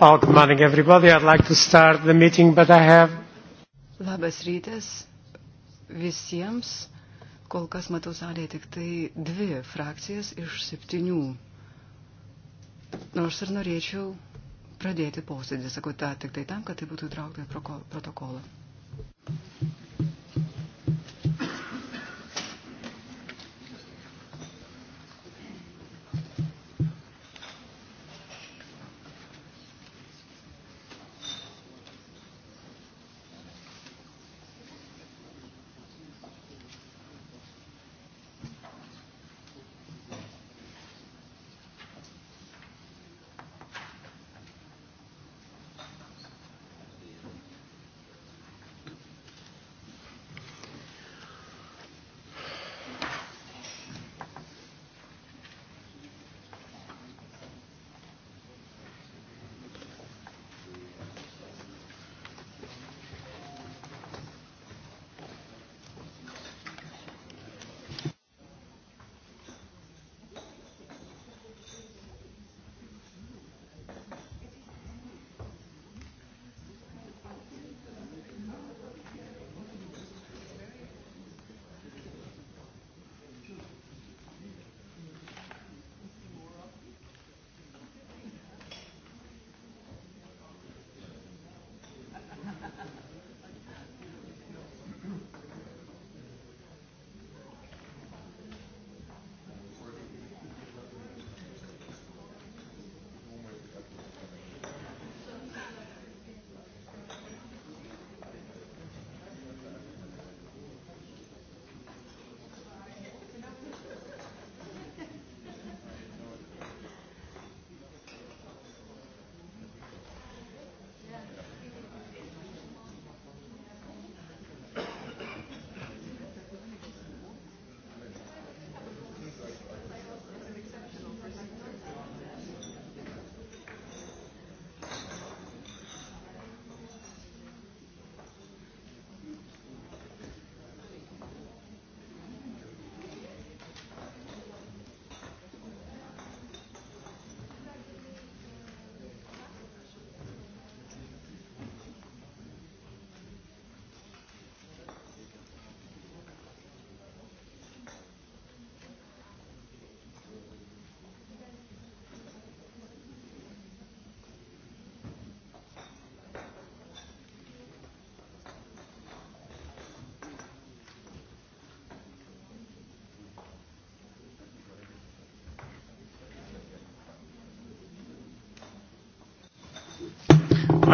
Oh, good morning, everybody. I'd like to start the meeting, but I have. Labas rytas visiems. Kol kas matau salėje tik tai dvi frakcijas iš septynių. Nors ir norėčiau pradėti posėdį, sakau, ta, tik tai tam, kad tai būtų įtraukta į protokolą.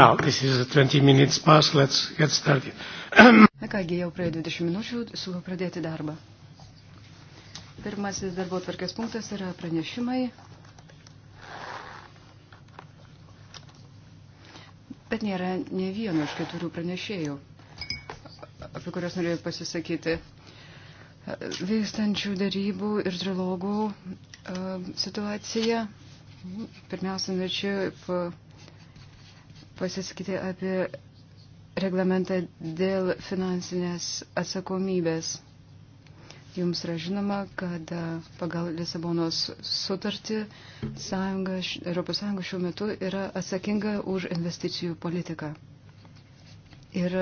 Now, this is 20 minutes past, let's get started. Na kągi, jau praėjo 20 minučių, siūlau pradėti darbą. Pirmasis darbo tvarkės punktas yra pranešimai. Bet nėra ne vieno iš keturių pranešėjų, apie kurias norėjau pasisakyti. Vykstančių darybų ir trilogų e, situacija. Pirmiausia, norėčiau pasisakyti apie reglamentą dėl finansinės atsakomybės. Jums yra žinoma, kad e, pagal Lisabonos sutartį sąjunga, ES šiuo metu yra atsakinga už investicijų politiką. Ir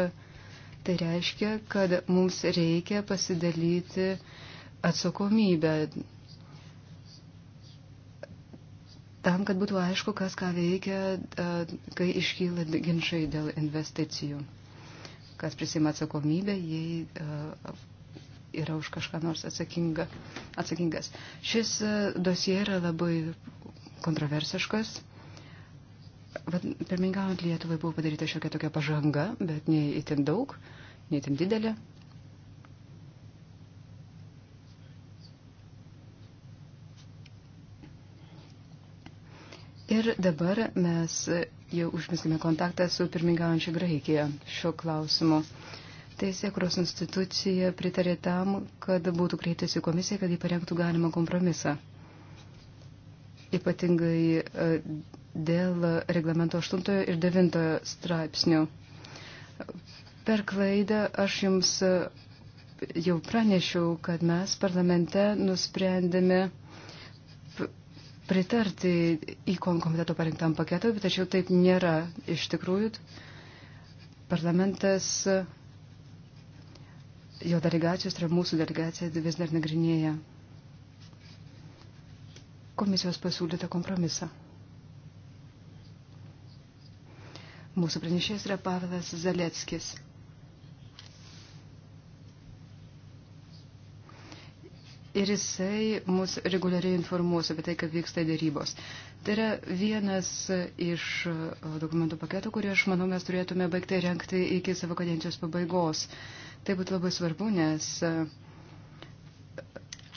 tai reiškia, kad mums reikia pasidalyti atsakomybę tam, kad būtų aišku, kas ką veikia, e, kai iškyla ginčiai dėl investicijų, kas prisima atsakomybę, jei e, yra už kažką nors atsakinga, atsakingas. Šis e, dosie yra labai kontroversiškas. Pirmingaujant Lietuvai buvo padaryta šiokia tokia pažanga, bet ne itin daug, ne itin didelė. Ir dabar mes jau užmiskime kontaktą su pirmingaujančia Graikija šiuo klausimu. Teisėkros institucija pritarė tam, kad būtų kreiptasi komisija, kad jį parengtų galimą kompromisą. Ypatingai e, dėl reglamento 8 ir 9 straipsnių. Per klaidą aš jums e, jau pranešiau, kad mes parlamente nusprendėme pritarti į komiteto parinktam paketui, tačiau taip nėra. Iš tikrųjų, parlamentas, jo delegacijos ir mūsų delegacija vis dar nagrinėja komisijos pasiūlytą kompromisą. Mūsų pranešėjas yra Pavelas Zaleckis. ir jisai mus reguliariai informuos apie tai, kaip vyksta dėrybos. Tai yra vienas iš e, dokumentų paketų, kurį aš manau mes turėtume baigti renkti iki savo kadencijos pabaigos. Tai būtų labai svarbu, nes e,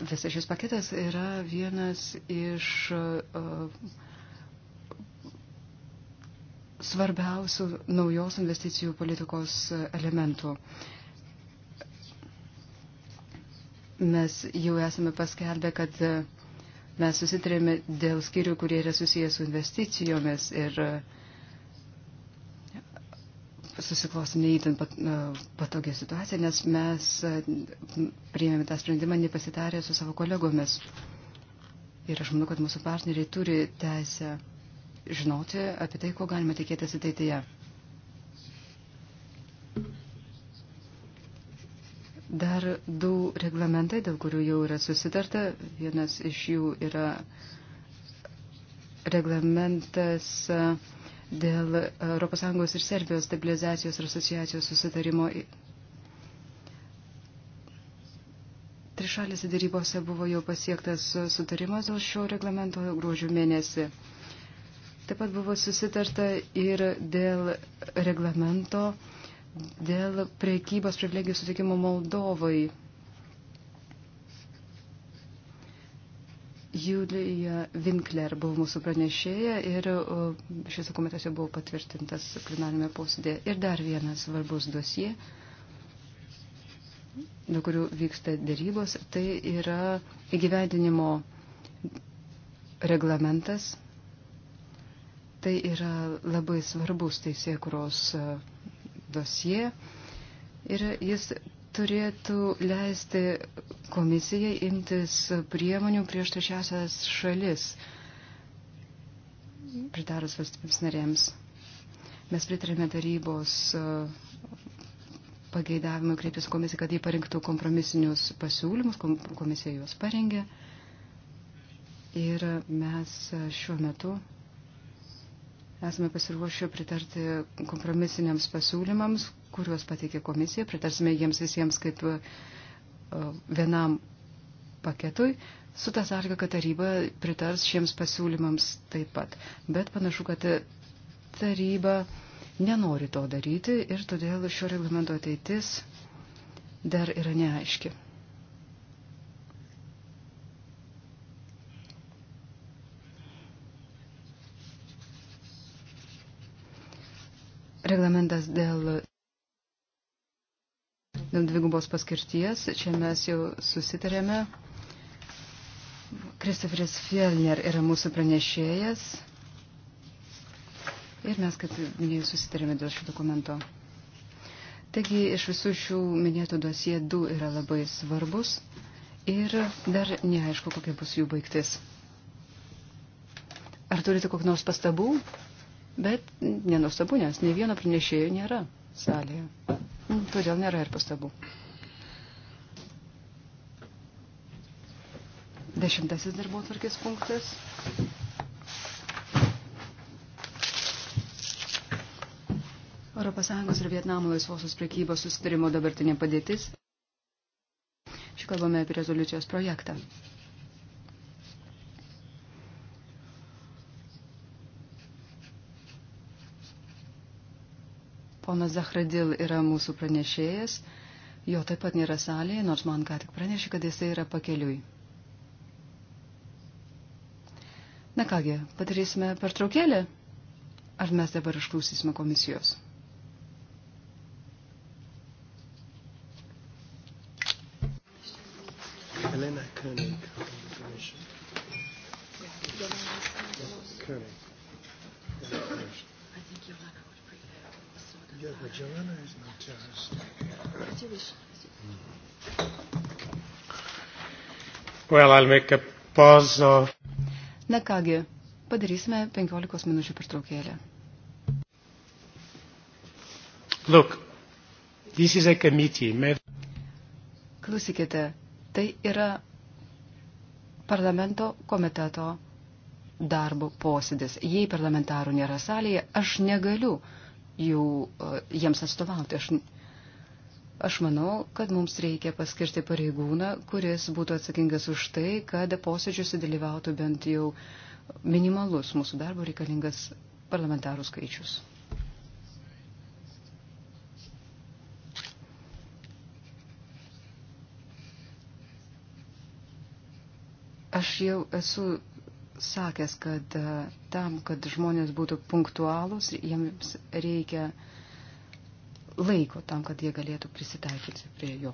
visas šis paketas yra vienas iš e, svarbiausių naujos investicijų politikos elementų. Uh, Mes jau esame paskelbę, kad e, mes susitarėme dėl skirių, kurie yra susijęs su investicijomis ir e, susiklosti neįtin pat, e, patogią situaciją, nes mes priėmėme tą sprendimą nepasitarę su savo kolegomis. Ir aš manau, kad mūsų partneriai turi teisę žinoti apie tai, ko galima tikėtis ateityje. Tai dar du reglamentai, dėl kurių jau yra susitarta. Vienas iš jų yra reglamentas e, dėl ES ir Serbijos stabilizacijos ir asociacijos susitarimo. Trišalėse darybose buvo jau pasiektas sutarimas dėl šio reglamento gruodžio mėnesį. Taip pat buvo susitarta ir dėl reglamento dėl priekybos privilegijų sutikimo Moldovai. Julija Winkler buvo mūsų pranešėja ir uh, šis dokumentas jau buvo patvirtintas plenarinėme posėdėje. Ir dar vienas svarbus dosie, nuo kurių vyksta dėrybos, tai yra įgyvendinimo reglamentas. Tai yra labai svarbus teisėkuros. Tai dosie ir jis turėtų leisti komisijai imtis priemonių prieš trečiasias šalis, pritarus valstybėms narėms. Mes pritarėme tarybos e, pageidavimui kreiptis komisiją, kad jį parinktų kompromisinius pasiūlymus, komisija juos parengė. Ir mes šiuo metu Esame pasiruošę pritarti kompromisiniams pasiūlymams, kuriuos pateikė komisija. Pritarsime jiems visiems kaip e, vienam paketui, su tą sąlygą, kad taryba pritars šiems pasiūlymams taip pat. Bet panašu, kad taryba nenori to daryti ir todėl šio reglamento ateitis dar yra neaiški. reglamentas dėl, dėl dvigubos paskirties. Čia mes jau susitarėme. Kristoferis Fielner yra mūsų pranešėjas. Ir mes, kaip minėjau, susitarėme dėl šio dokumento. Taigi iš visų šių minėtų dosie du yra labai svarbus ir dar neaišku, kokia bus jų baigtis. Ar turite kokį nors pastabų? Bet nenustabu, nes ne vieno pranešėjo nėra salėje. Mm, todėl nėra ir pastabų. Dešimtasis darbo tvarkės punktas. ES ir Vietnamo laisvosios prekybos susitarimo dabartinė padėtis. Čia kalbame apie rezoliucijos projektą. Ponas Zahradil yra mūsų pranešėjas. Jo taip pat nėra salėje, nors man ką tik pranešė, kad jisai yra pakeliui. Na kągi, padarysime pertraukėlę. Ar mes dabar išklausysime komisijos? Yeah, but Joanna is not terrorist. Jewish. Well, I'll make a pause. Of... Na kągi, padarysime 15 minučių pertraukėlę. Look, this is a committee. May... Klausykite, tai yra parlamento komiteto darbo posėdis. Jei parlamentarų nėra salėje, aš negaliu uh, jų, e, jiems atstovauti. Aš, aš manau, kad mums reikia paskirti pareigūną, kuris būtų atsakingas už tai, kad posėdžiuose dalyvautų bent jau minimalus mūsų darbo reikalingas parlamentarų skaičius. Aš jau esu sakęs, kad e, tam, kad žmonės būtų punktualūs, jiems reikia laiko tam, kad jie galėtų prisitaikyti prie jo.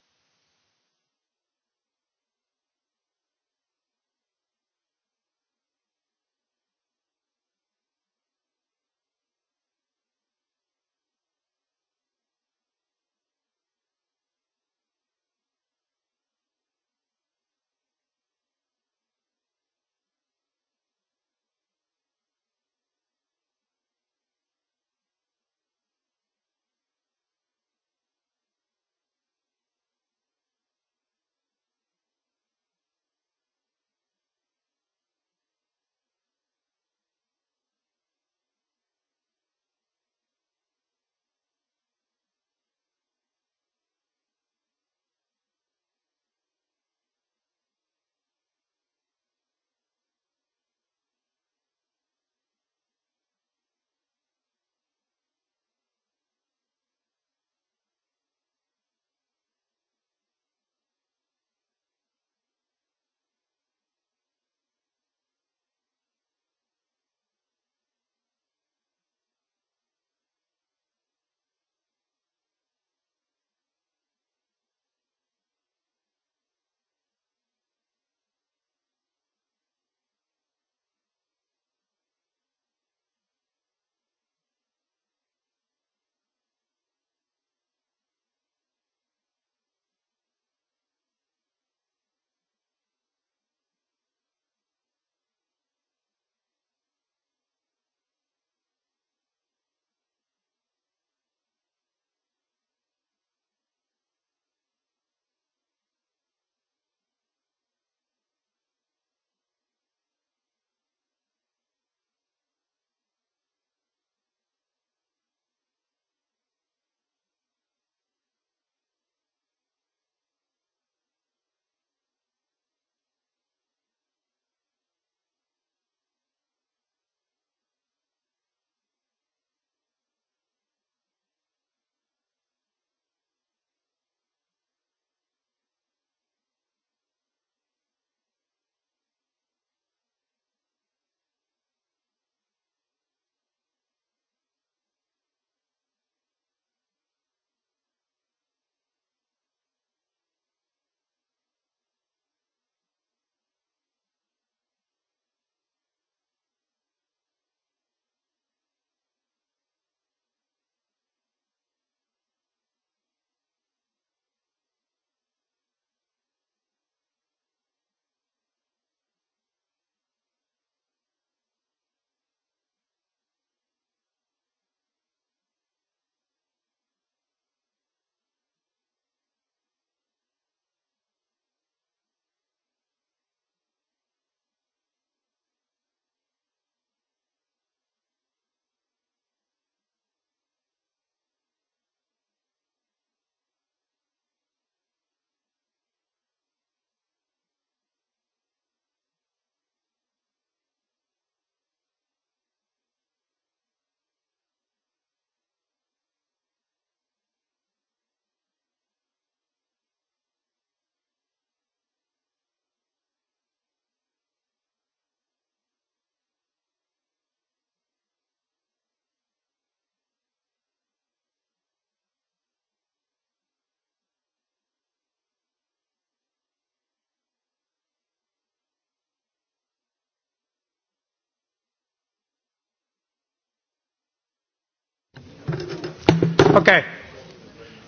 Okay.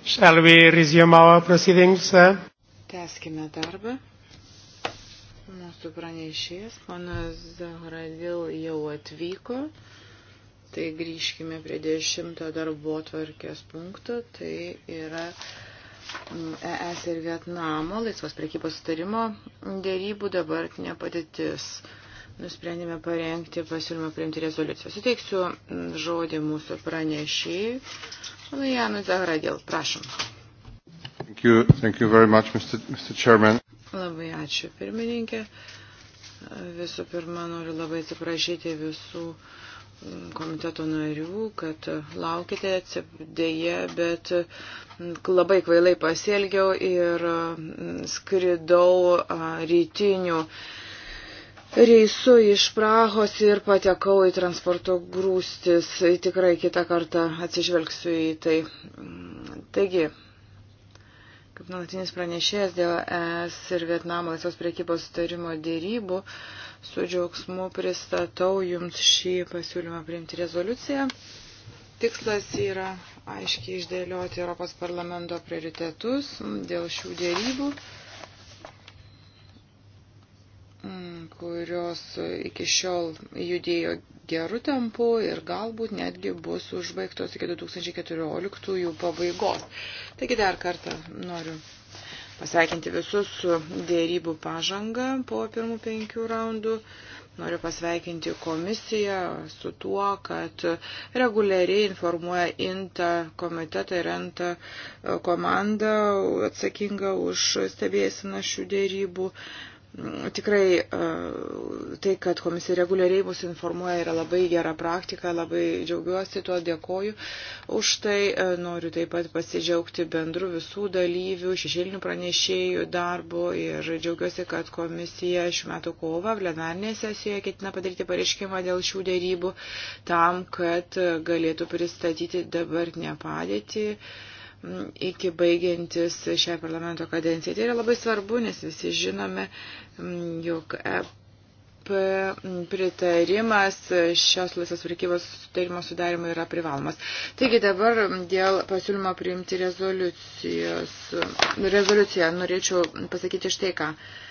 Shall we resume our proceedings? Teskime darbą. Mūsų pranešėjas, panas Zahradil, jau atvyko. Tai grįžkime prie dešimto darbo tvarkės punkto. Tai yra mm, ES ir Vietnamo laisvos prekybos sutarimo dėrybų dabartinė padėtis nusprendėme parengti pasiūlymą priimti rezoliuciją. Suteiksiu mm, žodį mūsų pranešėjui. Pana Janui Zagradėl, prašom. Thank you, thank you very much, Mr. Mr. Chairman. Labai ačiū, pirmininkė. Visų pirma, noriu labai atsiprašyti visų mm, komiteto narių, kad laukite, dėje, bet mm, labai kvailai pasielgiau ir skridau rytiniu reisu iš Prahos ir patekau į transporto grūstis. Tikrai kitą kartą atsižvelgsiu į tai. Mm, taigi, kaip nuolatinis pranešėjas dėl ES ir Vietnamo laisvos priekybos sutarimo dėrybų, su džiaugsmu pristatau Jums šį pasiūlymą priimti rezoliuciją. Tikslas yra aiškiai išdėlioti Europos parlamento prioritetus dėl šių dėrybų kurios iki šiol judėjo gerų tempų ir galbūt netgi bus užbaigtos iki 2014 pabaigos. Taigi dar kartą noriu pasveikinti visus su dėrybų pažanga po pirmų penkių raundų. Noriu pasveikinti komisiją su tuo, kad reguliariai informuoja INTA komitetą ir INTA komandą atsakingą už stebėsiną šių dėrybų. Uh, tikrai e, tai, kad komisija reguliariai mus informuoja, yra labai gera praktika, labai džiaugiuosi tuo, dėkoju. Už tai e, noriu taip pat pasidžiaugti bendru visų dalyvių, šešėlinių pranešėjų darbu ir džiaugiuosi, kad komisija šiuo metu kovo plenarnėje sesijoje ketina padaryti pareiškimą dėl šių dėrybų tam, kad galėtų pristatyti dabartinę padėtį. Uh, iki baigiantis šią parlamento kadenciją. Tai yra labai svarbu, nes visi žinome, mm, jog EP pritarimas šios laisvos prekybos sutarimo sudarimo yra privalomas. Taigi dabar dėl pasiūlymo priimti rezoliucijos. Rezoliuciją norėčiau pasakyti štai ką. Uh,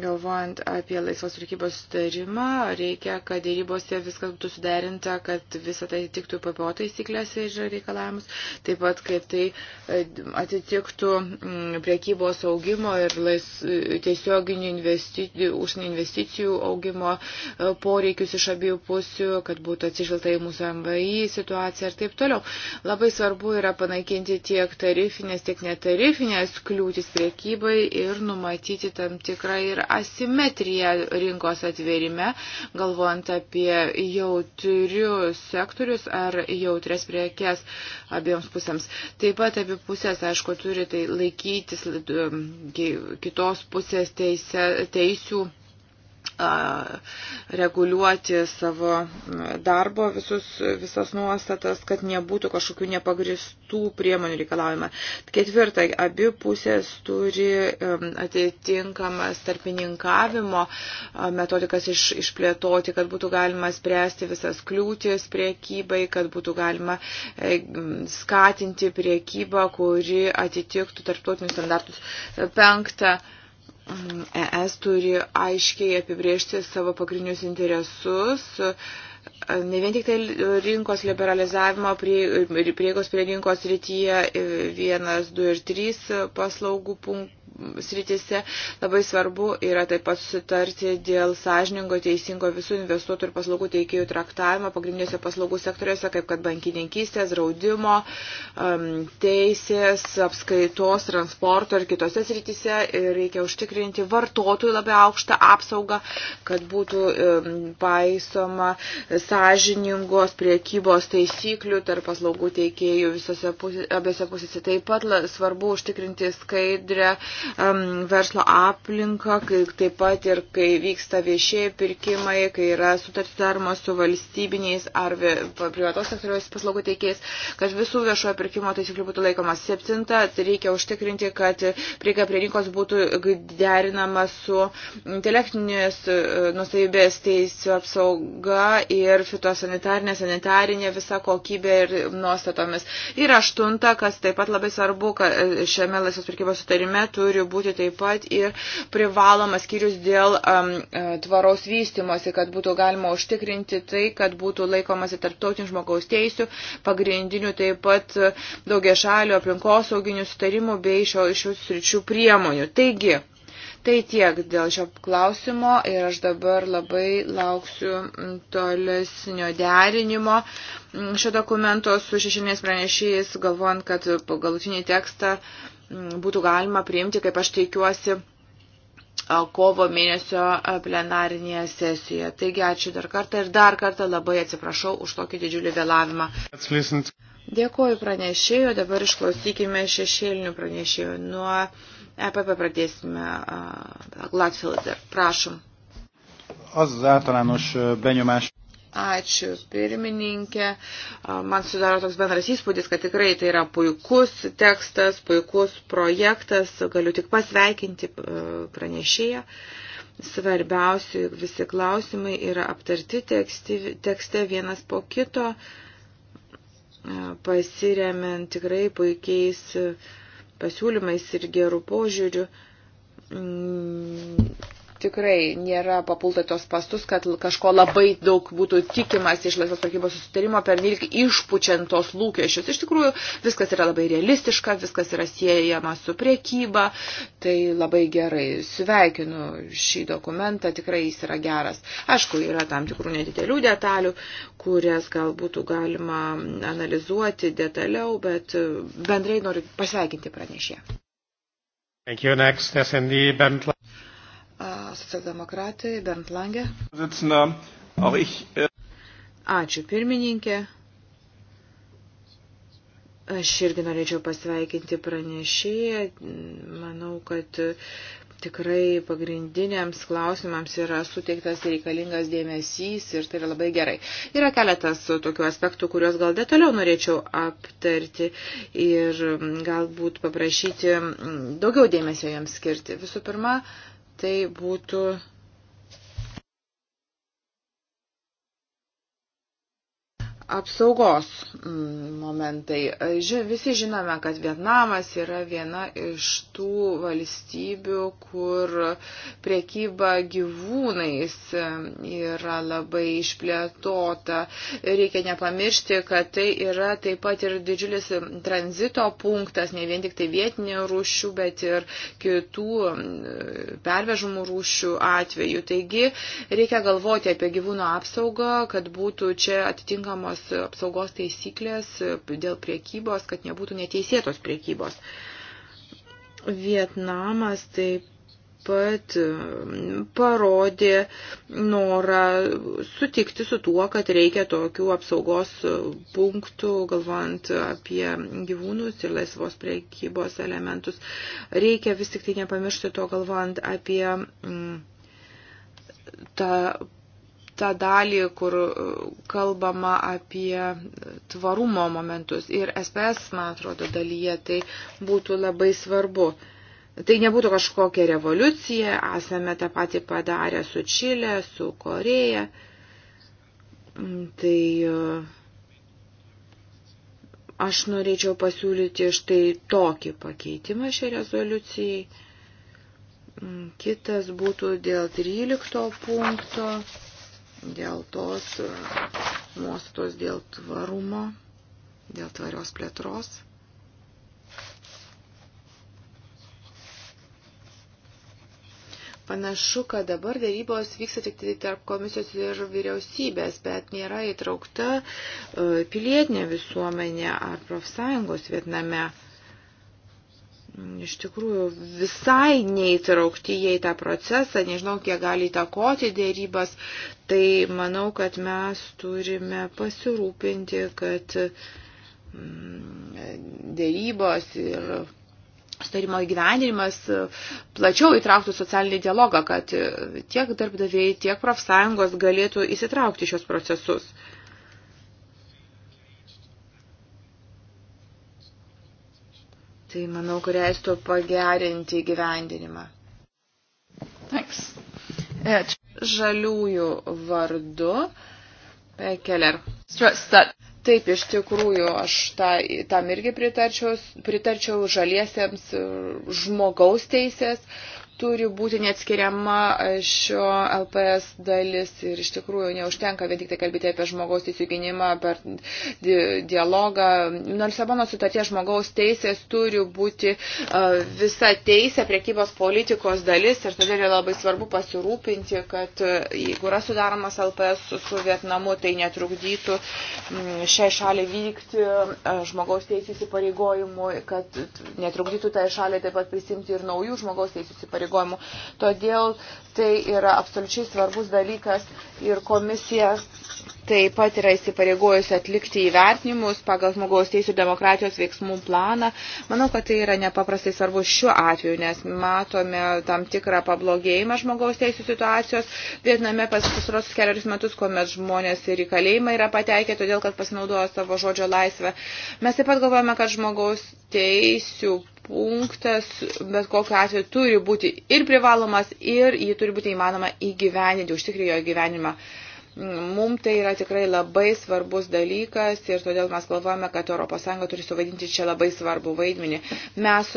galvojant apie laisvos prekybos sutarimą, reikia, kad dėrybose viskas būtų suderinta, kad visą tai atitiktų PPO taisyklės ir reikalavimus, taip pat kaip tai e, atitiktų mm, prekybos augimo ir lais, e, tiesioginių investicijų, užsienio investicijų augimo e, poreikius iš abiejų pusių, kad būtų atsižvelgta į mūsų MVI situaciją ir taip toliau. Labai svarbu yra panaikinti tiek tarifinės, tiek netarifinės kliūtis prekybai ir numatyti tam tikrai ir asimetrija rinkos atverime, galvojant apie jautrius sektorius ar jautres priekes abiems pusėms. Taip pat abi pusės, aišku, turi tai laikytis um, kitos pusės teise, teisių reguliuoti savo darbo visus, visas nuostatas, kad nebūtų kažkokių nepagristų priemonių reikalavimą. Ketvirta, abi pusės turi atitinkamas tarpininkavimo metodikas iš, išplėtoti, kad būtų galima spręsti visas kliūtis priekybai, kad būtų galima e, skatinti priekybą, kuri atitiktų tarptautinius standartus. Penkta, ES turi aiškiai apibriežti savo pagrindinius interesus, ne vien tik tai rinkos liberalizavimo prie, prieigos prie rinkos rytyje 1, 2 ir 3 paslaugų sritise. Labai svarbu yra taip pat sutarti dėl sąžiningo, teisingo visų investuotojų ir paslaugų teikėjų traktavimo pagrindinėse paslaugų sektoriuose, kaip kad bankininkystės, draudimo, um, teisės, apskaitos, transporto ir kitose sritise. Ir reikia užtikrinti vartotojų labai aukštą apsaugą, kad būtų um, paisoma sąžiningos priekybos taisyklių tarp paslaugų teikėjų visose pusėse, abiejose pusėse. Taip pat svarbu užtikrinti skaidrę Um, verslo aplinką, kai, taip pat ir kai vyksta viešieji pirkimai, kai yra sutartis daroma su valstybiniais ar privatos sektoriaus paslaugų teikėjais, kad visų viešojo pirkimo taisyklių būtų laikomas. Septinta, tai reikia užtikrinti, kad prieka prie rinkos būtų derinama su intelektinės e, nusavybės teisų apsauga ir fitosanitarinė, sanitarinė visa kokybė ir nuostatomis. Ir aštunta, kas taip pat labai svarbu, kad e, šiame laisvos pirkimo sutarime turi turi būti taip pat ir privalomas skyrius dėl um, e, tvaraus vystimosi, kad būtų galima užtikrinti tai, kad būtų laikomasi tarptautinių žmogaus teisių, pagrindinių taip pat daugia šalių aplinkosauginių sutarimų bei šio, šių sričių priemonių. Taigi, Tai tiek dėl šio klausimo ir aš dabar labai lauksiu mm, tolesnio derinimo mm, šio dokumento su šešinės pranešėjais, galvojant, kad galutinį tekstą Mm, būtų galima priimti, kaip aš teikiuosi, kovo mėnesio plenarinėje sesijoje. Taigi ačiū dar kartą ir dar kartą labai atsiprašau už tokį didžiulį vėlavimą. Dėkuoju pranešėjo, dabar išklausykime šešėlinių pranešėjų. Nuo EPP pradėsime uh, Gladfilter. Prašom. Az általános benyomás. Ačiū pirmininkė. Man sudaro toks bendras įspūdis, kad tikrai tai yra puikus tekstas, puikus projektas. Galiu tik pasveikinti pranešėją. Svarbiausi visi klausimai yra aptarti tekste vienas po kito, pasiremiant tikrai puikiais pasiūlymais ir gerų požiūrių mm, tikrai nėra papulta tos pastus, kad kažko labai daug būtų tikimas iš laisvos prekybos susitarimo per vilk išpučiant tos lūkesčius. Iš tikrųjų, viskas yra labai realistiška, viskas yra siejama su priekyba, tai labai gerai. Sveikinu šį dokumentą, tikrai jis yra geras. Aišku, yra tam tikrų nedidelių detalių, kurias gal būtų galima analizuoti detaliau, bet e, bendrai noriu pasveikinti pranešę. Thank you. Next, SND Bent socialdemokratai Bernd Lange. Äh, Ačiū pirmininkė. Aš irgi norėčiau pasveikinti pranešėją. Manau, kad tikrai pagrindiniams klausimams yra suteiktas reikalingas dėmesys ir tai yra labai gerai. Yra keletas tokių aspektų, kuriuos gal detaliau norėčiau aptarti ir galbūt paprašyti daugiau dėmesio jiems skirti. Visų pirma, uh, tai būtų apsaugos mm, momentai. Ži, visi žinome, kad Vietnamas yra viena iš tų valstybių, kur priekyba gyvūnais mm, yra labai išplėtota. Reikia nepamiršti, kad tai yra taip pat ir didžiulis mm, tranzito punktas, ne vien tik tai vietinių rūšių, bet ir kitų pervežimų rūšių atveju. Taigi reikia galvoti apie gyvūno apsaugą, kad būtų čia atitinkamos tos apsaugos taisyklės dėl priekybos, kad nebūtų neteisėtos priekybos. Vietnamas taip pat mm, parodė norą sutikti su tuo, kad reikia tokių apsaugos punktų, galvojant apie gyvūnus ir laisvos priekybos elementus. Reikia vis tik tai nepamiršti to, galvojant apie mm, tą tą dalį, kur e, kalbama apie tvarumo momentus ir SPS, man atrodo, dalyje tai būtų labai svarbu. Tai nebūtų kažkokia revoliucija, esame tą patį padarę su Čilė, su Koreja. Tai e, aš norėčiau pasiūlyti štai tokį pakeitimą šiai rezoliucijai. Kitas būtų dėl 13 punkto dėl tos e, nuostos dėl tvarumo, dėl tvarios plėtros. Panašu, kad dabar darybos vyksta tik tarp komisijos ir vyriausybės, bet nėra įtraukta e, pilietinė visuomenė ar profsąjungos Vietname iš tikrųjų visai neįtraukti jie į tą procesą, nežinau, kiek gali įtakoti dėrybas, tai manau, kad mes turime pasirūpinti, kad mm, dėrybos ir sutarimo įgyvendinimas plačiau įtrauktų socialinį dialogą, kad tiek darbdaviai, tiek profsąjungos galėtų įsitraukti šios procesus. tai manau, kuria leistų pagerinti gyvendinimą. Thanks. Uh, Žaliųjų vardu. Keller. Taip, iš tikrųjų, aš ta, tam irgi pritarčiau, pritarčiau žaliesiems žmogaus teisės. Uh, turi būti neatskiriama e, šio LPS dalis ir iš tikrųjų neužtenka vien tik tai kalbėti apie žmogaus teisų gynimą per di dialogą. Nors Sabono sutartie žmogaus teisės turi būti uh, visa teisė priekybos politikos dalis ir todėl labai svarbu pasirūpinti, kad uh, jeigu yra sudaromas LPS su, su Vietnamu, tai netrukdytų um, šiai šaliai vykti uh, žmogaus teisės įsipareigojimų, kad netrukdytų tai šaliai taip pat prisimti ir naujų žmogaus teisės įsipareigojimų įsipareigojimų. Todėl tai yra absoliučiai svarbus dalykas ir komisija taip pat yra įsipareigojusi atlikti įvertinimus pagal žmogaus teisų demokratijos veiksmų planą. Manau, kad tai yra nepaprastai svarbu šiuo atveju, nes matome tam tikrą pablogėjimą žmogaus teisų situacijos. Vietname pasirosius keliarius metus, kuomet žmonės ir į kalėjimą yra pateikę, todėl kad pasinaudojo savo žodžio laisvę. Mes taip pat galvojame, kad žmogaus teisų punktas bet kokiu atveju turi būti ir privalomas, ir jį turi būti įmanoma įgyveninti, užtikrinti jo įgyvenimą. Uh, Mums tai yra tikrai labai svarbus dalykas ir todėl mes galvojame, kad ES turi suvaidinti čia labai svarbų vaidmenį. Mes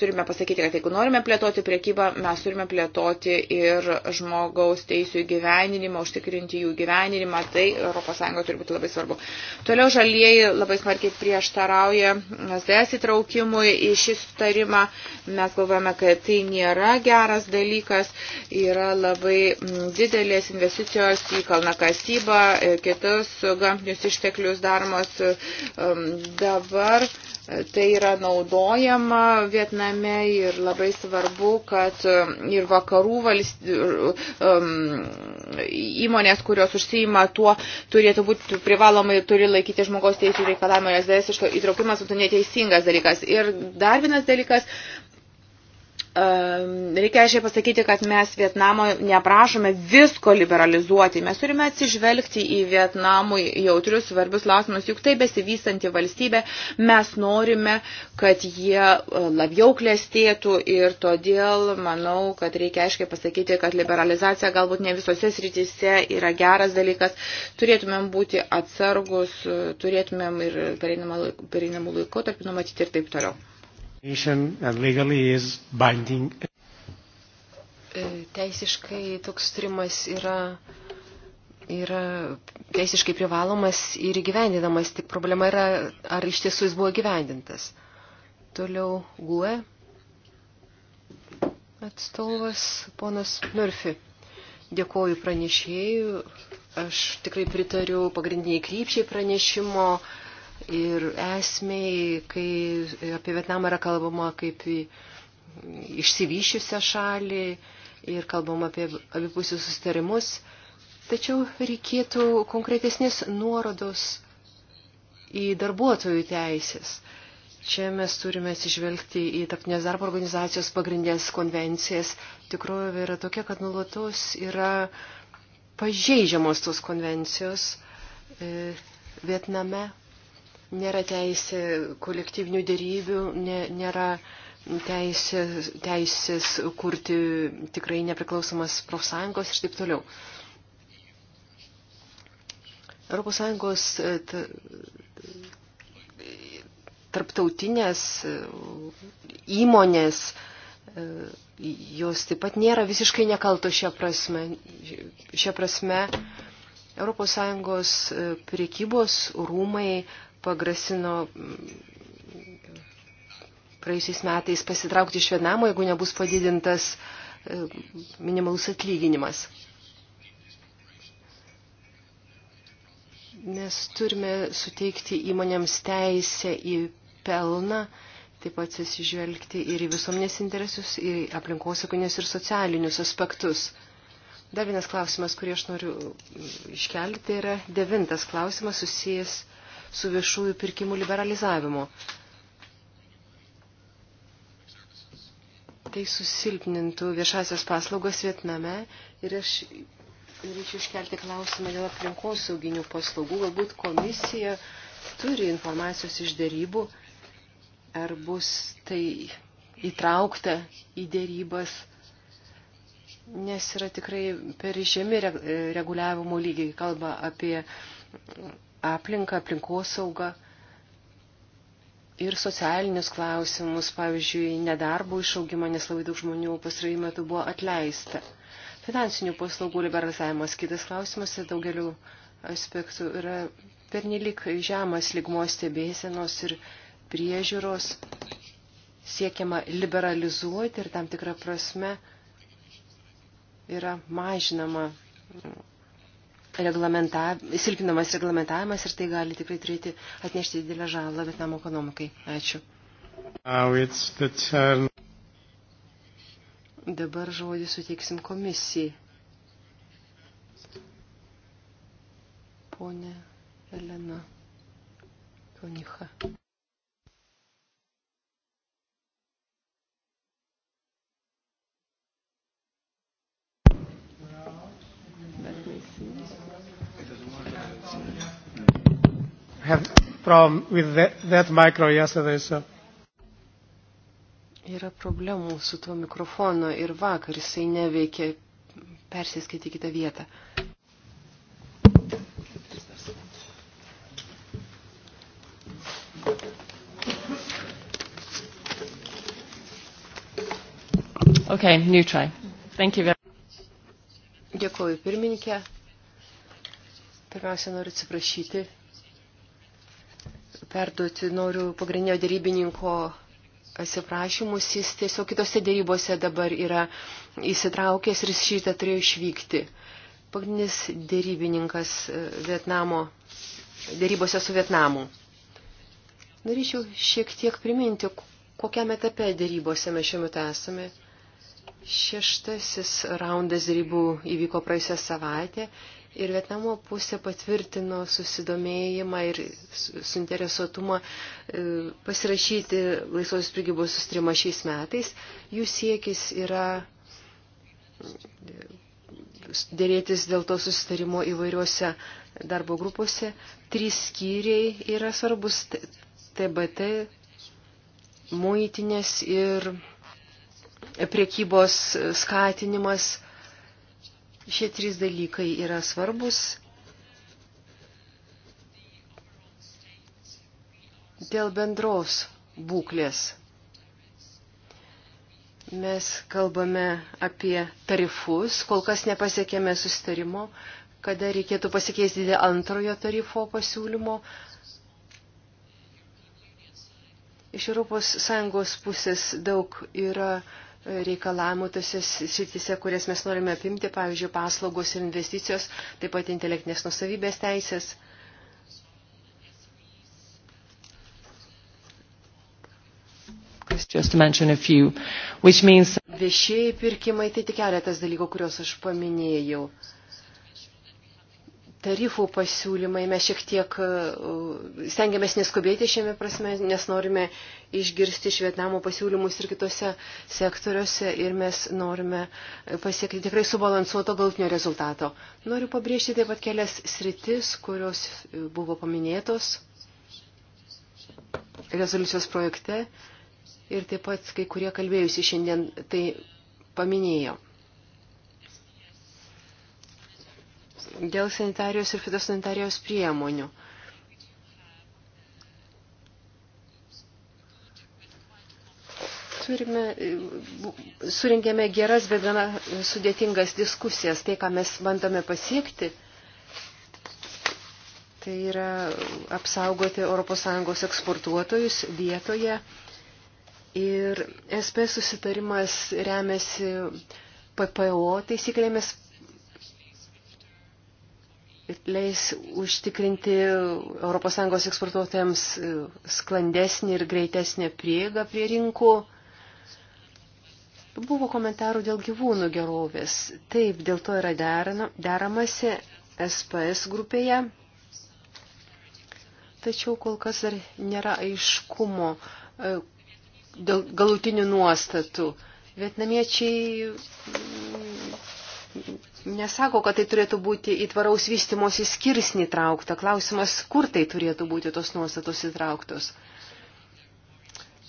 turime pasakyti, kad jeigu norime plėtoti priekybą, mes turime plėtoti ir žmogaus teisų įgyveninimą, užtikrinti jų gyveninimą. Tai ES turi būti labai svarbu. Toliau žalieji labai smarkiai prieštarauja SDS įtraukimui į šį sutarimą. Mes galvojame, kad tai nėra geras dalykas. Yra labai didelės investicijos į kalnakasybą, e, kitus gamtinius išteklius daromos e, dabar. E, tai yra naudojama Vietname ir labai svarbu, kad ir vakarų valst... įmonės, kurios užsiima tuo, turėtų būti privalomai turi laikyti žmogaus teisų reikalavimą, nes visiškai įtraukimas būtų neteisingas dalykas. Ir dar vienas dalykas, Ehm, reikia aiškiai pasakyti, kad mes Vietnamo neprašome visko liberalizuoti. Mes turime atsižvelgti į Vietnamui jautrius svarbius klausimus, juk tai besivystanti valstybė. Mes norime, kad jie e, labiau klestėtų ir todėl manau, kad reikia aiškiai pasakyti, kad liberalizacija galbūt ne visose srityse yra geras dalykas. Turėtumėm būti atsargus, turėtumėm ir pereinamų laikotarpį numatyti ir taip toliau. E, teisiškai toks sutarimas yra, yra teisiškai privalomas ir įgyvendinamas, tik problema yra, ar iš tiesų jis buvo įgyvendintas. Toliau GUE atstovas ponas Murphy. Dėkoju pranešėjų. Aš tikrai pritariu pagrindiniai krypčiai pranešimo ir esmiai, kai apie Vietnamą yra kalbama kaip išsivyšiusią šalį ir kalbama apie abipusius sustarimus, tačiau reikėtų konkretesnės nuorodos į darbuotojų teisės. Čia mes turime atsižvelgti į tarptinės darbo organizacijos pagrindės konvencijas. Tikrovė yra tokia, kad nulatos yra pažeidžiamos tos konvencijos e, Vietname nėra teisė kolektyvinių dėrybių, nė, nėra teisės, teisės kurti tikrai nepriklausomas profsąjungos ir taip toliau. Europos Sąjungos e, tarptautinės e, įmonės, e, jos taip pat nėra visiškai nekalto šią prasme. Šią prasme Europos Sąjungos priekybos rūmai pagrasino mm, praėjusiais metais pasitraukti iš Vietnamo, jeigu nebus padidintas e, minimalus atlyginimas. Mes turime suteikti įmonėms teisę į pelną, taip pat atsižvelgti ir į visuomenės interesus, ir į aplinkosakonės ir socialinius aspektus. Dar vienas klausimas, kurį aš noriu mm, iškelti, tai yra devintas klausimas susijęs su viešųjų pirkimų liberalizavimu. Tai susilpnintų viešasias paslaugas Vietname ir aš norėčiau iškelti klausimą dėl aplinkos sauginių paslaugų. Galbūt komisija turi informacijos iš dėrybų, ar bus tai įtraukta į dėrybas, nes yra tikrai per žemi reguliavimo lygiai, kalba apie aplinką, aplinkosaugą ir socialinius klausimus, pavyzdžiui, nedarbo išaugimą, nes labai daug žmonių pastarojų metų buvo atleista. Finansinių paslaugų liberalizavimas kitas klausimas ir daugeliu aspektų yra pernelik žemas ligmo stebėsenos ir priežiūros siekiama liberalizuoti ir tam tikrą prasme yra mažinama reglamenta, silpinamas reglamentavimas ir tai gali tikrai turėti atnešti didelę žalą Vietnamo ekonomikai. Ačiū. Dabar žodį suteiksim komisijai. Pone Elena Konicha. have problem with that, that micro yesterday, so. Yra problemų su tuo mikrofonu ir vakar jisai neveikė. Persiskaitė kitą vietą. Okay, new try. Thank you very much. Dėkuoju pirmininkė. Pirmiausia, noriu atsiprašyti perduoti noriu pagrindinio dėrybininko atsiprašymus. Jis tiesiog kitose dėrybose dabar yra įsitraukęs ir jis šitą turėjo išvykti. Pagrindinis dėrybininkas e, Vietnamo, dėrybose su Vietnamu. Norėčiau šiek tiek priminti, kokiam etape dėrybose mes šiuo metu esame. Šeštasis raundas dėrybų įvyko praėjusią savaitę Ir Vietnamo pusė patvirtino susidomėjimą ir suinteresuotumą e, pasirašyti laisvos prigybos sustrimą šiais metais. Jų siekis yra e, dėrėtis dėl to susitarimo įvairiuose darbo grupose. Trys skyriai yra svarbus TBT, muitinės ir priekybos skatinimas Šie trys dalykai yra svarbus. Dėl bendros būklės mes kalbame apie tarifus, kol kas nepasiekėme sustarimo, kada reikėtų pasikeisti dėl antrojo tarifo pasiūlymo. Iš ES pusės daug yra reikalavimų tose sritise, kurias mes norime apimti, pavyzdžiui, paslaugos ir investicijos, taip pat intelektinės nusavybės teisės. Just to mention a few, which means... Viešieji pirkimai tai tik keletas dalykų, kuriuos aš paminėjau. Uh, tarifų pasiūlymai. Mes šiek tiek e, stengiamės neskubėti šiame prasme, nes norime išgirsti iš Vietnamo pasiūlymus ir kitose sektoriuose ir mes norime pasiekti tikrai subalansuoto galtinio rezultato. Noriu pabrėžti taip pat kelias sritis, kurios buvo paminėtos rezoliucijos projekte ir taip pat kai kurie kalbėjusi šiandien tai paminėjo. dėl sanitarijos ir fitosanitarijos priemonių. Turime, surinkėme geras, bet gana sudėtingas diskusijas. Tai, ką mes bandome pasiekti, tai yra apsaugoti ES eksportuotojus vietoje. Ir SP susitarimas remiasi PPO taisyklėmis leis užtikrinti ES eksportuotojams e, sklandesnį ir greitesnį prieigą prie rinkų. Buvo komentarų dėl gyvūnų gerovės. Taip, dėl to yra deramasi SPS grupėje. Tačiau kol kas dar nėra aiškumo e, dėl galutinių nuostatų. Vietnamiečiai nesako, kad tai turėtų būti įtvaraus vystimosi skirsnį traukta. Klausimas, kur tai turėtų būti tos nuostatos įtrauktos.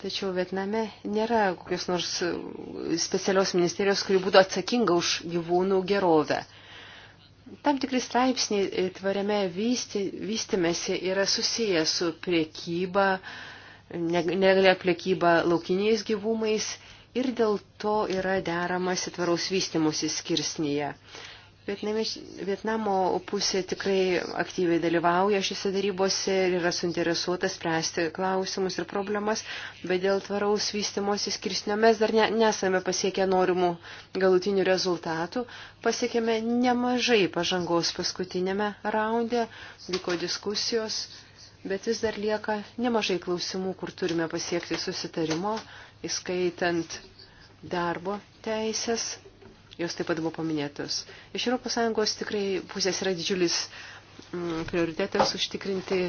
Tačiau Vietname nėra kokios nors e, specialios ministerijos, kuri būtų atsakinga už gyvūnų gerovę. Tam tikri straipsniai e, tvariame vystimėsi yra susiję su priekyba, negalė priekyba laukiniais gyvūnais ir dėl to yra deramas įtvaraus vystimusi skirsnyje. Vietnamo pusė tikrai aktyviai dalyvauja šiuose darybose ir yra suinteresuota spręsti klausimus ir problemas, bet dėl tvaraus vystimosi skirsnio mes dar ne, nesame pasiekę norimų galutinių rezultatų. Pasiekėme nemažai pažangos paskutinėme raunde, vyko diskusijos, bet vis dar lieka nemažai klausimų, kur turime pasiekti susitarimo įskaitant darbo teisės, jos taip pat buvo paminėtos. Iš ES tikrai pusės yra didžiulis mm, prioritetas užtikrinti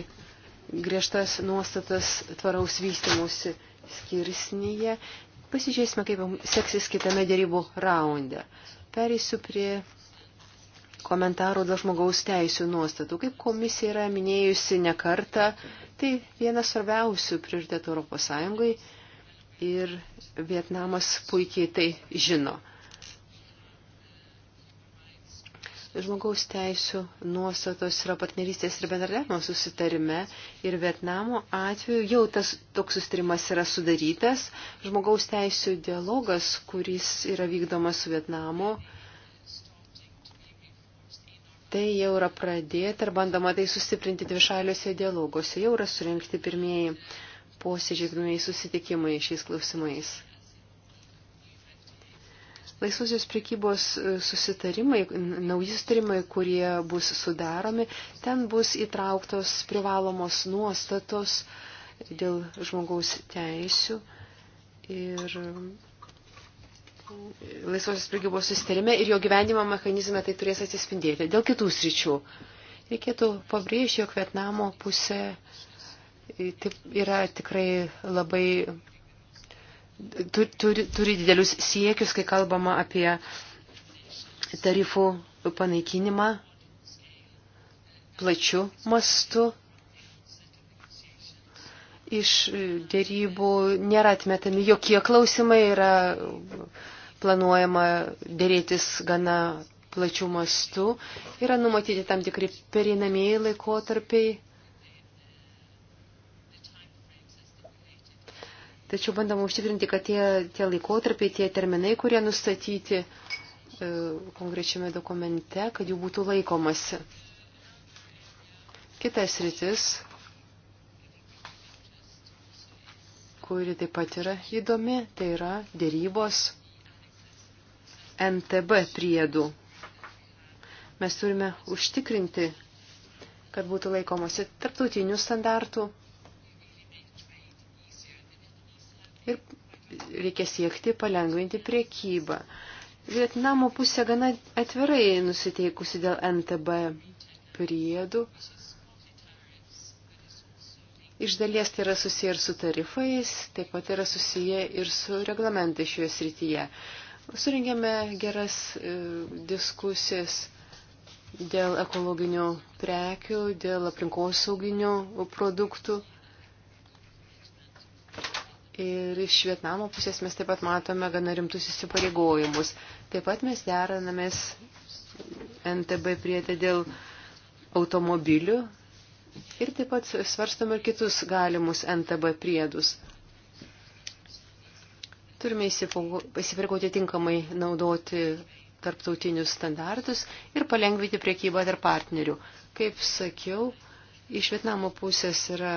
griežtas nuostatas tvaraus vystimusi skirsnyje. Pasižiūrėsime, kaip seksis kitame dėrybų raunde. Pereisiu prie komentarų dėl žmogaus teisų nuostatų. Kaip komisija yra minėjusi ne kartą, tai vienas svarbiausių prioritetų ES ir Vietnamas puikiai tai žino. Žmogaus teisų nuostatos yra partnerystės ir bendradarbiavimo susitarime ir Vietnamo atveju jau tas toks susitarimas yra sudarytas. Žmogaus teisų dialogas, kuris yra vykdomas su Vietnamu, tai jau yra pradėta ir bandoma tai sustiprinti dvišaliuose dialoguose. Jau yra surinkti pirmieji posėdžiai, naujai susitikimai šiais klausimais. Laisvosios prekybos e, susitarimai, nauji susitarimai, kurie bus sudaromi, ten bus įtrauktos privalomos nuostatos dėl žmogaus teisių ir e, laisvosios prekybos susitarime ir jo gyvenimo mechanizme tai turės atsispindėti. Dėl kitų sričių reikėtų pabrėžti, jog Vietnamo pusė yra tikrai labai turi, turi, turi didelius siekius, kai kalbama apie tarifų panaikinimą plačių mastų. Iš dėrybų nėra atmetami jokie klausimai, yra planuojama dėrėtis gana plačių mastų, yra numatyti tam tikri pereinamieji laikotarpiai Tačiau bandama užtikrinti, kad tie, tie laikotarpiai, tie terminai, kurie nustatyti e, konkrečiame dokumente, kad jų būtų laikomasi. Kitas rytis, kuri taip pat yra įdomi, tai yra dėrybos NTB priedų. Mes turime užtikrinti, kad būtų laikomasi tarptautinių standartų reikia siekti palengvinti priekybą. Vietnamo pusė gana atvirai nusiteikusi dėl NTB priedų. Iš dalies tai yra susiję ir su tarifais, taip pat yra susiję ir su reglamentai šioje srityje. Surinkėme geras e, diskusijas dėl ekologinių prekių, dėl aplinkosauginių produktų. Ir iš Vietnamo pusės mes taip pat matome gana rimtus įsipareigojimus. Taip pat mes deranamės NTB prietė dėl automobilių ir taip pat svarstam ir kitus galimus NTB priedus. Turime įsipareigoti tinkamai naudoti tarptautinius standartus ir palengvinti priekybą tarp partnerių. Kaip sakiau, iš Vietnamo pusės yra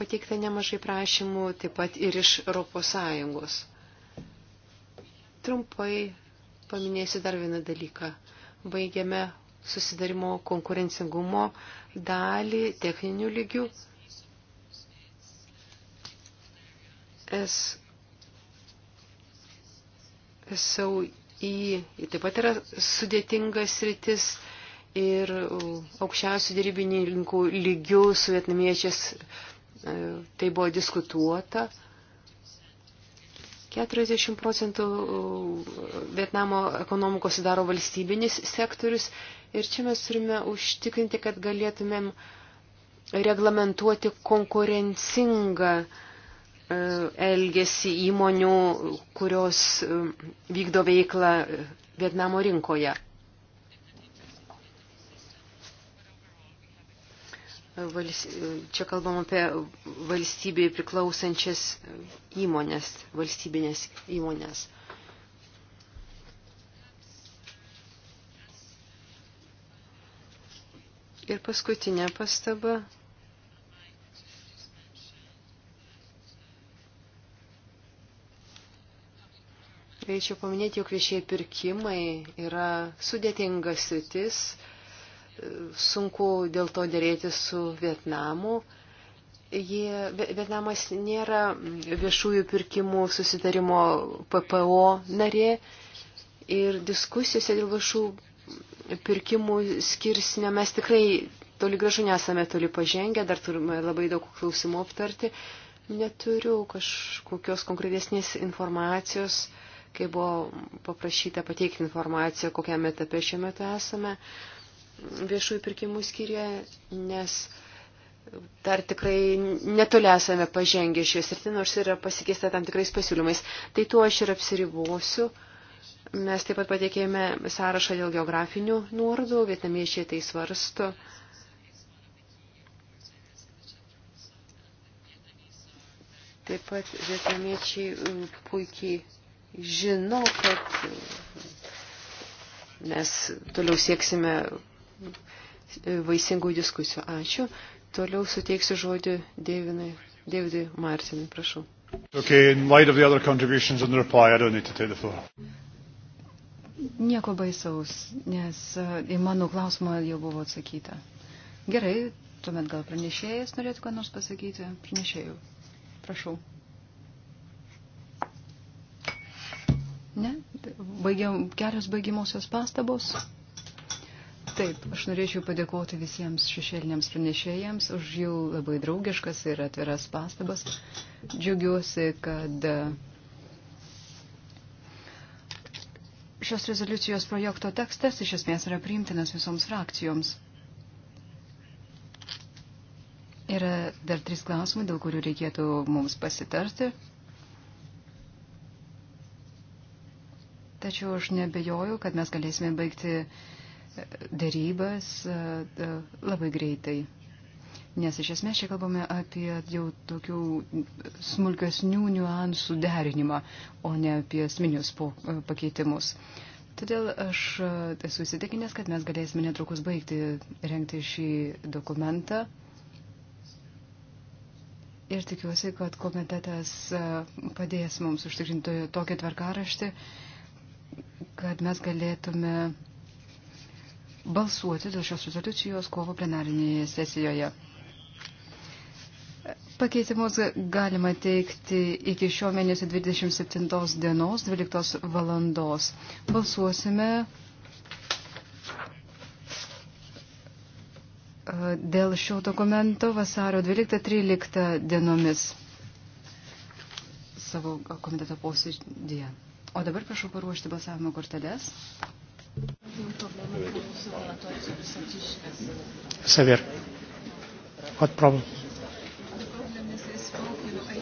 pateikta nemažai prašymų, taip pat ir iš ES. Trumpai paminėsiu dar vieną dalyką. Baigiame susidarimo konkurencingumo dalį techninių lygių. S. SAI taip pat yra sudėtingas rytis ir aukščiausių dėrybininkų lygių su vietnamiečiais tai buvo diskutuota. 40 procentų uh, Vietnamo ekonomikos sudaro valstybinis sektorius ir čia mes turime užtikrinti, kad galėtumėm reglamentuoti konkurencingą uh, elgesį įmonių, kurios uh, vykdo veiklą Vietnamo rinkoje. Čia kalbam apie valstybėje priklausančias įmonės, valstybinės įmonės. Ir paskutinė pastaba. Reičiau paminėti, jog viešieji pirkimai yra sudėtingas sritis, sunku dėl to dėrėti su Vietnamu. Jie, Vietnamas nėra viešųjų pirkimų susitarimo PPO narė ir diskusijose dėl viešų pirkimų skirsnio mes tikrai toli gražu nesame toli pažengę, dar turime labai daug klausimų aptarti. Neturiu kažkokios konkretesnės informacijos, kai buvo paprašyta pateikti informaciją, kokiame etape šiuo metu esame. Uh, viešųjų pirkimų skyriuje, nes dar tikrai netoli esame pažengę šioje srityje, nors yra pasikeista tam tikrais pasiūlymais. Tai tuo aš ir apsiribosiu. Mes taip pat patiekėjome sąrašą dėl geografinių nuorodų, vietnamiečiai tai svarsto. Taip pat vietnamiečiai mm, puikiai žino, kad mm, mes toliau sieksime vaisingų diskusijų. Ačiū. Toliau suteiksiu žodį Deivinai, Deividai Martinui, prašau. Okay, reply, Nieko baisaus, nes e, į mano klausimą jau buvo atsakyta. Gerai, tuomet gal pranešėjas norėtų ką nors pasakyti. Pranešėjau. Prašau. Ne? Baigiam, kelios baigimosios pastabos. Taip, aš norėčiau padėkoti visiems šešėliniams pranešėjams už jų labai draugiškas ir atviras pastabas. Džiaugiuosi, kad e, šios rezoliucijos projekto tekstas iš esmės yra priimtinas visoms frakcijoms. Yra dar trys klausimai, dėl kurių reikėtų mums pasitarti. Tačiau aš nebejoju, kad mes galėsime baigti uh, dėrybas e, e, labai greitai. Nes iš esmės čia kalbame apie jau tokių smulkesnių niuansų derinimą, o ne apie esminius e, pakeitimus. Todėl aš esu įsitikinęs, kad mes galėsime netrukus baigti renkti šį dokumentą. Ir tikiuosi, kad komitetas padės mums užtikrinti tokį tvarkaraštį, kad mes galėtume balsuoti dėl šios rezoliucijos kovo plenarinėje sesijoje. Pakeitimus galima teikti iki šio mėnesio 27 dienos 12 valandos. Balsuosime e, dėl šio dokumento vasario 12-13 dienomis savo komiteto posėdėje. O dabar prašau paruošti balsavimo korteles. Saver. What problem?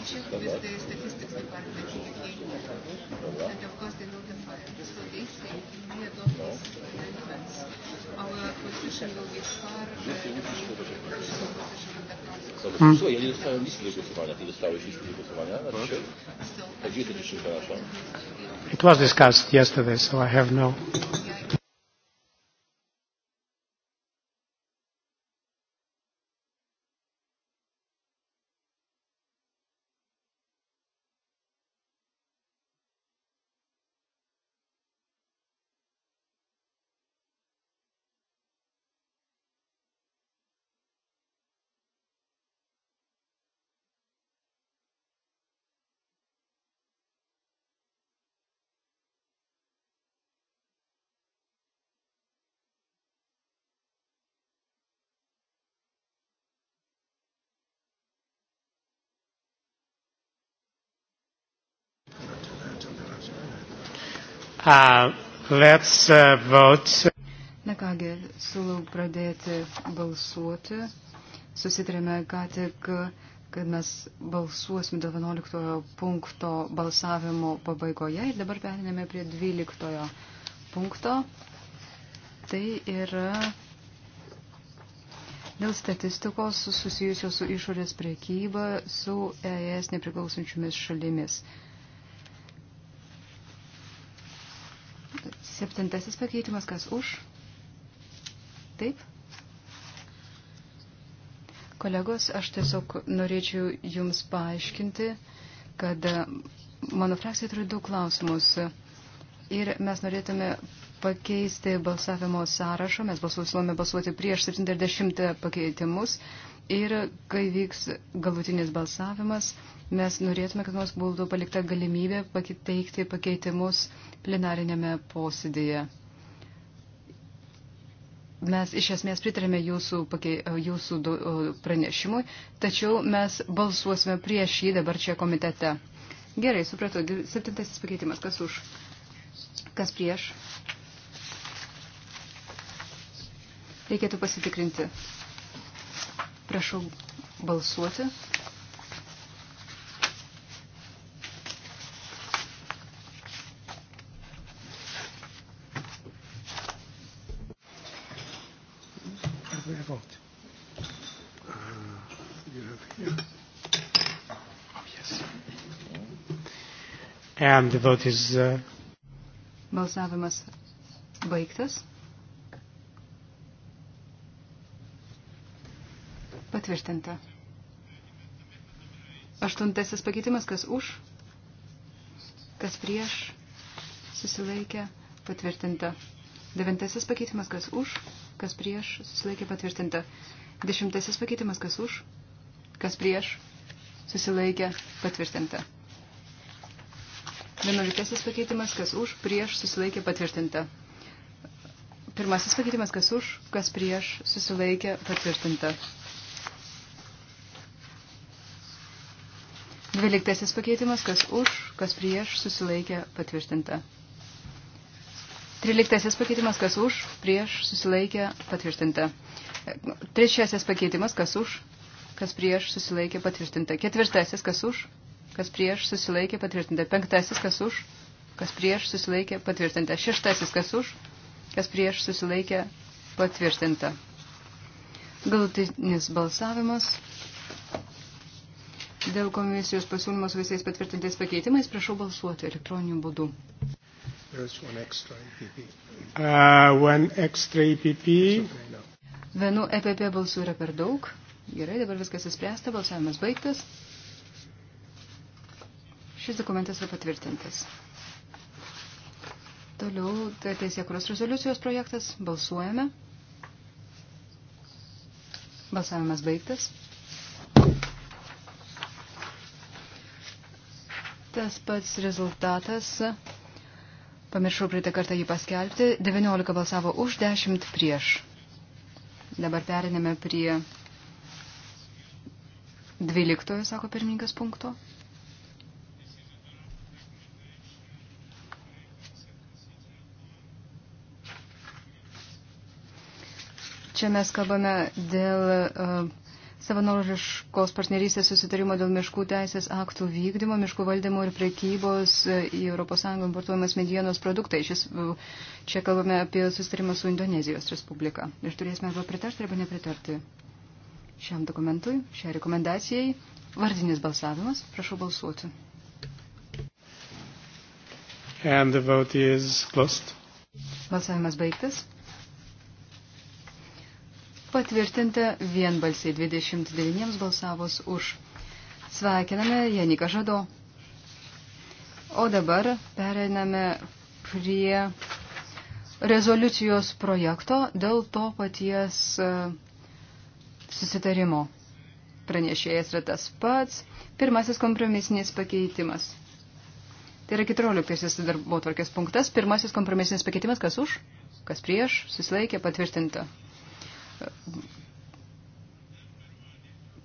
checked with the statistics department in Lithuania, and of course they know the facts. So they say if we adopt these amendments, our position will be far Hmm. Słuchaj, ja nie dostałem listy do głosowania. Ty dostałeś listy do głosowania na dzisiaj? Gdzie to dzisiaj, przepraszam? It was discussed yesterday, so I have no... Uh, let's uh, vote. Na kągi, siūlau pradėti balsuoti. Susitarėme ką tik, kad mes balsuosim 12 punkto balsavimo pabaigoje ir dabar perinėme prie 12 punkto. Tai yra dėl statistikos susijusios su išorės priekyba su ES nepriklausančiomis šalimis. Uh, Septintasis pakeitimas, kas už? Taip? Kolegos, aš tiesiog norėčiau Jums paaiškinti, kad mano frakcija turi du klausimus. Ir mes norėtume pakeisti balsavimo sąrašą. Mes balsuosime balsuoti prieš 70 pakeitimus. Ir kai vyks galutinis balsavimas, mes norėtume, kad mums būtų palikta galimybė pateikti pakeitimus plenarinėme posėdėje. Mes iš esmės pritarėme jūsų, pakei, jūsų pranešimui, tačiau mes balsuosime prieš jį dabar čia komitete. Gerai, supratau. Septintasis pakeitimas. Kas už? Kas prieš? Reikėtų pasitikrinti. Prašau balsuoti. And the vote is. Uh... E, Balsavimas baigtas. Patvirtinta. Aštuntasis pakeitimas, kas už, kas prieš, susilaikė, patvirtinta. Devintasis pakeitimas, kas už, kas prieš, susilaikė, patvirtinta. Dešimtasis pakeitimas, kas už, kas prieš, susilaikė, patvirtinta. Vienuoliktasis pakeitimas, kas už, prieš, susilaikė, patvirtinta. Pirmasis pakeitimas, kas už, kas prieš, susilaikė, patvirtinta. Dvyliktasis pakeitimas, kas už, kas prieš, susilaikė, patvirtinta. Tryliktasis pakeitimas, kas už, prieš, susilaikė, patvirtinta. Trečiasis pakeitimas, kas už, kas prieš, susilaikė, patvirtinta. Ketvirtasis, kas už, kas prieš susilaikė patvirtinta. Penktasis, kas už, kas prieš susilaikė patvirtinta. Šeštasis, kas už, kas prieš susilaikė patvirtinta. Galutinis balsavimas. Dėl komisijos pasiūlymos visais patvirtintais pakeitimais prašau balsuoti elektroniniu būdu. E uh, e Vienu EPP balsų yra per daug. Gerai, dabar viskas įspręsta, balsavimas baigtas. Šis dokumentas yra patvirtintas. Toliau tai teisėkuros rezoliucijos projektas. Balsuojame. Balsavimas baigtas. Tas pats rezultatas. Pamiršau praeitą kartą jį paskelbti. 19 balsavo už, 10 prieš. Dabar periname prie 12, sako pirmininkas punkto. Čia mes kalbame dėl uh, savanoriškos partnerystės susitarimo dėl miškų teisės aktų vykdymo, miškų valdymo ir prekybos e, į ES importuojamas medienos produktai. Šis, e, čia kalbame apie susitarimą su Indonezijos Respublika. Ir turėsime arba pritarti, arba nepritarti šiam dokumentui, šiai rekomendacijai. Vardinis balsavimas. Prašau balsuoti. And the vote is closed. Balsavimas baigtas. Patvirtinta vienbalsiai 29 balsavus už. Sveikiname Janiką Žado. O dabar pereiname prie rezoliucijos projekto dėl to paties e, susitarimo. Pranešėjas yra tas pats. Pirmasis kompromisinis pakeitimas. Tai yra 14 darbo tvarkės punktas. Pirmasis kompromisinis pakeitimas, kas už, kas prieš, susilaikė, patvirtinta.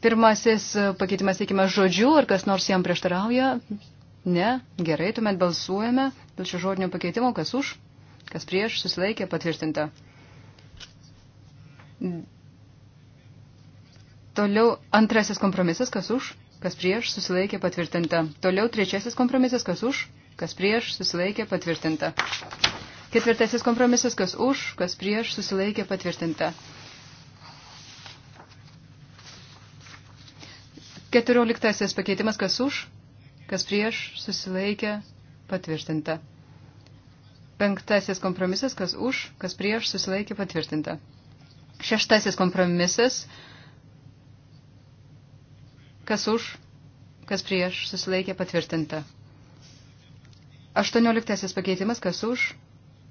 Pirmasis pakeitimas teikimas žodžiu, ar kas nors jam prieštarauja? Ne, gerai, tuomet balsuojame dėl šio žodinio pakeitimo, kas už, kas prieš, susilaikė, patvirtinta. Toliau antrasis kompromisas, kas už, kas prieš, susilaikė, patvirtinta. Toliau trečiasis kompromisas, kas už, kas prieš, susilaikė, patvirtinta. Ketvirtasis kompromisas, kas už, kas prieš, susilaikė, patvirtinta. Keturioliktasis pakeitimas, kas už, kas prieš, susilaikė, patvirtinta. Penktasis kompromisas, kas už, kas prieš, susilaikė, patvirtinta. Šeštasis kompromisas, kas už, kas prieš, susilaikė, patvirtinta. Aštuonioliktasis pakeitimas, kas už,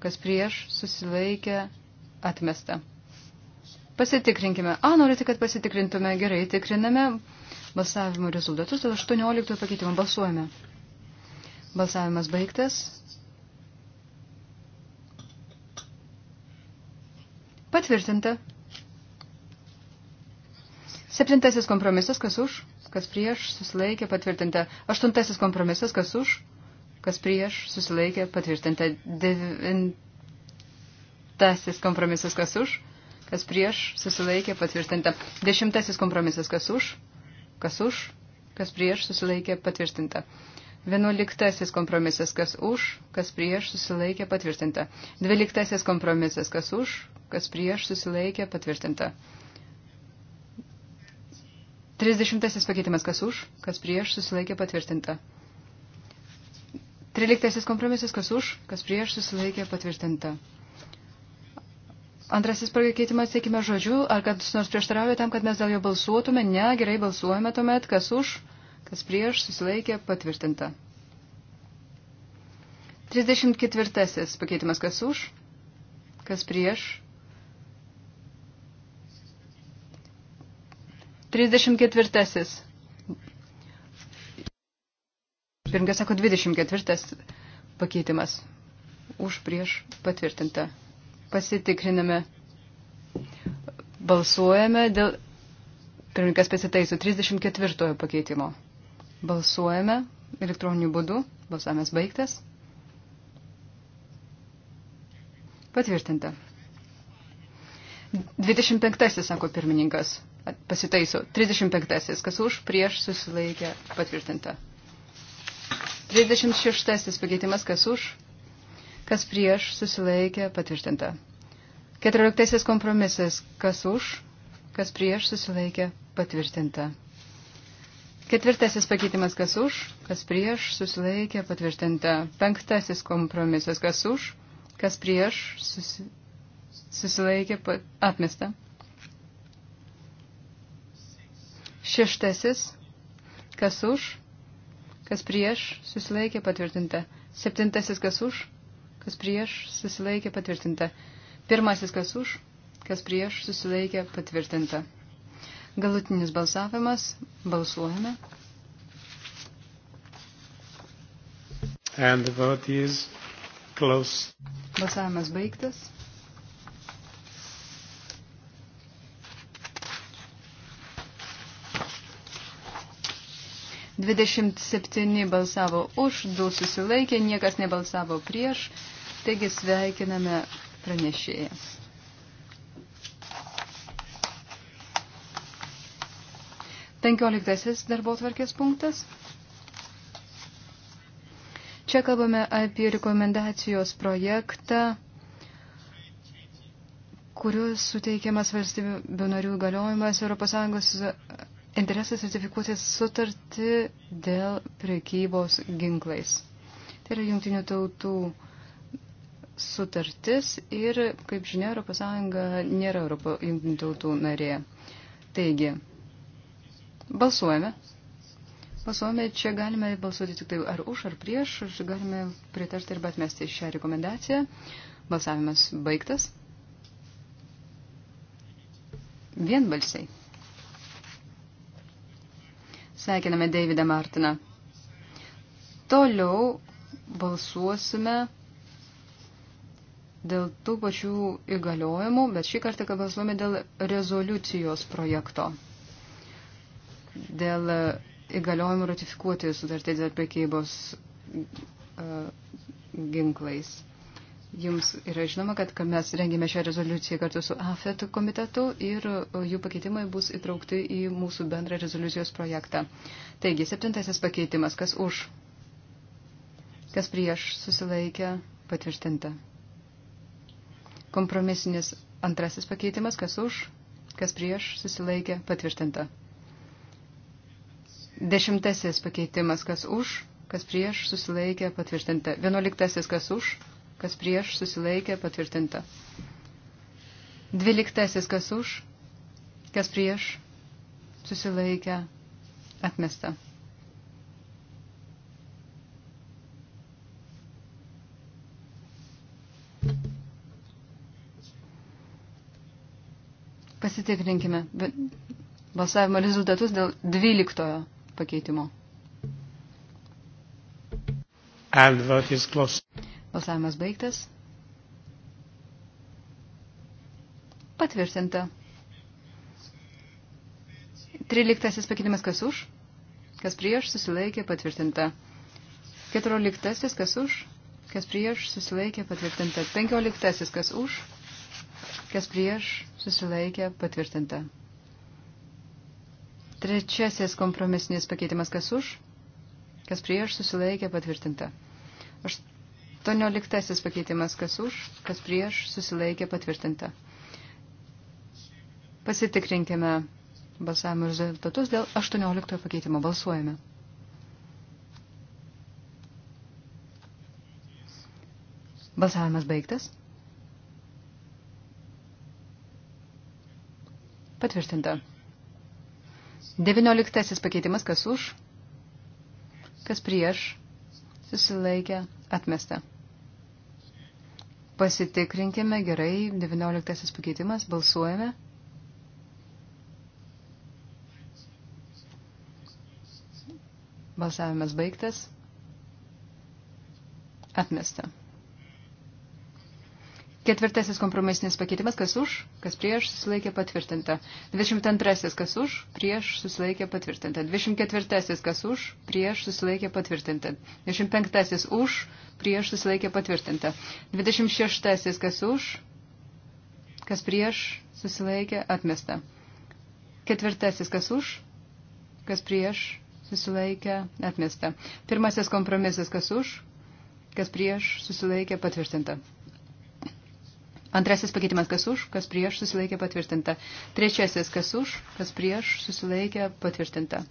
kas prieš, susilaikė, atmesta. Pasitikrinkime. A, norite, kad pasitikrintume. Gerai, tikriname balsavimo rezultatus. Dėl 18 pakeitimo balsuojame. Balsavimas baigtas. Patvirtinta. Septintasis kompromisas, kas už, kas prieš, susilaikė, patvirtinta. Aštuntasis kompromisas, kas už, kas prieš, susilaikė, patvirtinta. Devintasis kompromisas, kas už, kas prieš, susilaikė, patvirtinta. Dešimtasis kompromisas, kas už, Kas už, kas prieš susilaikė patvirtinta. Vienuoliktasis kompromisas, kas už, kas prieš susilaikė patvirtinta. Dvyliktasis kompromisas, kas už, kas prieš susilaikė patvirtinta. Trisdešimtasis pakeitimas, kas už, kas prieš susilaikė patvirtinta. Triliktasis kompromisas, kas už, kas prieš susilaikė patvirtinta. Antrasis pakeitimas siekime žodžiu, ar kad nors prieštarauja tam, kad mes dėl jo balsuotume. Ne, gerai balsuojame tuomet, kas už, kas prieš, susilaikė, patvirtinta. 34 pakeitimas, kas už, kas prieš. 34. Pirmas sako 24 pakeitimas. Už prieš patvirtinta. Pasitikriname. Balsuojame dėl. Pirmininkas pasitaiso 34 pakeitimo. Balsuojame elektroniniu būdu. Balsavimas baigtas. Patvirtinta. 25, sako pirmininkas. Pasitaiso. 35. Kas už, prieš, susilaikė, patvirtinta. 36 pakeitimas, kas už, kas prieš, susilaikė, patvirtinta. Keturioliktasis kompromisas, kas už, kas prieš, susilaikė, patvirtinta. Ketvirtasis pakeitimas, kas už, kas prieš, susilaikė, patvirtinta. Penktasis kompromisas, kas už, kas prieš, susi, susilaikė, pat, atmesta. Šeštasis, kas už, kas prieš, susilaikė, patvirtinta. Septintasis, kas už, kas prieš, susilaikė patvirtinta. Pirmasis, kas už, kas prieš, susilaikė patvirtinta. Galutinis balsavimas, balsuojame. And the vote is closed. Balsavimas baigtas. Dvidešimt septyni balsavo už, du susilaikė, niekas nebalsavo prieš. Taigi sveikiname pranešėją. Penkioliktasis darbo tvarkės punktas. Čia kalbame apie rekomendacijos projektą, kuriuos suteikiamas valstybių narių galiojimas ES interesas ratifikuoti sutartį dėl prekybos ginklais. Tai yra jungtinių tautų sutartis ir, kaip žinia, ES nėra Europo jungtinių tautų narė. Taigi, balsuojame. Balsuojame, čia galime balsuoti tik tai ar už, ar prieš, ar galime pritarti arba atmesti šią rekomendaciją. Balsavimas baigtas. Vienbalsiai. Sveikiname Davidą Martiną. Toliau balsuosime dėl tų pačių įgaliojimų, bet šį kartą kalbame dėl rezoliucijos projekto, dėl e, įgaliojimų ratifikuoti sutartį dėl prekybos uh, ginklais. Jums yra žinoma, kad mes rengėme šią rezoliuciją kartu su AFET komitetu ir e, jų pakeitimai bus įtraukti į mūsų bendrą rezoliucijos projektą. Taigi, septintasis pakeitimas, kas už, kas prieš susilaikė, patvirtinta. Kompromisinis antrasis pakeitimas, kas už, kas prieš, susilaikė, patvirtinta. Dešimtasis pakeitimas, kas už, kas prieš, susilaikė, patvirtinta. Vienuoliktasis, kas už, kas prieš, susilaikė, patvirtinta. Dvyliktasis, kas už, kas prieš, susilaikė, atmesta. Pasitikrinkime balsavimo rezultatus dėl 12 pakeitimo. Balsavimas baigtas. Patvirtinta. 13 pakeitimas kas už, kas prieš, susilaikė, patvirtinta. 14 kas už, kas prieš, susilaikė, patvirtinta. 15 kas už, kas prieš, susilaikė, patvirtinta. Trečiasis kompromisinis pakeitimas, kas už, kas prieš, susilaikė, patvirtinta. Aštuonioliktasis pakeitimas, kas už, kas prieš, susilaikė, patvirtinta. Pasitikrinkime balsavimo rezultatus dėl 18 pakeitimo. Balsuojame. Balsavimas baigtas. Patvirtinta. Devinioliktasis pakeitimas, kas už, kas prieš, susilaikė, atmesta. Pasitikrinkime gerai, devinioliktasis pakeitimas, balsuojame. Balsavimas baigtas. Atmesta. Ketvirtasis kompromisinis pakeitimas, kas už, kas prieš, susilaikė patvirtinta. 22. kas už, prieš, susilaikė patvirtinta. 24. kas už, prieš, susilaikė patvirtinta. 25. už, prieš, susilaikė patvirtinta. 26. kas už, kas prieš, susilaikė atmesta. Ketvirtasis kas už, kas prieš, susilaikė atmesta. Pirmasis kompromisas kas už, kas prieš, susilaikė patvirtinta. Antrasis pakeitimas, kas už, kas prieš, susilaikė patvirtinta. Trečiasis, kas už, kas prieš, susilaikė patvirtinta.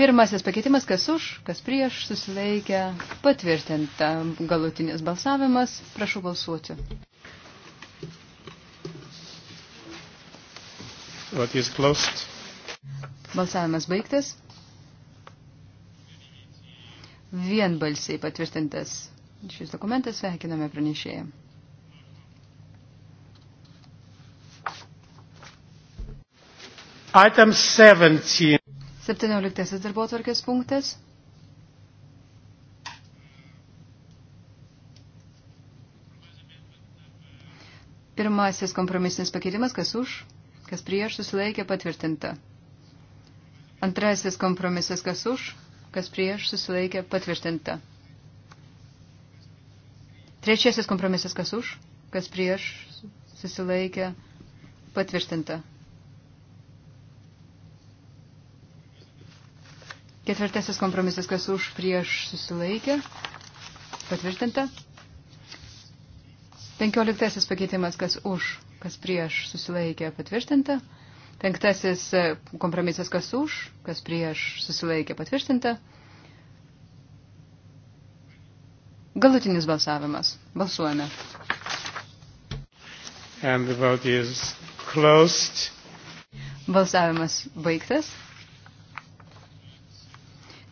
Pirmasis pakeitimas, kas už, kas prieš, susilaikė patvirtinta. Galutinis balsavimas, prašau balsuoti. Balsavimas baigtas. Vienbalsiai patvirtintas šis dokumentas, sveikiname pranešėjai. Item 17. 17 darbo tvarkės punktas. Pirmasis kompromisinis pakeitimas, kas už, kas prieš, susilaikė patvirtinta. Antrasis kompromisas, kas už, kas prieš, susilaikė patvirtinta. Trečiasis kompromisas, kas už, kas prieš, susilaikė patvirtinta. Ketvirtasis kompromisas, kas už prieš susilaikė. Patvirtinta. Penkioliktasis pakeitimas, kas už, kas prieš susilaikė. Patvirtinta. Penktasis e, kompromisas, kas už, kas prieš susilaikė. Patvirtinta. Galutinis balsavimas. Balsuojame. And the vote is closed. Balsavimas baigtas.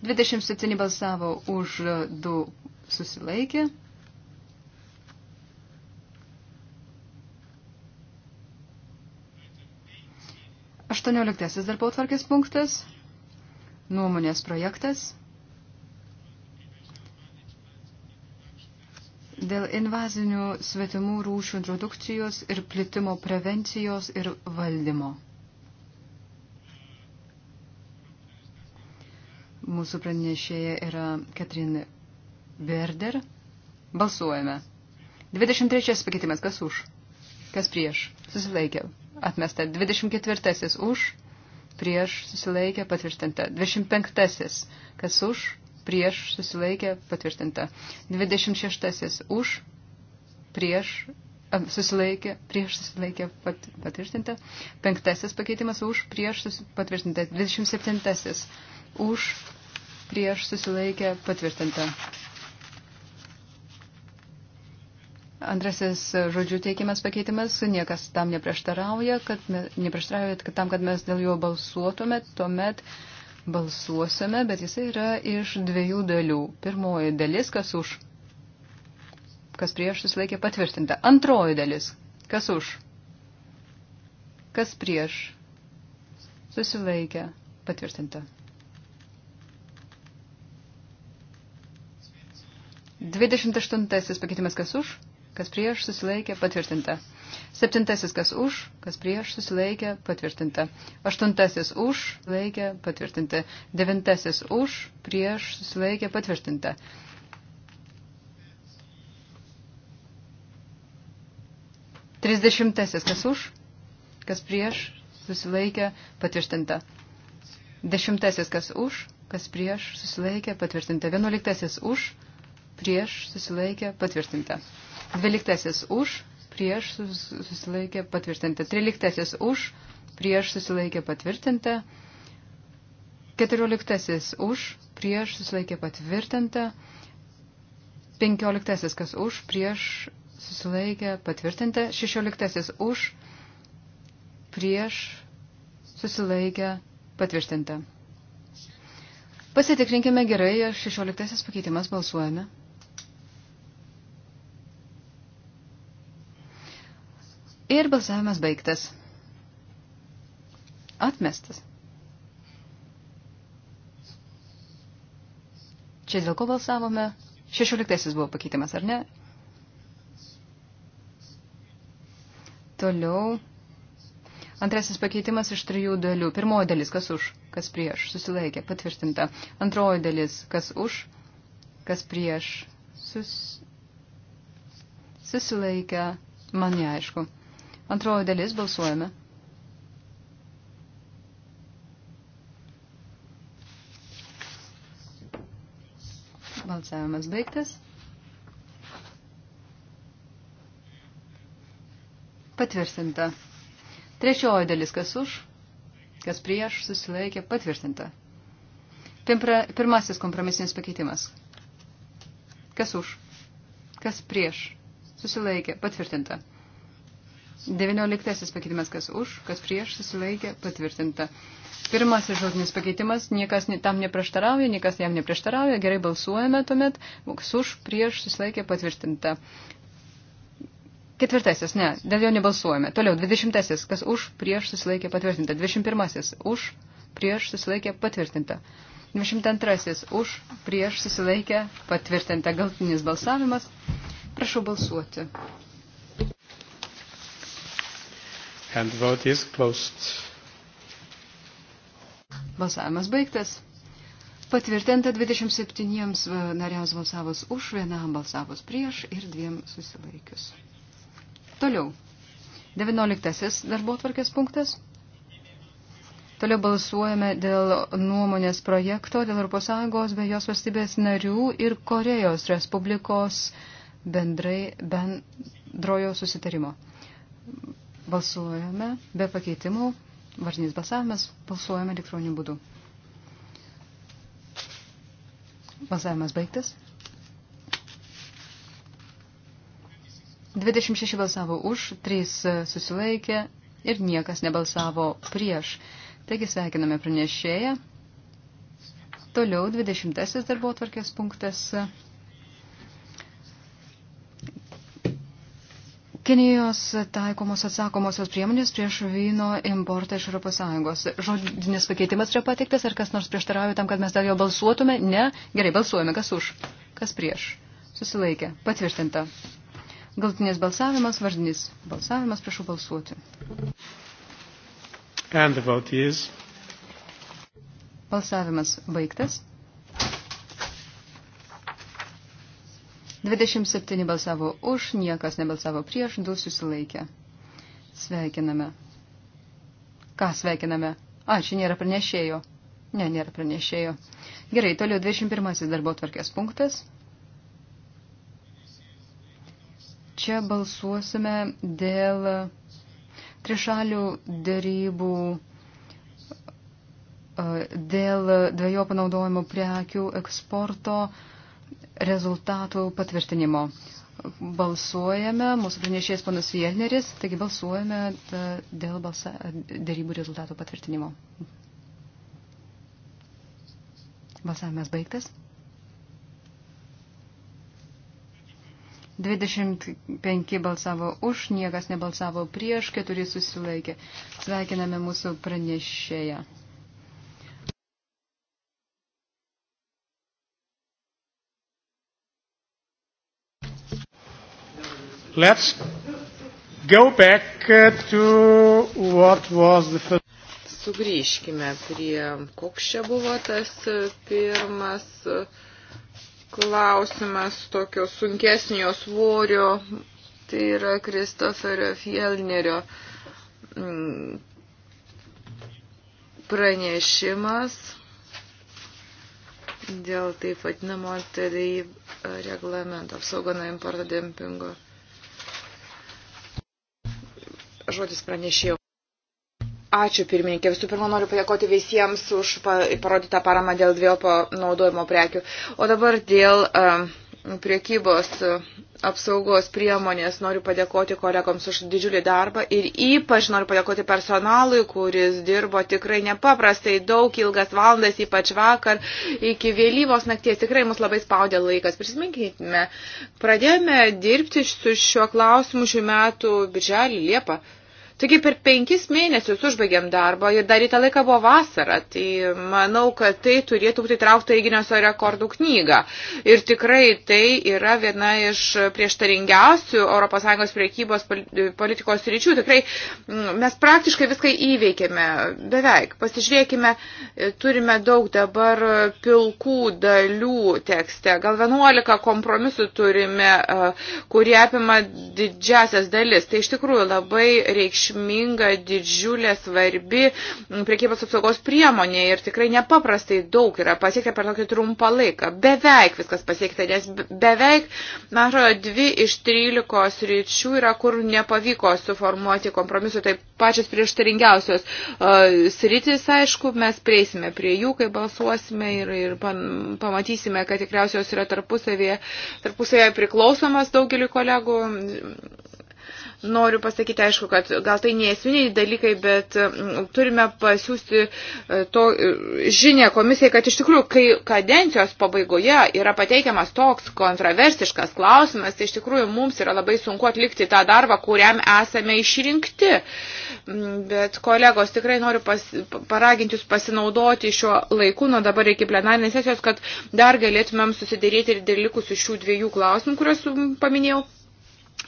27 balsavo už 2 susilaikė. Aštuonioliktasis darbo tvarkės punktas. Nuomonės projektas. Dėl invazinių svetimų rūšių introdukcijos ir plitimo prevencijos ir valdymo. Mūsų pranešėja yra Katrin Berder. Balsuojame. 23 pakeitimas. Kas už? Kas prieš? Susilaikė. Atmesta. 24 už. Prieš susilaikė. Patvirtinta. 25. Kas už? Prieš susilaikė. Patvirtinta. 26 už. Prieš susilaikė, prieš susilaikė pat, patvirtinta. Penktasis pakeitimas už, prieš patvirtinta. 27. Už, prieš susilaikę patvirtinta. Antrasis žodžių teikimas pakeitimas, niekas tam neprieštarauja, kad, neprieštaraujat, kad tam, kad mes dėl jo balsuotume, tuomet balsuosime, bet jisai yra iš dviejų dalių. Pirmoji dalis, kas už, kas prieš susilaikė patvirtinta. Antroji dalis, kas už, kas prieš susilaikė patvirtinta. 28 pakeitimas kas už, kas prieš susilaikė patvirtinta. 7 kas už, kas prieš susilaikė patvirtinta. 8 už, laikė patvirtinta. 9 už, prieš susilaikė patvirtinta. Trisdešimtasis kas už, kas prieš, susilaikė, patvirtinta. Dešimtasis kas už, kas prieš, susilaikė, patvirtinta. Vienuoliktasis už, prieš susilaikė patvirtinta. Dvyliktasis už, prieš susilaikė patvirtinta. Tryliktasis už, prieš susilaikė patvirtinta. Keturioliktasis už, prieš susilaikė patvirtinta. Penkioliktasis kas už, prieš susilaikė patvirtinta. Šešioliktasis už, prieš susilaikė patvirtinta. Pasitikrinkime gerai, 16 pakeitimas balsuojame. Ir balsavimas baigtas. Atmestas. Čia dėl ko balsavome? Šešioliktasis buvo pakeitimas, ar ne? Toliau. Antrasis pakeitimas iš trijų dalių. Pirmoji dalis, kas už, kas prieš, susilaikė, patvirtinta. Antroji dalis, kas už, kas prieš, sus... susilaikė, man neaišku. Antroji dalis balsuojame. Balsavimas baigtas. Patvirtinta. Trečioji dalis, kas už, kas prieš, susilaikė, patvirtinta. Pimpra, pirmasis kompromisinis pakeitimas. Kas už, kas prieš, susilaikė, patvirtinta. 19 pakeitimas, kas už, kas prieš, susilaikė, patvirtinta. Pirmasis žodinis pakeitimas, niekas tam neprieštarauja, niekas jam neprieštarauja, gerai balsuojame tuomet, kas už, prieš, susilaikė, patvirtinta. Ketvirtasis, ne, dėl jo nebalsuojame. Toliau, dvidešimtasis, kas už, prieš, susilaikė, patvirtinta. Dvidešimt pirmasis, už, prieš, susilaikė, patvirtinta. 22. Už prieš susilaikę patvirtinta galtinis balsavimas. Prašau balsuoti. And vote is closed. Balsavimas baigtas. Patvirtinta 27 e, nariams balsavus už, vienam balsavus prieš ir dviem susilaikius. Toliau. 19 darbo tvarkės punktas. Toliau balsuojame dėl nuomonės projekto dėl ES bei jos valstybės narių ir Korejos Respublikos bendrai bendrojo susitarimo. Balsuojame be pakeitimų. Vardinis balsavimas. Balsuojame elektroniniu būdu. Balsavimas baigtas. 26 balsavo už, 3 e, susilaikė ir niekas nebalsavo prieš. Taigi sveikiname pranešėją. Toliau 20 darbo tvarkės punktas. Kinijos taikomos atsakomosios priemonės prieš vyno importą iš ES. Žodinis pakeitimas yra pateiktas, ar kas nors prieštarauja tam, kad mes dėl jo balsuotume? Ne. Gerai, balsuojame. Kas už? Kas prieš? Susilaikė. Patvirtinta. Galtinis balsavimas, vardinis balsavimas, prašau balsuoti. And the vote is. Balsavimas baigtas. 27 balsavo už, niekas nebalsavo prieš, du susilaikė. Sveikiname. Ką sveikiname? A, čia nėra pranešėjo. Ne, nėra pranešėjo. Gerai, toliau 21 darbo tvarkės punktas. Čia balsuosime dėl trišalių dėrybų e, dėl dviejų panaudojimo prekių eksporto uh, rezultatų patvirtinimo. Balsuojame, mūsų pranešėjas panas Vierneris, taigi balsuojame e, dėl balsa, e, dėrybų rezultatų patvirtinimo. Balsavimas baigtas. 25 balsavo už, niekas nebalsavo prieš, keturi susilaikė. Sveikiname mūsų pranešėją. Let's go back uh, to what was the first. Sugrįžkime prie, koks čia buvo tas uh, pirmas uh, klausimas tokio sunkesnio svorio, tai yra Kristoferio Fielnerio mm, pranešimas dėl taip vadinamo TDI reglamento apsaugo nuo importo dempingo žodis pranešėjau. Ačiū pirmininkė. Visų pirma, noriu padėkoti visiems už parodytą paramą dėl dviejopo naudojimo prekių. O dabar dėl e, priekybos e, apsaugos priemonės noriu padėkoti kolegoms už didžiulį darbą ir ypač noriu padėkoti personalui, kuris dirbo tikrai nepaprastai daug, ilgas valandas, ypač vakar iki vėlyvos nakties. Tikrai mus labai spaudė laikas. Prisiminkime, pradėjome dirbti su šiuo klausimu šių metų birželį Liepą. Taigi per penkis mėnesius užbaigėm darbą ir dar į tą laiką buvo vasara. Tai manau, kad tai turėtų būti traukta į Gineso rekordų knygą. Ir tikrai tai yra viena iš prieštaringiausių ES priekybos politikos ryčių. Tikrai mm, mes praktiškai viską įveikėme. Beveik. Pasižiūrėkime, turime daug dabar pilkų dalių tekste. Gal 11 kompromisų turime, kurie apima didžiasias dalis. Tai iš tikrųjų labai reikš reikšminga, didžiulė, svarbi priekybos apsaugos priemonė ir tikrai nepaprastai daug yra pasiekta per tokį trumpą laiką. Beveik viskas pasiekta, nes beveik, man atrodo, dvi iš trylikos ryčių yra, kur nepavyko suformuoti kompromisu, tai pačios prieštaringiausios uh, sritis, aišku, mes prieisime prie jų, kai balsuosime ir, ir pan, pamatysime, kad tikriausiai jos yra tarpusavėje, tarpusavėje priklausomas daugeliu kolegų noriu pasakyti, aišku, kad gal tai neesminiai dalykai, bet mm, turime pasiūsti e, to e, žinę komisijai, kad iš tikrųjų, kai kadencijos pabaigoje yra pateikiamas toks kontroversiškas klausimas, tai iš tikrųjų mums yra labai sunku atlikti tą darbą, kuriam esame išrinkti. Mm, bet kolegos, tikrai noriu pas, paraginti jūs pasinaudoti šiuo laiku nuo dabar iki plenarinės sesijos, kad dar galėtumėm susidėrėti ir dėl likusių šių dviejų klausimų, kuriuos paminėjau.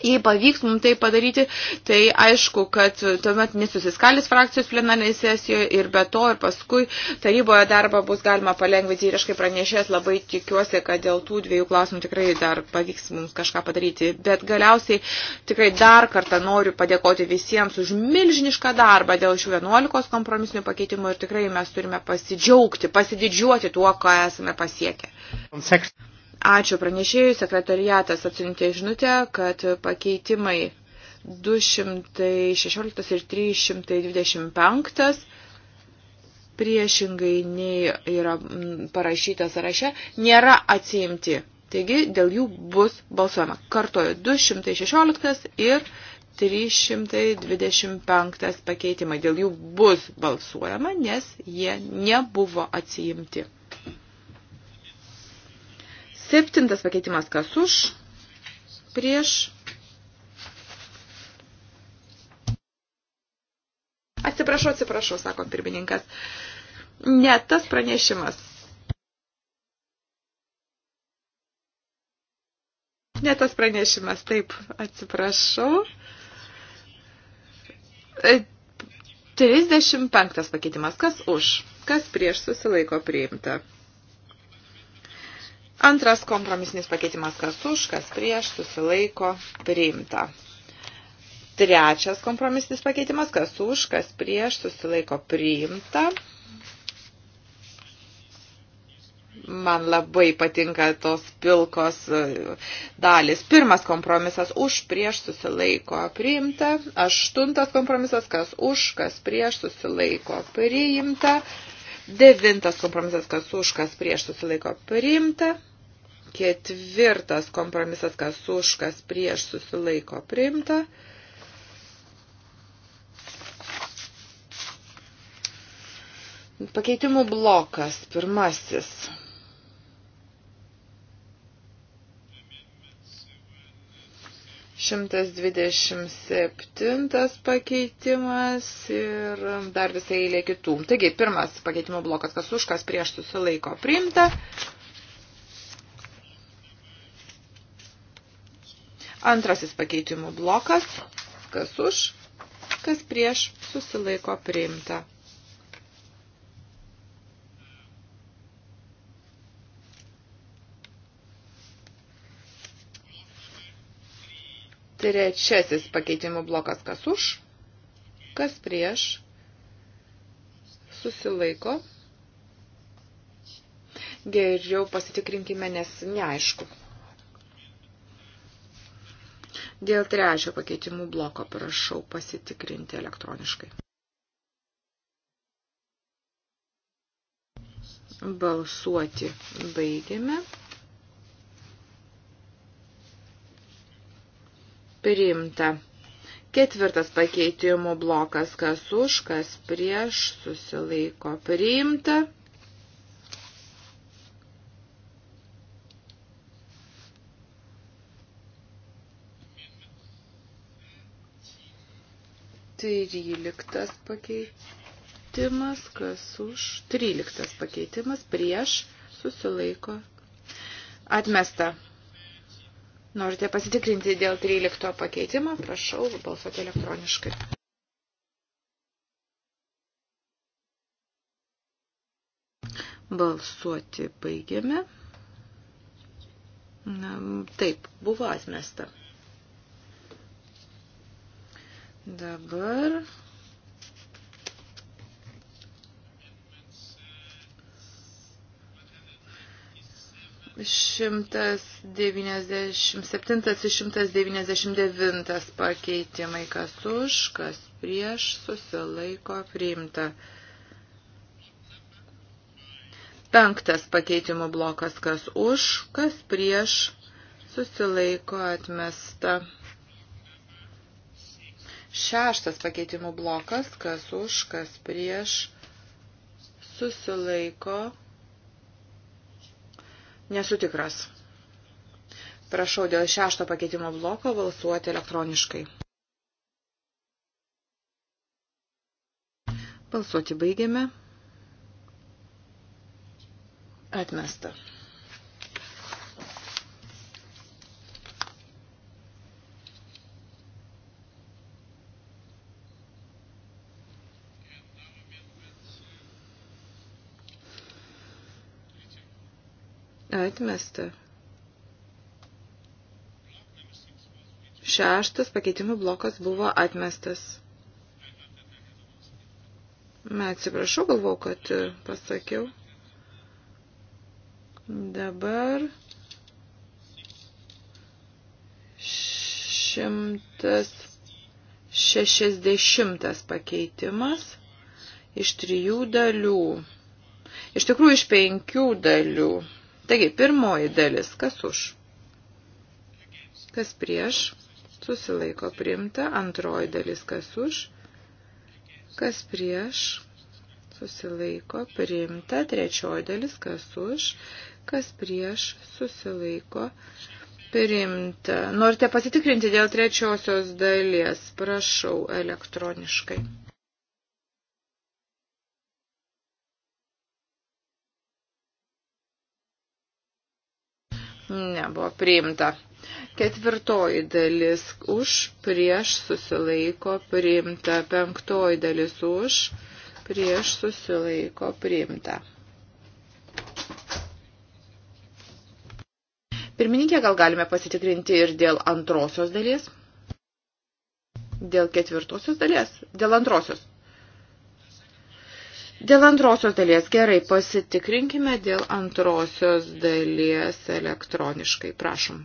Jei pavyks mums tai padaryti, tai aišku, kad tuomet nesusiskalis frakcijos plenarinėje sesijoje ir be to ir paskui taryboje darbą bus galima palengvinti ir aš kaip pranešės labai tikiuosi, kad dėl tų dviejų klausimų tikrai dar pavyks mums kažką padaryti. Bet galiausiai tikrai dar kartą noriu padėkoti visiems už milžinišką darbą dėl šių 11 kompromisinių pakeitimų ir tikrai mes turime pasidžiaugti, pasididžiuoti tuo, ką esame pasiekę. Ačiū pranešėjui, sekretariatas atsintė žinutę, kad pakeitimai 216 ir 325 priešingai nei yra mm, parašyta sąraše, nėra atsiimti. Taigi dėl jų bus balsuojama. Kartoju, 216 ir 325 pakeitimai. Dėl jų bus balsuojama, nes jie nebuvo atsiimti. Septintas pakeitimas kas už, prieš. Atsiprašau, atsiprašau, sako pirmininkas. Ne, tas pranešimas. Ne tas pranešimas, taip, atsiprašau. 35 e, pakeitimas, kas už, kas prieš susilaiko priimta. Antras kompromisinis pakeitimas, kas už, kas prieš, susilaiko, priimta. Trečias kompromisinis pakeitimas, kas už, kas prieš, susilaiko, priimta. Man labai patinka tos pilkos e, dalis. Pirmas kompromisas už, prieš, susilaiko, priimta. Aštuntas kompromisas, kas už, kas prieš, susilaiko, priimta. Devintas kompromisas, kas už, kas prieš, susilaiko, priimta. Ketvirtas kompromisas, kas už, kas prieš susilaiko priimta. Pakeitimų blokas, pirmasis. Šimtas dvidešimt septintas pakeitimas ir dar visai eilė kitų. Taigi, pirmas pakeitimo blokas, kas už, kas prieš susilaiko priimta. Priimta. Antrasis pakeitimų blokas, kas už, kas prieš, susilaiko priimta. Trečiasis pakeitimų blokas, kas už, kas prieš, susilaiko. Geriau pasitikrinkime, nes neaišku. Dėl trečio pakeitimų bloko prašau pasitikrinti elektroniškai. Balsuoti baigiame. Priimta. Ketvirtas pakeitimų blokas, kas už, kas prieš, susilaiko priimta. 13 pakeitimas, kas už 13 pakeitimas, prieš susilaiko atmesta. Norite pasitikrinti dėl 13 pakeitimo, prašau balsuoti elektroniškai. Balsuoti baigiame. Na, taip, buvo atmesta. Dabar šimtas devyniasdešimt septintas ir šimtas devyniasdešimt devintas pakeitimai, kas už, kas prieš, susilaiko priimta. Penktas pakeitimų blokas, kas už, kas prieš, susilaiko atmesta. Šeštas pakeitimų blokas, kas už, kas prieš, susilaiko, nesu tikras. Prašau dėl šešto pakeitimo bloko balsuoti elektroniškai. Balsuoti baigiame. Atmesta. Atmesta. Šeštas pakeitimų blokas buvo atmestas. Na, atsiprašau, galvau, kad e, pasakiau. Dabar 160 pakeitimas iš trijų dalių. Iš tikrųjų, iš penkių dalių. Taigi, pirmoji dalis, kas už? Kas prieš? Susilaiko priimta. Antroji dalis, kas už? Kas prieš? Susilaiko priimta. Trečioji dalis, kas už? Kas prieš? Susilaiko priimta. Priimta. Norite pasitikrinti dėl trečiosios dalies. Prašau elektroniškai. Nebuvo priimta. Ketvirtoji dalis už, prieš susilaiko priimta. Penktoji dalis už, prieš susilaiko priimta. Pirmininkė, gal galime pasitikrinti ir dėl antrosios dalies? Dėl ketvirtosios dalies? Dėl antrosios. Dėl antrosios dalies gerai pasitikrinkime dėl antrosios dalies elektroniškai. Prašom.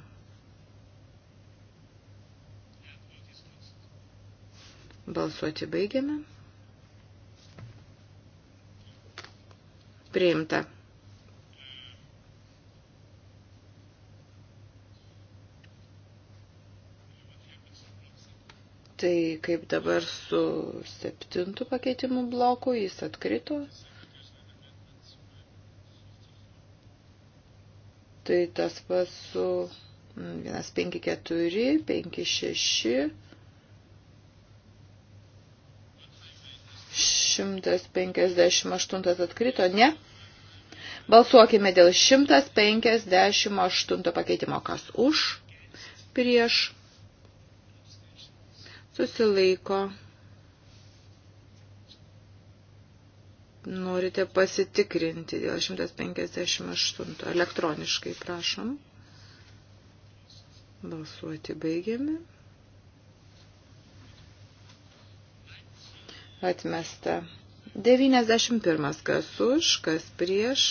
Balsuoti baigiame. Priimta. Tai kaip dabar su septintų pakeitimų bloku jis atkrito. Tai tas pas su 154, 56, 158 atkrito, ne? Balsuokime dėl 158 pakeitimo, kas už, prieš, susilaiko. Norite pasitikrinti dėl 158 elektroniškai, prašom. Balsuoti baigiame. Atmesta. 91. Kas už, kas prieš,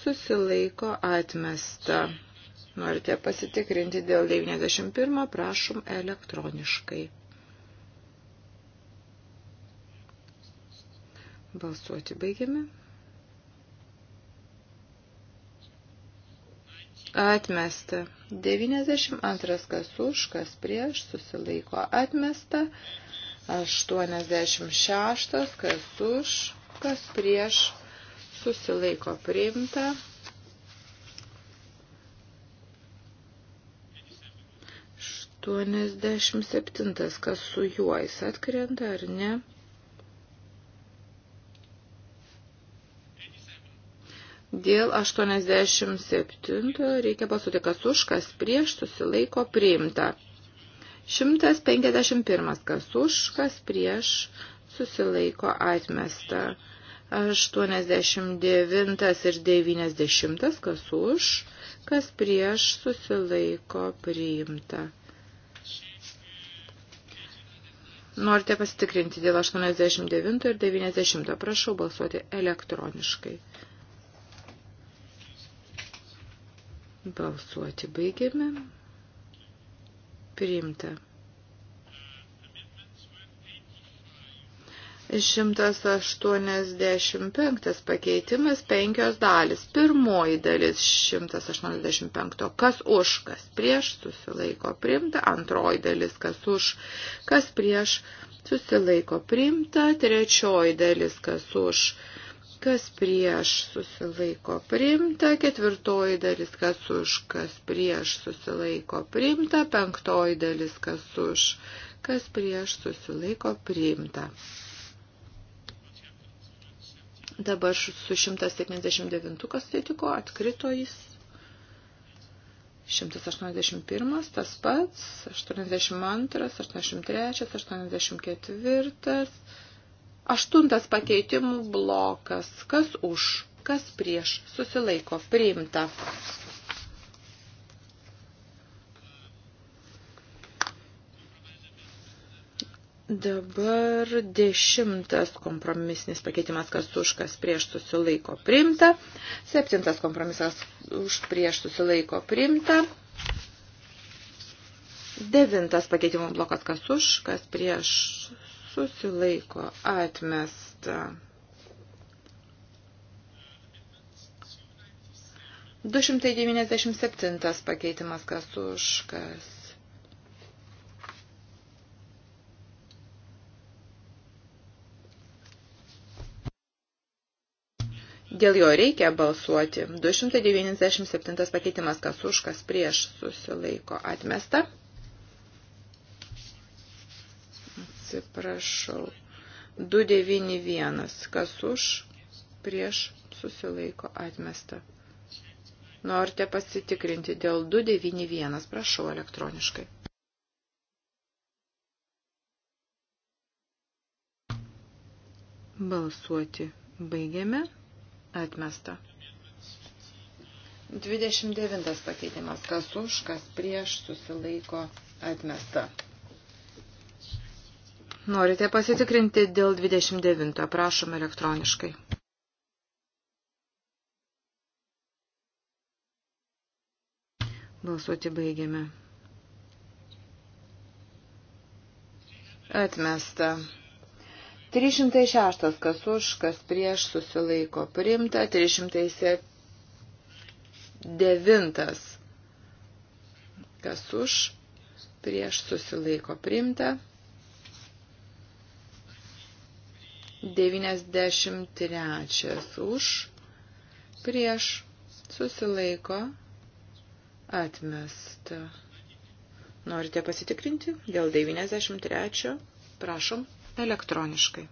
susilaiko atmesta. Norite pasitikrinti dėl 91, prašom elektroniškai. Balsuoti baigiame. Atmesta. 92 kas už, kas prieš, susilaiko atmesta. 86 kas už, kas prieš, susilaiko priimta. 87 kas su juo jis atkrenta ar ne. Dėl 87 reikia pasuti, kas už, kas prieš, susilaiko priimta. 151, kas už, kas prieš, susilaiko atmesta. 89 ir 90, kas už, kas prieš, susilaiko priimta. Norite pasitikrinti dėl 89 ir 90, prašau balsuoti elektroniškai. Balsuoti baigiame. Priimta. 185 pakeitimas, penkios dalis. Pirmoji dalis 185, kas už, kas prieš, susilaiko priimta. Antroji dalis, kas už, kas prieš, susilaiko priimta. Trečioji dalis, kas už, prieš kas prieš susilaiko primta, ketvirtoji dalis kas už, kas prieš susilaiko primta, penktoji dalis kas už, kas prieš susilaiko primta. Dabar su 179 kas atsitiko, atkrito jis. 181, tas pats, 82, 83, 84. Aštuntas pakeitimų blokas. Kas už, kas prieš, susilaiko, priimta. Dabar dešimtas kompromisinis pakeitimas, kas už, kas prieš susilaiko primta. Septintas kompromisas už prieš susilaiko primta. Devintas pakeitimo blokas, kas už, kas prieš susilaiko atmesta. 297 pakeitimas kas už kas. Dėl jo reikia balsuoti. 297 pakeitimas kas už kas prieš susilaiko atmesta. atsiprašau. 291. Kas už, prieš, susilaiko atmesta. Norite pasitikrinti dėl 291. Prašau elektroniškai. Balsuoti baigiame. Atmesta. 29 pakeitimas. Kas už, kas prieš, susilaiko atmesta. Norite pasitikrinti dėl 29. Prašom elektroniškai. Balsuoti baigiame. Atmesta. 306. Kas už, kas prieš susilaiko primta. 309. Kas už, prieš susilaiko primta. 93 už, prieš, susilaiko, atmesta. Norite pasitikrinti dėl 93, prašom, elektroniškai.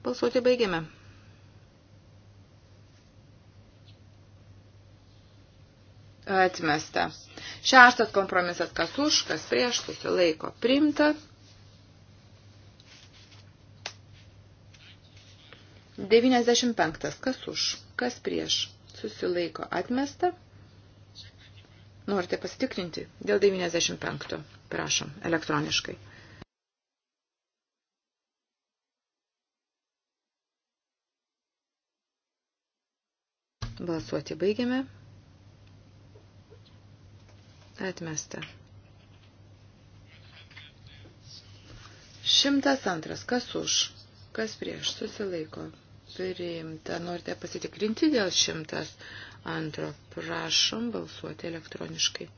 Balsuoti baigiame. atmesta. Šeštas kompromisas, kas už, kas prieš, susilaiko primta. 95. Kas už, kas prieš, susilaiko atmesta. Norite pasitikrinti dėl 95. Prašom, elektroniškai. Balsuoti baigiame. Atmesta. Šimtas antras. Kas už? Kas prieš? Susilaiko. Priimta. Norite pasitikrinti dėl šimtas antro. Prašom balsuoti elektroniškai.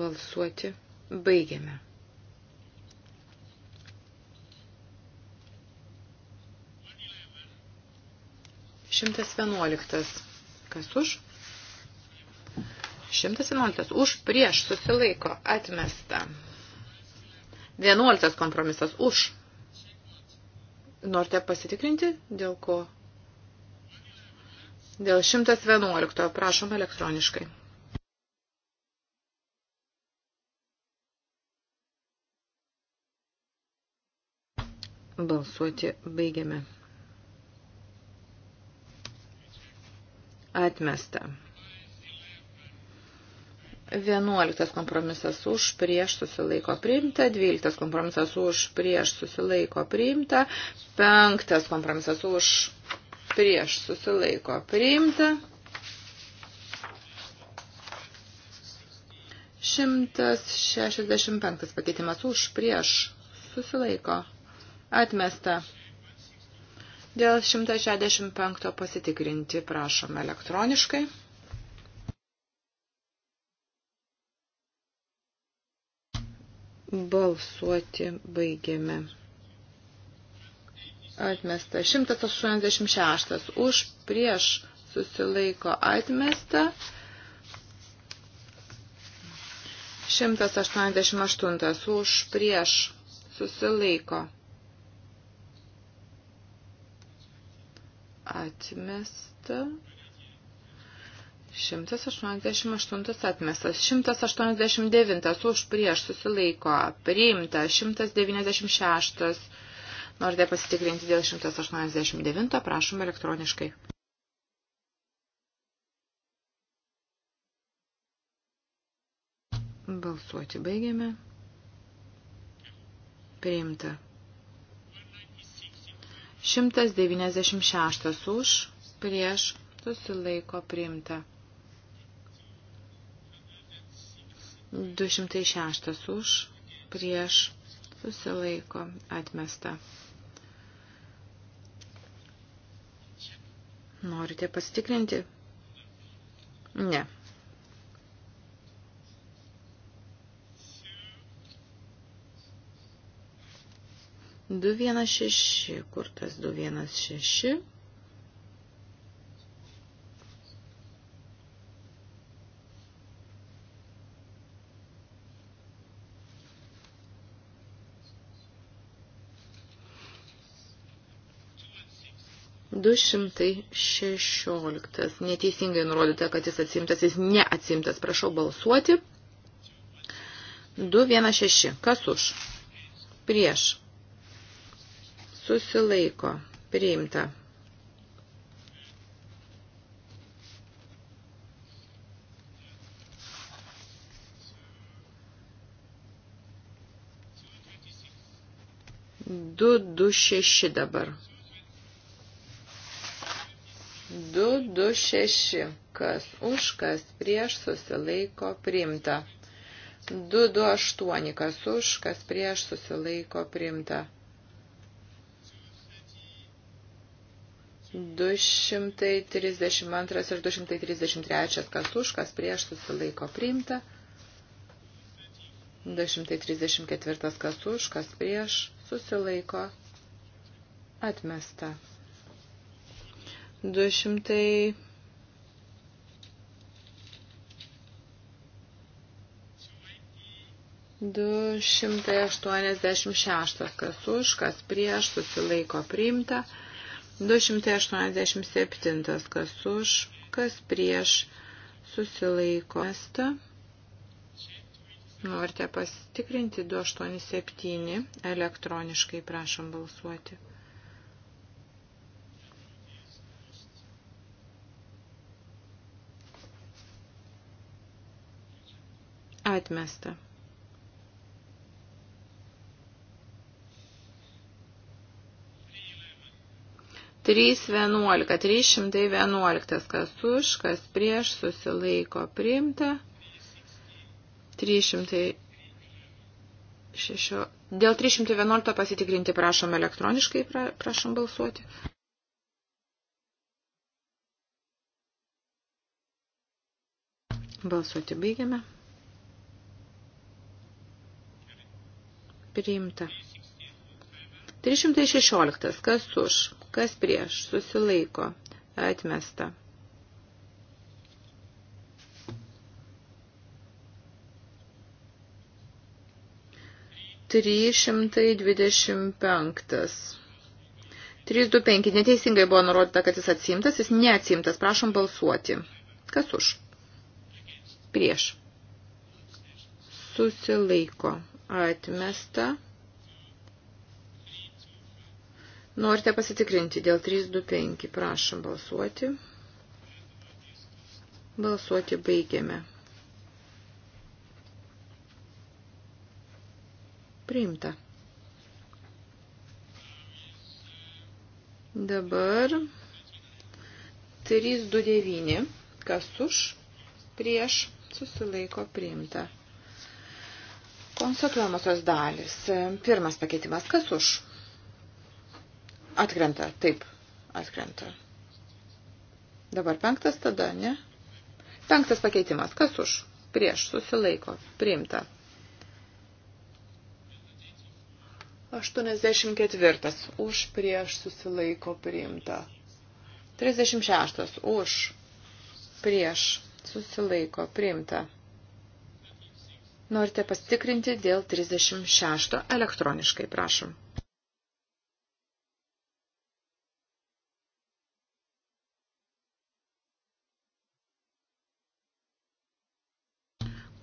Balsuoti. Baigiame. 111. Kas už? 111. Už prieš susilaiko atmesta. 11 kompromisas už. Norite pasitikrinti, dėl ko? Dėl 111. Prašom elektroniškai. Balsuoti baigiame. Atmesta. 11 kompromisas už prieš susilaiko priimta, 12 kompromisas už prieš susilaiko priimta, 5 kompromisas už prieš susilaiko priimta, 165 pakeitimas už prieš susilaiko atmesta. Dėl 165 pasitikrinti prašom elektroniškai. Balsuoti baigėme. Atmesta 186 už prieš susilaiko atmesta. 188 už prieš susilaiko. atmesta. 188 atmestas, 189 už prieš susilaiko, priimta, 196. Norite pasitikrinti dėl 189, prašom elektroniškai. Balsuoti baigiame. Priimta. 196 už, prieš, susilaiko priimta. 206 už, prieš, susilaiko atmesta. Norite pasitikrinti? Ne. 216, kur tas 216. Du šimtai šešioliktas. Neteisingai nurodyta, kad jis atsimtas, jis neatsimtas. Prašau balsuoti. Du vienas šeši. Kas už? Prieš susilaiko, priimta. Du, du, šeši dabar. Du, du, šeši. Kas už, kas prieš susilaiko, priimta. 228, kas už, kas prieš susilaiko primta. 232 ir 233, kas už, kas prieš susilaiko priimta. 234, kas už, kas prieš susilaiko atmesta. 200. Du šimtai aštuoniasdešimt šeštas, kas už, kas prieš, susilaiko priimta. 287 kas už, kas prieš susilaiko mesta. Norite pasitikrinti 287 elektroniškai, prašom balsuoti. Atmesta. 311, 311, kas už, kas prieš, susilaiko priimta. 306. Dėl 311 pasitikrinti prašom elektroniškai, pra, prašom balsuoti. Balsuoti baigiame. Priimta. 316. Kas už, kas prieš, susilaiko, atmesta. Trys šimtai dvidešimt penktas. 325. Neteisingai buvo nurodyta, kad jis atsimtas, jis neatsimtas. Prašom balsuoti. Kas už? Prieš. Susilaiko. Atmesta. Norite pasitikrinti dėl 325. Prašom balsuoti. Balsuoti baigiame. Priimta. Dabar 329. Kas už? Prieš susilaiko priimta. Konstatuojamosios dalis. Pirmas pakeitimas. Kas už? Atkrenta, taip, atkrenta. Dabar penktas tada, ne? Penktas pakeitimas. Kas už? Prieš, susilaiko, priimta. 84. Už, prieš, susilaiko, priimta. 36. Už, prieš, susilaiko, priimta. Norite pasitikrinti dėl 36 elektroniškai, prašom.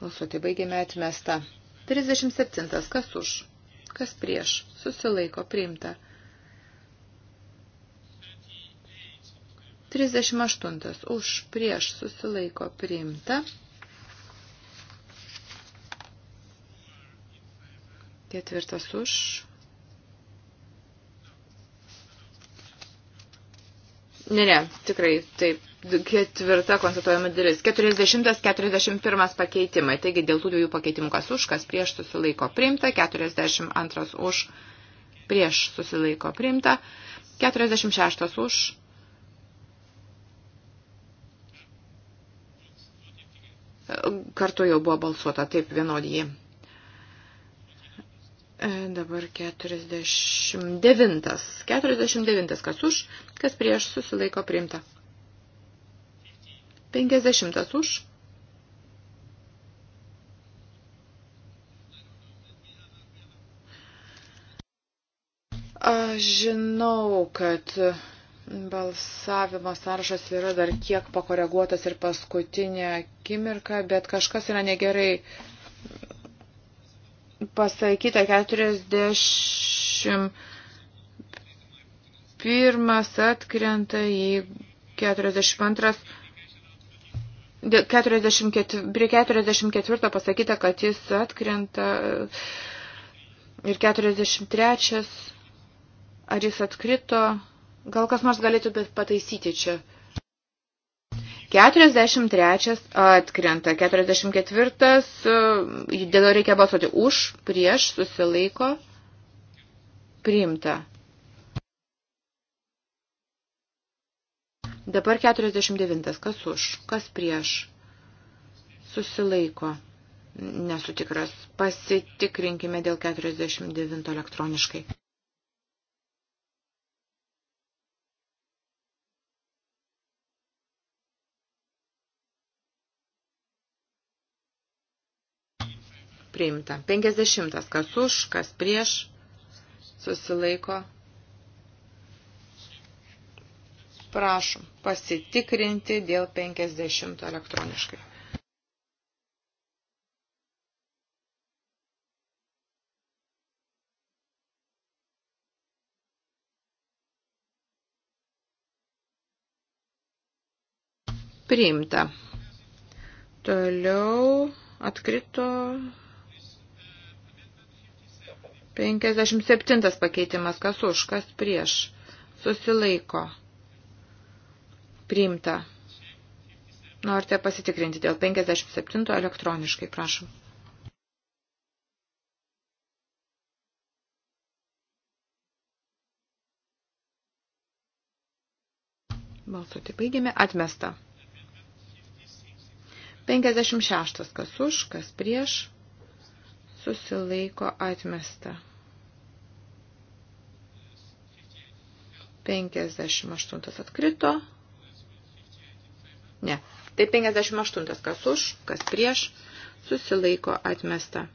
Balsuoti baigėme atmestą. 37. Kas už? Kas prieš? Susilaiko priimta. 38. Už prieš susilaiko priimta. 4. Už. Ne, ne, tikrai taip Ketvirta konstatuojama dalis. 40-41 pakeitimai. Taigi dėl tų dviejų pakeitimų kas už, kas prieš susilaiko priimta. 42 už, prieš susilaiko priimta. 46 už. Kartu jau buvo balsuota, taip vienodį. E, dabar 49. 49 kas už, kas prieš susilaiko priimta. 50 už. Aš žinau, kad balsavimo sąrašas yra dar kiek pakoreguotas ir paskutinė akimirka, bet kažkas yra negerai pasakyta 41 atkrenta į 42 44, prie 44 pasakyta, kad jis atkrenta ir 43, ar jis atkrito, gal kas nors galėtų pataisyti čia. 43 atkrenta, 44 dėl reikia balsuoti už, prieš, susilaiko, priimta. Dabar 49. Kas už? Kas prieš? Susilaiko. Nesu tikras. Pasitikrinkime dėl 49 elektroniškai. Priimta. 50. Kas už, kas prieš, susilaiko Prašom pasitikrinti dėl 50 elektroniškai. Priimta. Toliau atkrito 57 pakeitimas, kas už, kas prieš. Susilaiko. Priimta. Norite pasitikrinti dėl 57 elektroniškai, prašom. Balsuoti baigėme. Atmesta. 56. Kas už, kas prieš. Susilaiko atmesta. 58 atkrito. Ne. Tai 58. Kas už, kas prieš, susilaiko atmesta.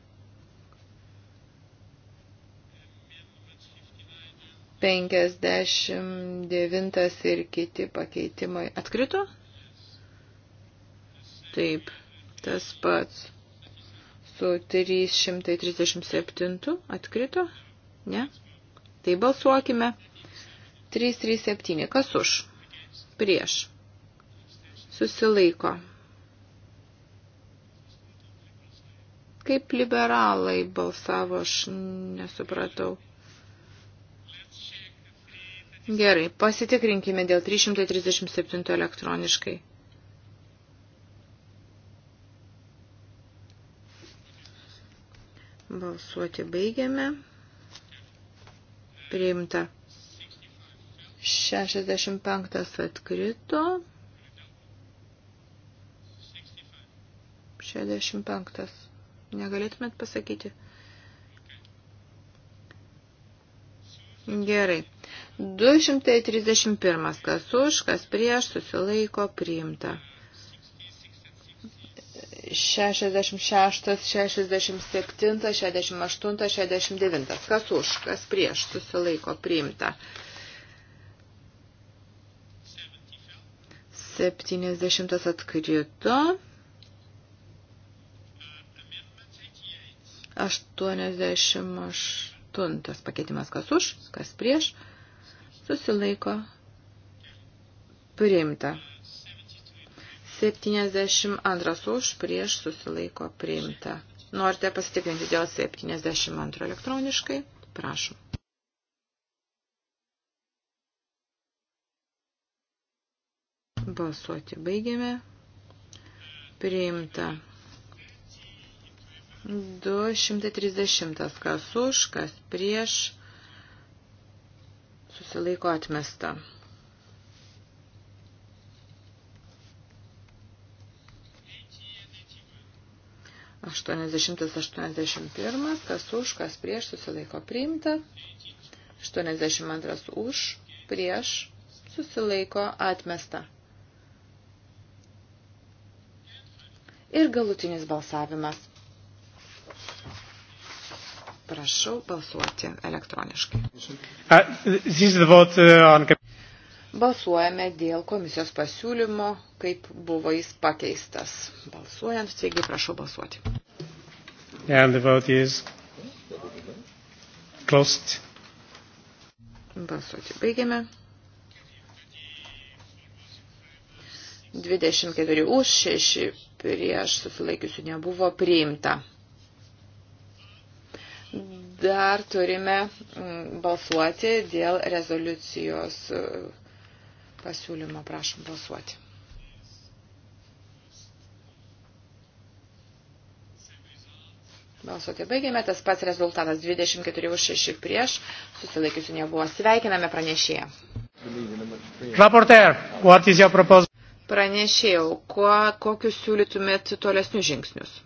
59 ir kiti pakeitimai. Atkrito? Taip, tas pats. Su 337 atkrito? Ne? Tai balsuokime. 337. Kas už? Prieš susilaiko. Kaip liberalai balsavo, aš nesupratau. Gerai, pasitikrinkime dėl 337 elektroniškai. Balsuoti baigiame. Priimta. 65 atkrito. 65. Negalėtumėt pasakyti? Gerai. 231. Kas už, kas prieš, susilaiko priimta. 66, 67, 68, 69. Kas už, kas prieš, susilaiko priimta. 70 atkrito. 88 pakeitimas kas už, kas prieš, susilaiko priimta. 72 už, prieš susilaiko priimta. Norite pasitikrinti dėl 72 elektroniškai? Prašom. Balsuoti baigėme. Priimta. 230. Kas už, kas prieš. Susilaiko atmesta. Aštuoniasdešimtas, aštuoniasdešimt pirmas, kas už, kas prieš, susilaiko priimta. Aštuoniasdešimt antras už, prieš, susilaiko atmesta. Ir galutinis balsavimas. Prašau balsuoti elektroniškai. Uh, uh, Balsuojame dėl komisijos pasiūlymo, kaip buvo jis pakeistas. Balsuojant, taigi prašau balsuoti. And the vote is closed. Balsuoti baigiame. 24 už, 6 prieš susilaikiusių nebuvo priimta dar turime mm, balsuoti dėl rezoliucijos e, pasiūlymo. Prašom balsuoti. Balsuoti baigėme, tas pats rezultatas 24 už 6 prieš, susilaikiusių nebuvo. Sveikiname pranešėją. Raporter, what is your proposal? Pranešėjau, ko, kokius siūlytumėt tolesnius žingsnius?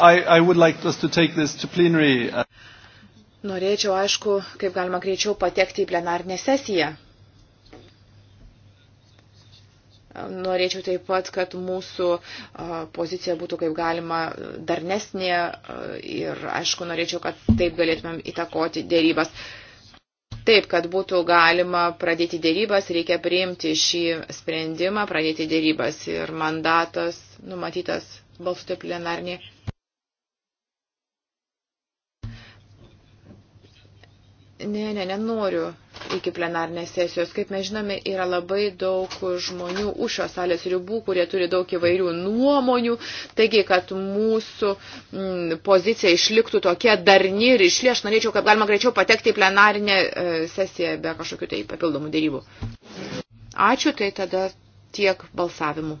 I, I would like us to take this to plenary. Uh, norėčiau, aišku, kaip galima greičiau patekti į plenarnę sesiją. Norėčiau taip pat, kad mūsų uh, pozicija būtų kaip galima darnesnė uh, ir, aišku, norėčiau, kad taip galėtumėm įtakoti dėrybas. Taip, kad būtų galima pradėti dėrybas, reikia priimti šį sprendimą, pradėti dėrybas ir mandatas numatytas balsuoti plenarnį Ne, ne, nenoriu iki plenarnės sesijos. Kaip mes žinome, yra labai daug žmonių už šios salės ribų, kurie turi daug įvairių nuomonių. Taigi, kad mūsų m, mm, pozicija išliktų tokia darni ir išli, aš norėčiau, kad galima greičiau patekti į plenarinę e, sesiją be kažkokių tai papildomų dėrybų. Ačiū, tai tada tiek balsavimų.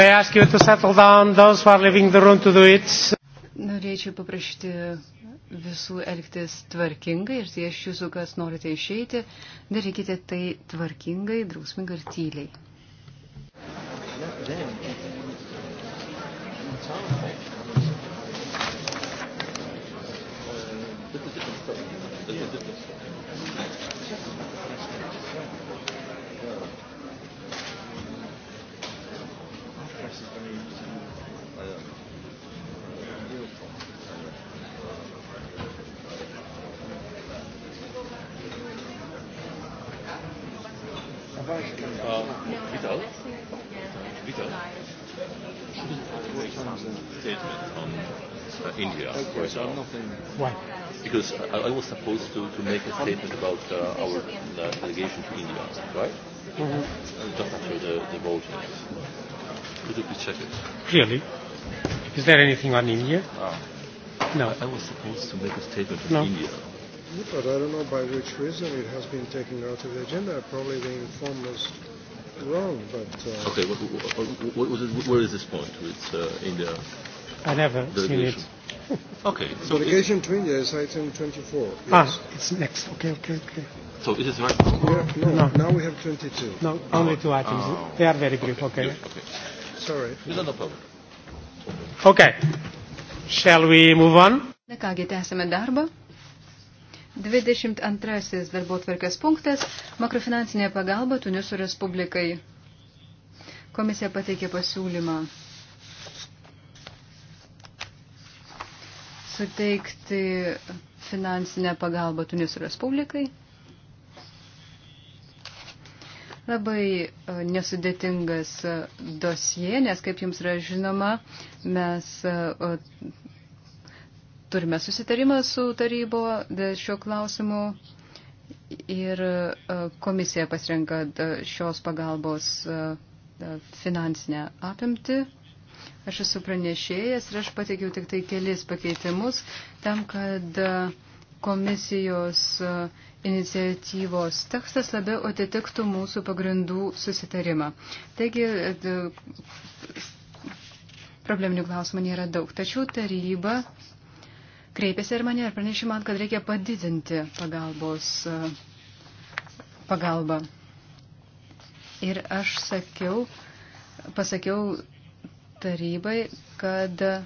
May I ask you to settle down, those who are leaving the room to do it? Norėčiau paprašyti visų elgtis tvarkingai ir tie iš jūsų, kas norite išeiti, darykite tai tvarkingai, drausmingai ir tyliai. Yeah. India, for example. Why? Because I, I was supposed to, to make a statement about uh, our uh, delegation to India, right? Mm-hmm. Just after the, the voting. Could you please check it? Really? Is there anything on India? Uh, no. I, I was supposed to make a statement on no. India. Yeah, but I don't know by which reason it has been taken out of the agenda. Probably they informed us wrong, but... Uh, okay, what, what, what was it, where is this point? It's uh, India... I never delegation. seen it. okay. So delegation to India is item 24. Yes. Ah, it's next. Okay, okay, okay. So is it right now? Yeah, no, no, now we have 22. No, only two items. Oh. They are very brief. Okay. okay. okay. Sorry. Okay. Shall we move on? Na kągi, tęsime darbą. 22 darbo tvarkės punktas – makrofinansinė pagalba Tuniso Respublikai. Komisija pateikė pasiūlymą suteikti finansinę pagalbą Tuniso Respublikai – Labai e, nesudėtingas e, dosie, nes, kaip jums yra žinoma, mes e, turime susitarimą su tarybo šiuo klausimu ir komisija pasirenka šios pagalbos finansinę apimti. Aš esu pranešėjas ir aš pateikiau tik tai kelis pakeitimus tam, kad komisijos uh, iniciatyvos tekstas labiau atitiktų mūsų pagrindų susitarimą. Taigi, e, probleminių klausimų nėra daug. Tačiau taryba kreipėsi ir mane ir pranešė man, kad reikia padidinti pagalbos e, pagalbą. Ir aš sakiau, pasakiau tarybai, kad e,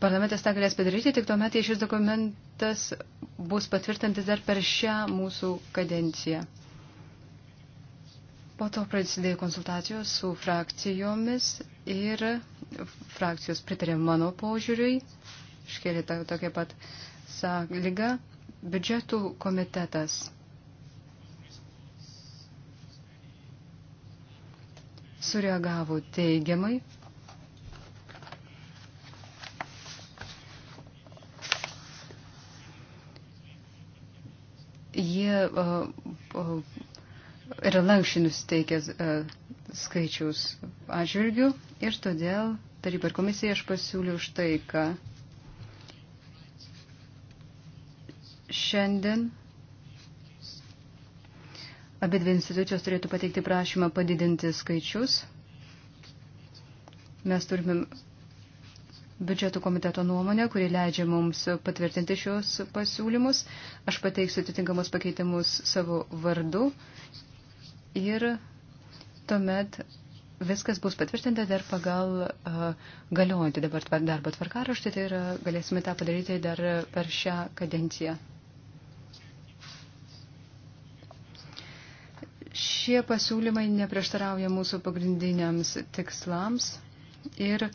parlamentas tą galės padaryti tik tuomet, jei šis dokument, aktas bus patvirtintas dar per šią mūsų kadenciją. Po to prasidėjo konsultacijos su frakcijomis ir frakcijos pritarė mano požiūriui, iškėlė tokia pat sąlyga, biudžetų komitetas. Sureagavo teigiamai jie yra lankščiai nusiteikę skaičiaus atžvilgių ir todėl taryba ir komisija aš pasiūliau štai ką. Šiandien abi dvi institucijos turėtų pateikti prašymą padidinti skaičius. Mes turime biudžeto komiteto nuomonę, kuri leidžia mums patvirtinti šios pasiūlymus. Aš pateiksiu atitinkamus pakeitimus savo vardu ir tuomet viskas bus patvirtinta dar pagal uh, galiojantį dabar darbo tvarkaraštį, tai yra galėsime tą padaryti dar per šią kadenciją. Šie pasiūlymai neprieštarauja mūsų pagrindiniams tikslams ir uh,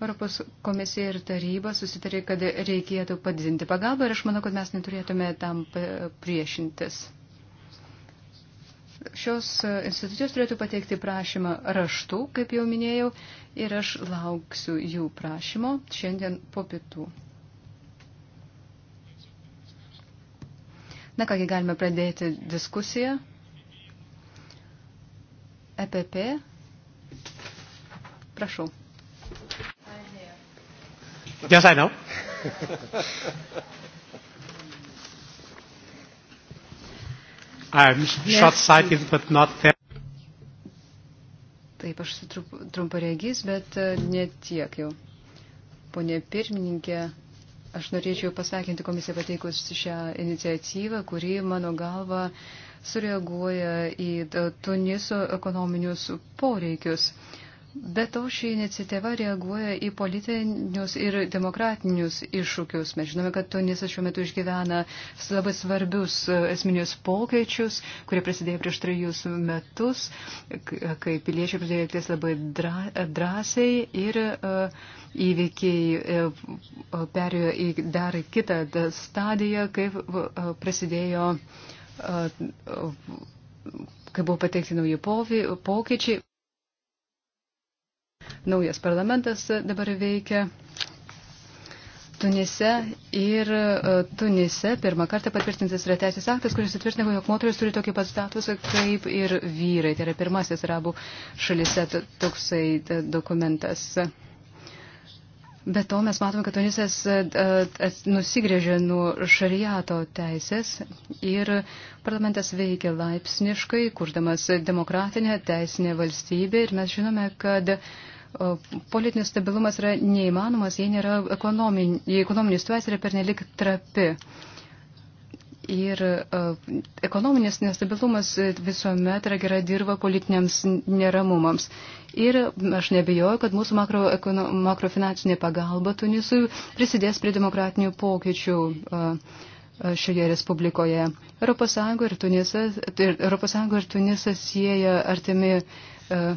Europos komisija ir taryba susitarė, kad reikėtų padidinti pagalbą ir aš manau, kad mes neturėtume tam priešintis. Šios institucijos turėtų pateikti prašymą raštu, kaip jau minėjau, ir aš lauksiu jų prašymo šiandien po pietų. Na kągi, galime pradėti diskusiją. EPP. Prašau. Yes, I know. I'm yes, short-sighted, but not there. Taip, aš trumparegys, bet e, netiek jau. Pone pirmininkė, aš norėčiau pasakinti komisiją pateikus šią iniciatyvą, kuri, mano galva, sureaguoja į e, Tuniso ekonominius poreikius. Uh, Be to, ši iniciatyva reaguoja į politinius ir demokratinius iššūkius. Mes žinome, kad Tunisas šiuo metu išgyvena labai svarbius e, esminius pokyčius, kurie prasidėjo prieš trejus metus, e, kai piliečiai pradėjo elgtis labai e, drąsiai ir įvykiai perėjo į dar kitą stadiją, kai prasidėjo kai buvo pateikti nauji pokyčiai. Naujas parlamentas dabar veikia Tunise ir e, Tunise pirmą kartą patvirtintas yra teisės aktas, kuris atvirtina, jog moteris turi tokį pat statusą kaip ir vyrai. Tai yra pirmasis arabų šalise toksai e, dokumentas. Be to mes matome, kad Tunisas e, e, e, nusigrėžė nuo šariato teisės ir parlamentas veikia laipsniškai, kurdamas demokratinę teisinę valstybę ir mes žinome, kad politinis stabilumas yra neįmanomas, jei, nėra ekonomin, jei ekonominis situacija yra pernelik trapi. Ir e, ekonominis nestabilumas visuomet yra gera dirba politiniams neramumams. Ir aš nebejoju, kad mūsų makro, makrofinansinė pagalba Tunisui prisidės prie demokratinių pokyčių. Uh, šioje Respublikoje. ES ir Tunisas, ir, Europos ir Tunisas sieja artimi uh,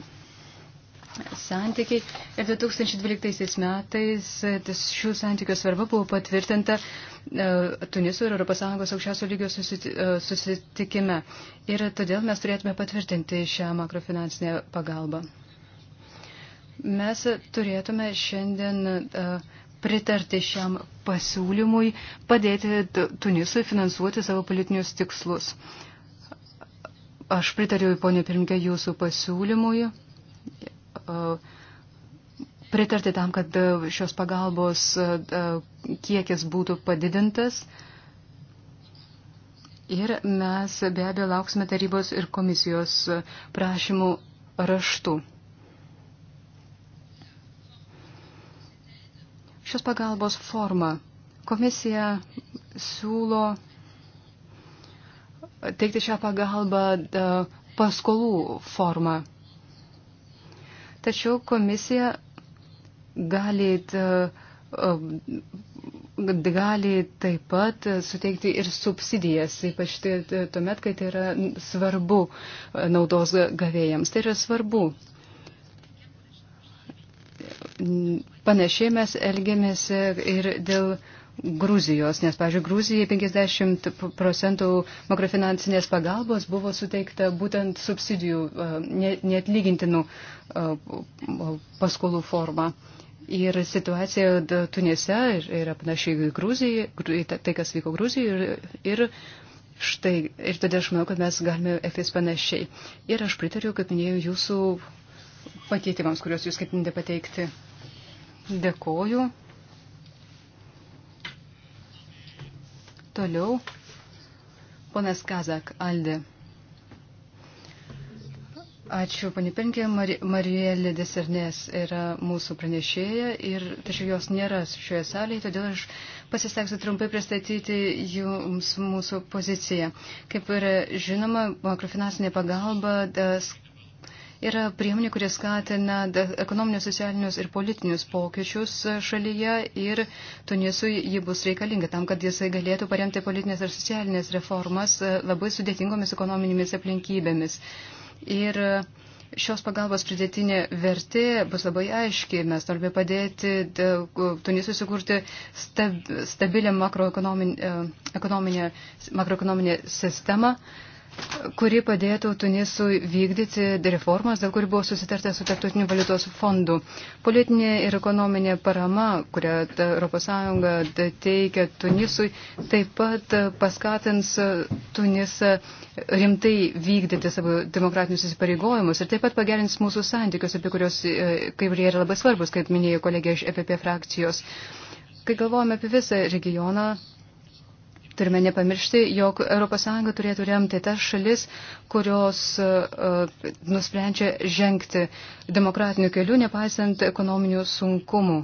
santykiai. Ir 2012 metais e, šių santykių svarba buvo patvirtinta e, Tuniso ir ES aukščiausio lygio e, susitikime. Ir todėl mes turėtume patvirtinti šią makrofinansinę pagalbą. Mes turėtume šiandien pritarti šiam pasiūlymui, padėti Tunisui finansuoti savo politinius tikslus. Aš pritariu, ponė pirmininkė, jūsų pasiūlymui pritarti tam, kad e, šios pagalbos e, e, kiekis būtų padidintas. Ir mes be abejo lauksime tarybos ir komisijos prašymų raštų. Šios pagalbos forma. Komisija siūlo teikti šią pagalbą paskolų formą tačiau komisija gali, e, e, gali taip pat suteikti ir subsidijas, ypač tai, tuomet, kai tai yra svarbu naudos gavėjams. Tai yra svarbu. Panašiai mes elgėmės ir dėl Gruzijos, nes, pažiūrėjau, Gruzijai 50 procentų makrofinansinės pagalbos buvo suteikta būtent subsidijų e, neatlygintinų e, paskolų forma. Ir situacija Tunise yra panašiai į Gruziją, tai kas vyko Gruzijoje ir, ir štai, ir todėl aš manau, kad mes galime elgtis panašiai. Ir aš pritariu, kaip minėjau, jūsų pakeitimams, kuriuos jūs ketinate pateikti. Dėkoju. Toliau, ponas Kazak, Aldė. Ačiū, panė Penkė, Marielė Desernės yra mūsų pranešėja, ir, tačiau jos nėra šioje salėje, todėl aš pasistengsiu trumpai pristatyti jums mūsų poziciją. Kaip ir žinoma, makrofinansinė pagalba yra priemonė, kurie skatina ekonominius, socialinius ir politinius pokyčius šalyje ir Tunisui ji bus reikalinga tam, kad jisai galėtų paremti politinės ir socialinės reformas e, labai sudėtingomis ekonominėmis aplinkybėmis. Ir e, Šios pagalbos pridėtinė vertė bus labai aiški. Mes norime padėti Tunisui sukurti stabilę makroekonominę, e, makroekonominę sistemą, kuri padėtų Tunisui vykdyti reformas, dėl kurių buvo susitarta su Tartutiniu valiutos fondu. Politinė ir ekonominė parama, kurią ES teikia Tunisui, taip pat paskatins Tunisą rimtai vykdyti savo demokratinius įsipareigojimus ir taip pat pagerins mūsų santykius, apie kurios, e, kaip jie yra labai svarbus, kaip minėjo kolegė iš EPP frakcijos. Kai galvojame apie visą regioną, Turime nepamiršti, jog ES turėtų remti tas šalis, kurios uh, nusprendžia žengti demokratiniu keliu, nepaisant ekonominių sunkumų.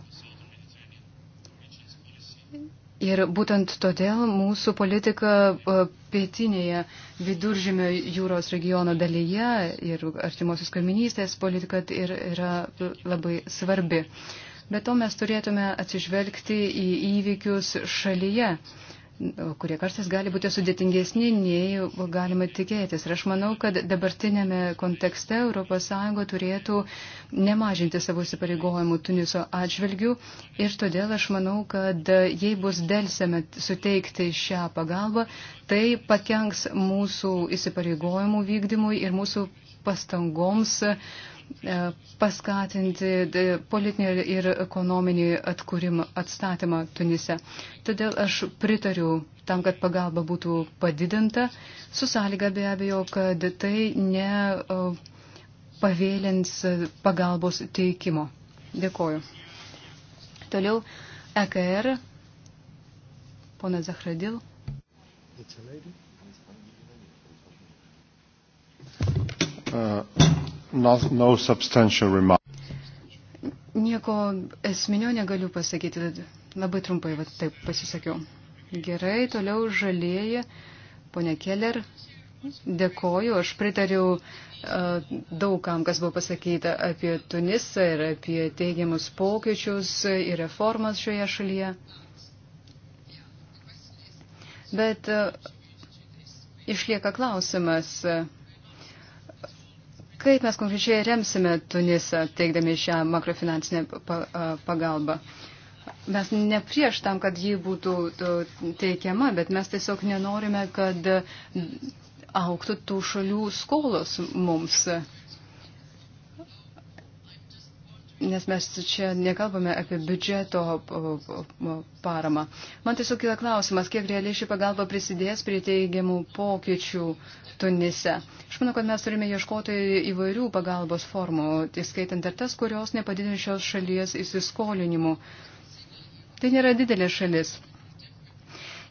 Ir būtent todėl mūsų politika e, pietinėje viduržymio jūros regiono dalyje ir artimosios kaiminystės politika ir yra labai svarbi. Bet to mes turėtume atsižvelgti į įvykius šalyje kurie kartais gali būti sudėtingesni, nei galima tikėtis. Ir aš manau, kad dabartinėme kontekste ES turėtų nemažinti savo įsipareigojimų Tuniso atžvilgių. Ir todėl aš manau, kad jei bus dėlsime suteikti šią pagalbą, tai pakenks mūsų įsipareigojimų vykdymui ir mūsų pastangoms uh, E, paskatinti e, politinį ir ekonominį atkūrimą, atstatymą Tunise. Todėl aš pritariu tam, kad pagalba būtų padidinta, su sąlyga be abejo, kad tai ne e, pavėlins pagalbos teikimo. Dėkoju. Toliau EKR, pona Zahradil. It's a lady. Uh not, no substantial remark. Nieko esminio negaliu pasakyti, labai trumpai va, taip pasisakiau. Gerai, toliau žalėja, ponia Keller, dėkoju, aš pritariu uh, e, daugam, kas buvo pasakyta apie Tunisą ir apie teigiamus pokyčius ir reformas šioje šalyje. Bet uh, išlieka klausimas. Uh, Kaip mes konkrečiai remsime Tunisą, teikdami šią makrofinansinę pagalbą? Mes ne prieš tam, kad ji būtų teikiama, bet mes tiesiog nenorime, kad auktų tų šalių skolos mums. Nes mes čia nekalbame apie biudžeto paramą. Man tiesiog kila klausimas, kiek realiai ši pagalba prisidės prie teigiamų pokyčių Tunise. Aš manau, kad mes turime ieškoti įvairių pagalbos formų, įskaitant ir tas, kurios nepadidins šios šalies įsiskolinimų. Tai nėra didelė šalis.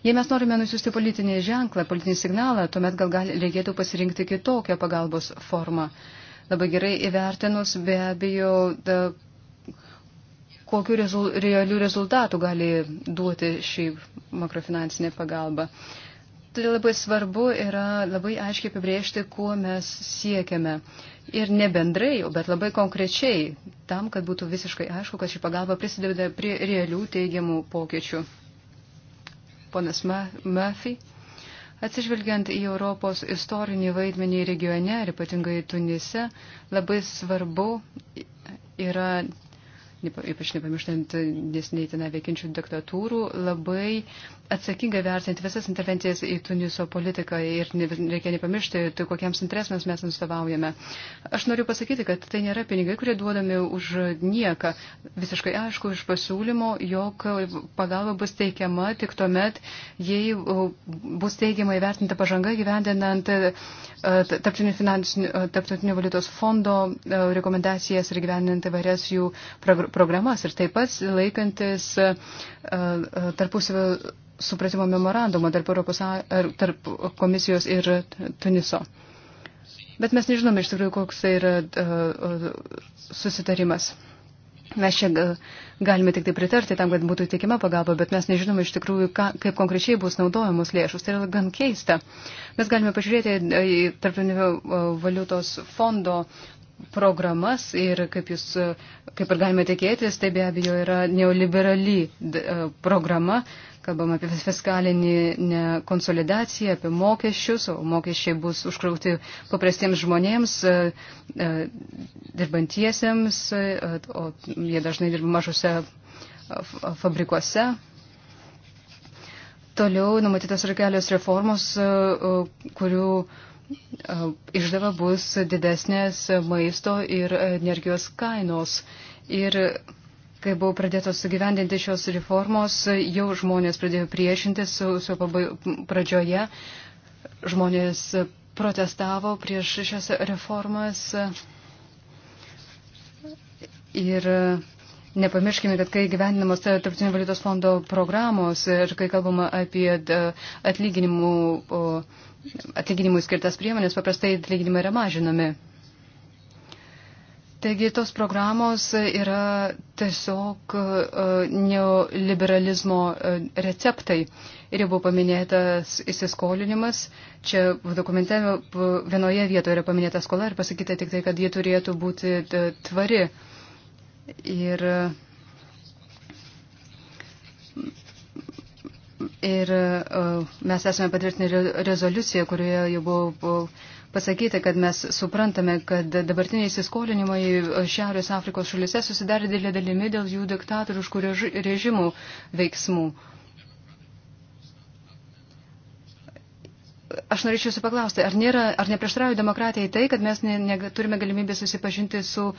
Jei mes norime nusiųsti politinį ženklą, politinį signalą, tuomet gal, gal reikėtų pasirinkti kitokią pagalbos formą. Labai gerai įvertinus be abejo da, kokiu rezul, realių rezultatų gali duoti šį makrofinansinę pagalbą. Todėl tai labai svarbu yra labai aiškiai apibriežti, kuo mes siekiame. Ir ne bendrai, bet labai konkrečiai, tam, kad būtų visiškai aišku, kad ši pagalba prisideda prie realių teigiamų pokyčių. Ponas Murphy, atsižvelgiant į Europos istorinį vaidmenį regione ir ypatingai Tunise, labai svarbu yra ypač nepamirštant nesiniai ten veikiančių diktatūrų, labai atsakingai vertinti visas intervencijas į Tuniso politiką ir ne, reikia nepamiršti, tai kokiems interesams mes atstovaujame. Aš noriu pasakyti, kad tai nėra pinigai, kurie duodami už nieką. Visiškai aišku iš pasiūlymo, jog pagalba bus teikiama tik tuomet, jei bus teigiamai vertinta pažanga gyvendinant e, e, Tarptautinio valiutos fondo e, rekomendacijas ir gyveninant įvairias jų programas ir taip pat laikantis e, e, tarpusavio supratimo memorandumo tarp, Europos, er, tarp komisijos ir Tuniso. Bet mes nežinome iš tikrųjų, koks tai yra e, susitarimas. Mes čia galime tik tai pritarti tam, kad būtų teikima pagalba, bet mes nežinome iš tikrųjų, ką, kaip konkrečiai bus naudojamos lėšus. Tai yra gan keista. Mes galime pažiūrėti į tarptautinio valiutos fondo programas ir kaip jūs, kaip ir galime tikėtis, tai be abejo yra neoliberali e, programa, kalbam apie fiskalinį konsolidaciją, apie mokesčius, o mokesčiai bus užkrauti paprastiems žmonėms, e, e, dirbantiesiems, o jie dažnai dirba mažose fabrikuose. Toliau numatytas yra kelios reformos, kurių išdava bus didesnės maisto ir energijos kainos. Ir kai buvo pradėtos gyvendinti šios reformos, jau žmonės pradėjo priešintis su, su pradžioje. Žmonės protestavo prieš šias reformas. Ir Nepamirškime, kad kai gyveninamos Tarptautinio valiutos fondo programos ir kai kalbama apie e, atlyginimų, atlyginimų skirtas priemonės, paprastai atlyginimai yra mažinami. Taigi tos programos yra tiesiog e, neoliberalizmo e, receptai. Ir jau buvo paminėtas įsiskolinimas. Čia dokumente vienoje vietoje yra paminėta skola ir pasakyta tik tai, kad ji turėtų būti tvari. Ir, ir e, mes esame patvirtinę rezoliuciją, kurioje jau buvo pasakyti, kad mes suprantame, kad dabartiniai įsiskolinimai Šiaurės Afrikos šalise susidarė dėlė dalimi dėl jų diktatoriškų režimų veiksmų. Aš norėčiau jūsų paklausti, ar, nėra, ar neprieštrauju demokratijai tai, kad mes neturime ne, galimybę susipažinti su uh,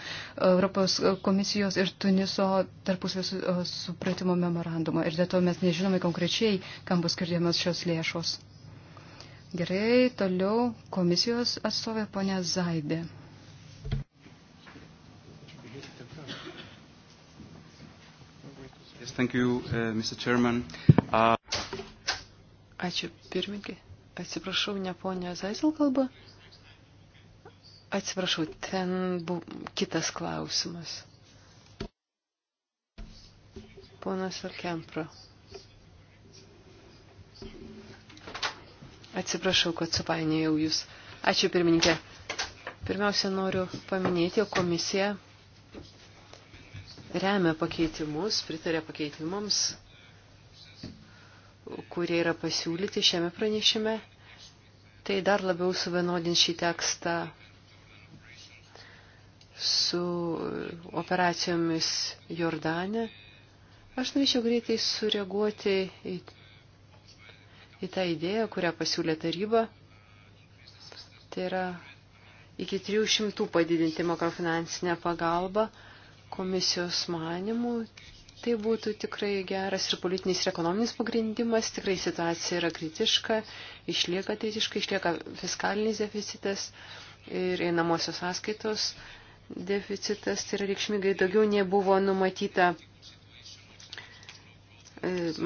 Europos komisijos ir Tuniso tarpusvio su, uh, supratimo memorandumo ir dėl to mes nežinome konkrečiai, kam bus skirdiamas šios lėšos. Gerai, toliau komisijos atstovė ponia Zaidė. Yes, thank you, uh, Mr. Chairman. Uh... Ačiū, pirmininkai. Atsiprašau, ne ponė Zaisel kalba. Atsiprašau, ten buvo kitas klausimas. Ponas Alkempro. Atsiprašau, kad supainėjau jūs. Ačiū pirmininkė. Pirmiausia, noriu paminėti, komisija remia pakeitimus, pritarė pakeitimams kurie yra pasiūlyti šiame pranešime, tai dar labiau suvienodins šį tekstą su operacijomis Jordane. Aš norėčiau greitai sureaguoti į, į tą idėją, kurią pasiūlė taryba. Tai yra iki 300 padidinti makrofinansinę pagalbą komisijos manimų Tai būtų tikrai geras ir politinis ir ekonominis pagrindimas, tikrai situacija yra kritiška, išlieka kritiška, išlieka fiskalinis deficitas ir einamosios sąskaitos deficitas, tai yra reikšmingai daugiau nebuvo numatyta e,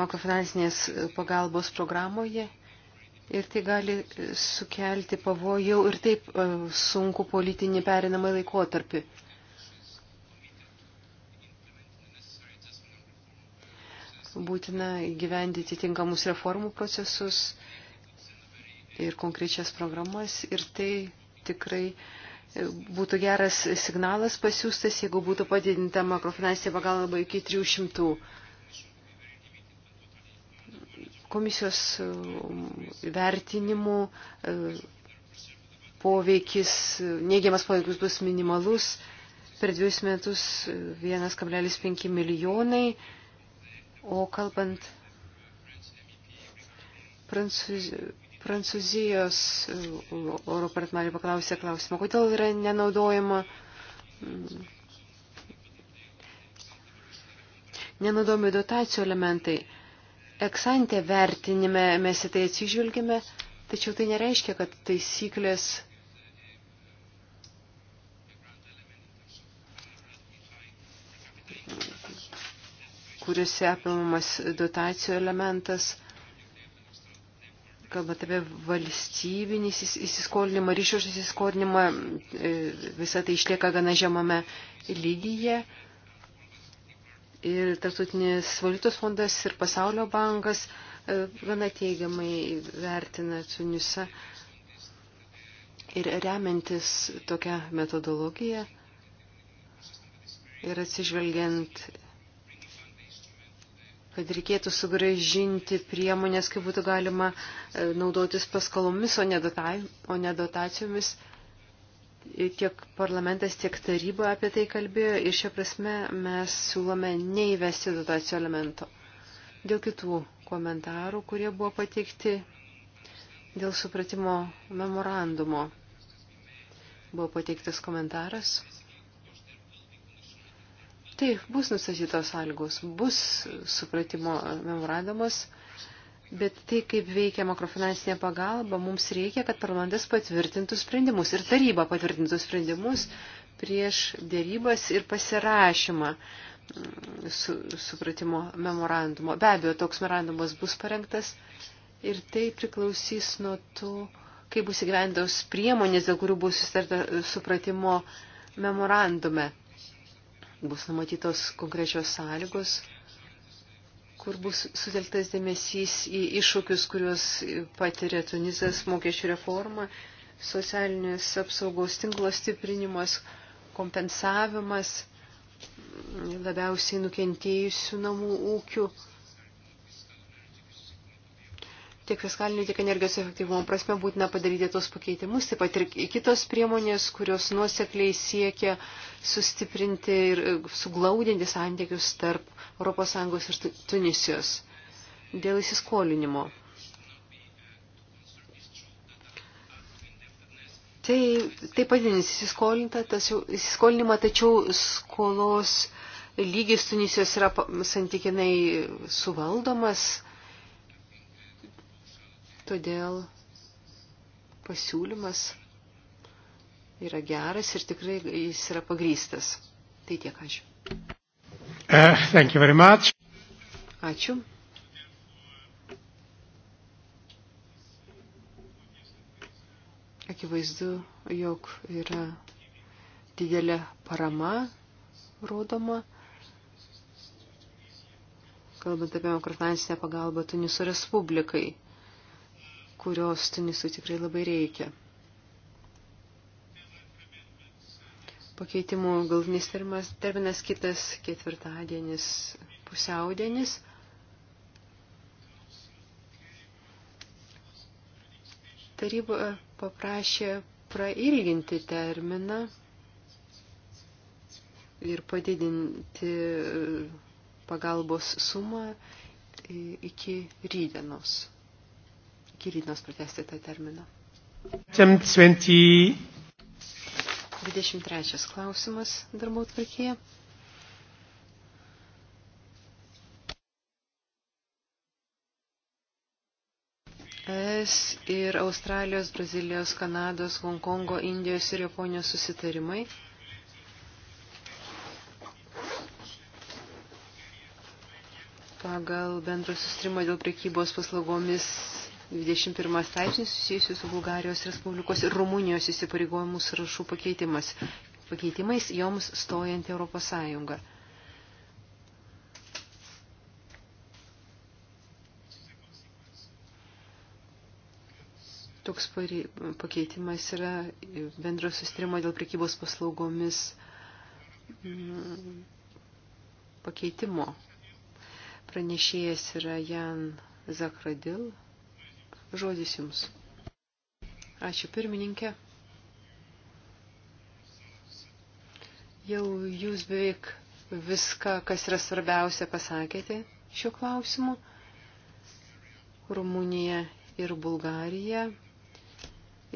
makrofinansinės pagalbos programoje ir tai gali sukelti pavojų ir taip e, sunku politinį perinamą laikotarpį. būtina gyvendyti tinkamus reformų procesus ir konkrečias programas. Ir tai tikrai e, būtų geras signalas pasiūstas, jeigu būtų padidinta makrofinansinė pagalba iki 300 komisijos e, vertinimų e, poveikis, neigiamas poveikis bus minimalus, per dvius metus 1,5 milijonai O kalbant prancūz... Prancūzijos Europart Mariu paklausė klausimą, kodėl yra nenaudojama mm, nenaudomi dotacijų elementai. Eksantė vertinime mes į tai atsižvelgime, tačiau tai nereiškia, kad taisyklės kuriuose apimamas dotacijų elementas, kalbant apie valstybinį įsiskolinimą, ryšius įsiskolinimą, e, visą tai išlieka gana žemame lygyje. Ir Tartutinis valiutos fondas ir Pasaulio bankas e, gana teigiamai vertina Tunisą. Ir remiantis tokią metodologiją ir atsižvelgiant kad reikėtų sugražinti priemonės, kaip būtų galima e, naudotis paskalomis, o ne, dotai, o ne dotacijomis. Tiek parlamentas, tiek taryba apie tai kalbėjo ir šią prasme mes siūlome neįvesti dotacijų elemento. Dėl kitų komentarų, kurie buvo pateikti dėl supratimo memorandumo, buvo pateiktas komentaras Taip, bus nusatytos sąlygos, bus supratimo memorandumas, bet tai, kaip veikia makrofinansinė pagalba, mums reikia, kad parlamentas patvirtintų sprendimus ir taryba patvirtintų sprendimus prieš dėrybas ir pasirašymą mm, su, supratimo memorandumo. Be abejo, toks memorandumas bus parengtas ir tai priklausys nuo to, kaip bus įgyvendos priemonės, dėl kurių bus susitarta supratimo memorandume bus numatytos konkrečios sąlygos, kur bus sutelktas dėmesys į iššūkius, kuriuos patiria Tunizas mokesčių reforma, socialinės apsaugos tinklo stiprinimas, kompensavimas labiausiai nukentėjusių namų ūkių tiek fiskalinių, tiek energijos efektyvumo prasme būtina padaryti tos pakeitimus, taip pat ir kitos priemonės, kurios nuosekliai siekia sustiprinti ir e, suglaudinti santykius tarp ES ir Tunisijos dėl įsiskolinimo. Tai, tai padidins įsiskolinimą, tačiau skolos lygis Tunisijos yra santykinai suvaldomas Todėl pasiūlymas yra geras ir tikrai jis yra pagrystas. Tai tiek ačiū. Uh, ačiū. Akivaizdu, jog yra didelė parama rodoma. Kalbant apie makrofinansinę pagalbą Tuniso Respublikai kurios Tunisui tikrai labai reikia. Pakeitimų galvinis terminas, terminas kitas ketvirtadienis, pusiaudienis. Taryba paprašė prailginti terminą ir padidinti e, pagalbos sumą e, iki rydienos. Kirinos pratesti tą terminą. 23 klausimas darbo tvarkėje. ES ir Australijos, Brazilijos, Kanados, Hongkongo, Indijos ir Japonijos susitarimai. Pagal bendro sustrimo dėl prekybos paslaugomis 21 straipsnis susijusiu su Bulgarijos Respublikos ir Rumunijos įsipareigojimų sąrašų pakeitimas. pakeitimais joms stojant Europos Sąjungą. Toks pakeitimas yra bendro sustrimo dėl prekybos paslaugomis mm, pakeitimo. Pranešėjas yra Jan Zakradil. Žodis jums. Ačiū pirmininkė. Jau jūs beveik viską, kas yra svarbiausia, pasakėte šiuo klausimu. Rumunija ir Bulgarija.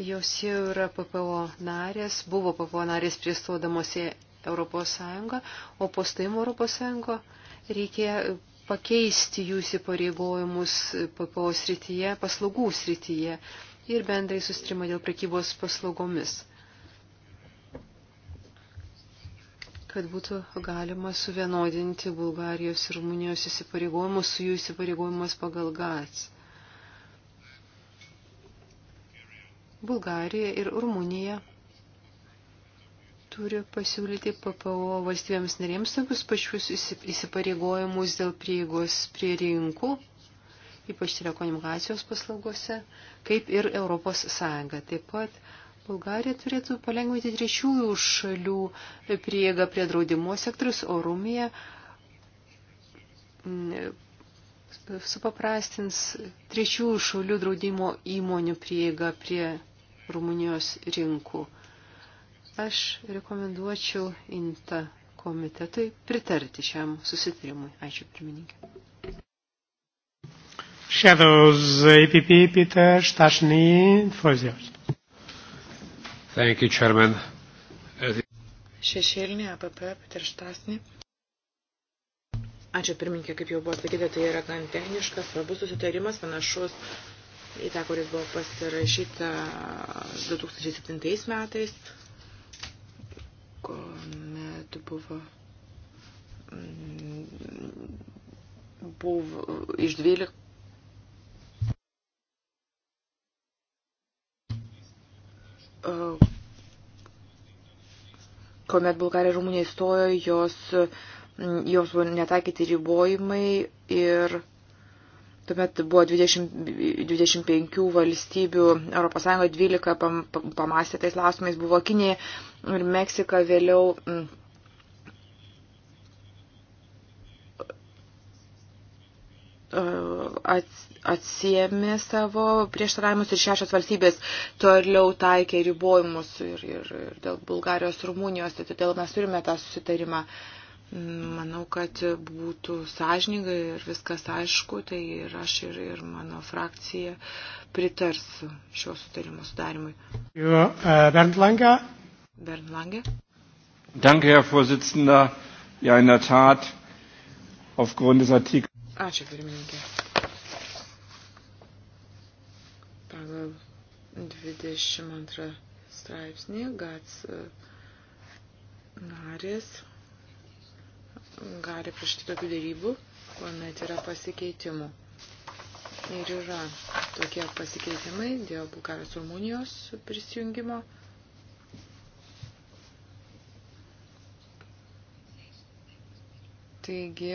Jos jau yra PPO narės, buvo PPO narės priestodamos į Europos Sąjungą, o po stojimo Europos Sąjungo reikia pakeisti jų įsipareigojimus PPO srityje, paslaugų srityje ir bendrai sustrimą dėl prekybos paslaugomis. kad būtų galima suvienodinti Bulgarijos ir Rumunijos įsipareigojimus su jų įsipareigojimas pagal GATS. Bulgarija ir Rumunija turi pasiūlyti PPO valstybėms narėms tokius pačius įsipareigojimus dėl prieigos prie rinkų, ypač telekomunikacijos paslaugose, kaip ir Europos Sąjunga. Taip pat Bulgarija turėtų palengvinti trečiųjų šalių prieigą prie draudimo sektorius, o Rumija mm, supaprastins trečiųjų šalių draudimo įmonių prieigą prie Rumunijos rinkų. Aš rekomenduočiau INTA komitetui pritarti šiam susitarimui. Ačiū, pirmininkė. Shadows APP Peter Stashny for yours. Thank you, Chairman. Šešėlinė APP Peter Stasny. Ačiū pirmininkė, kaip jau buvo sakyta, tai yra gan techniškas, svarbus susitarimas, panašus į tą, kuris buvo pasirašyta 2007 metais kuomet buvo, mm, buvo iš 12. Kuomet Bulgarija ir Rumunija įstojo, jos, mm, jos buvo netaikyti ribojimai ir Tuomet buvo 20, 25 valstybių, ES 12 pamastė tais klausimais, buvo Kinė ir Meksika vėliau. Mm, e, atsiemė savo prieštaravimus ir šešios valstybės toliau taikė ribojimus ir, ir, ir dėl Bulgarijos, Rumunijos, tai todėl mes turime tą susitarimą. Uh, Manau, kad būtų sąžininga ir viskas aišku, tai ir aš ir, ir mano frakcija pritars šio sutarimo sudarimui. E, Bernd Lange. Bernd Lange. Danke, Herr Vorsitzender. Ja, in der Tat, aufgrund des Artikels. Ačiū, pirmininkė. Pagal 22 straipsnį GATS e, narės. Uh, gali prašyti tokių dėrybų, kuomet yra pasikeitimų. Ir yra tokie pasikeitimai dėl Bulgarijos Rumunijos prisijungimo. Taigi,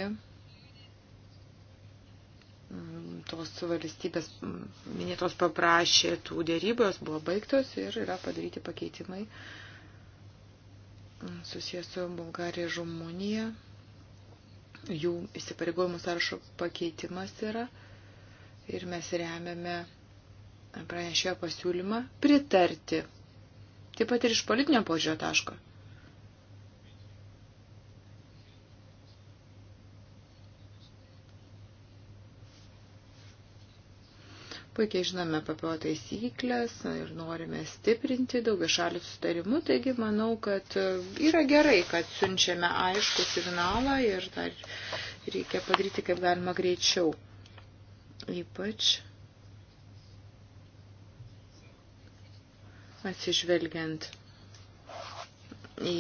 mm, tos valstybės mm, minėtos paprašė tų dėrybos, buvo baigtos ir yra padaryti pakeitimai mm, susijęs su Bulgarija ir Rumunija jų įsipareigojimų sąrašo pakeitimas yra ir mes remiame pranešėjo pasiūlymą pritarti. Taip pat ir iš politinio požiūrio taško. Puikiai žinome PPO taisyklės ir norime stiprinti daugia šalių sutarimu, taigi manau, kad e, yra gerai, kad siunčiame aišku signalą ir dar reikia padaryti kaip galima greičiau. Ypač atsižvelgiant į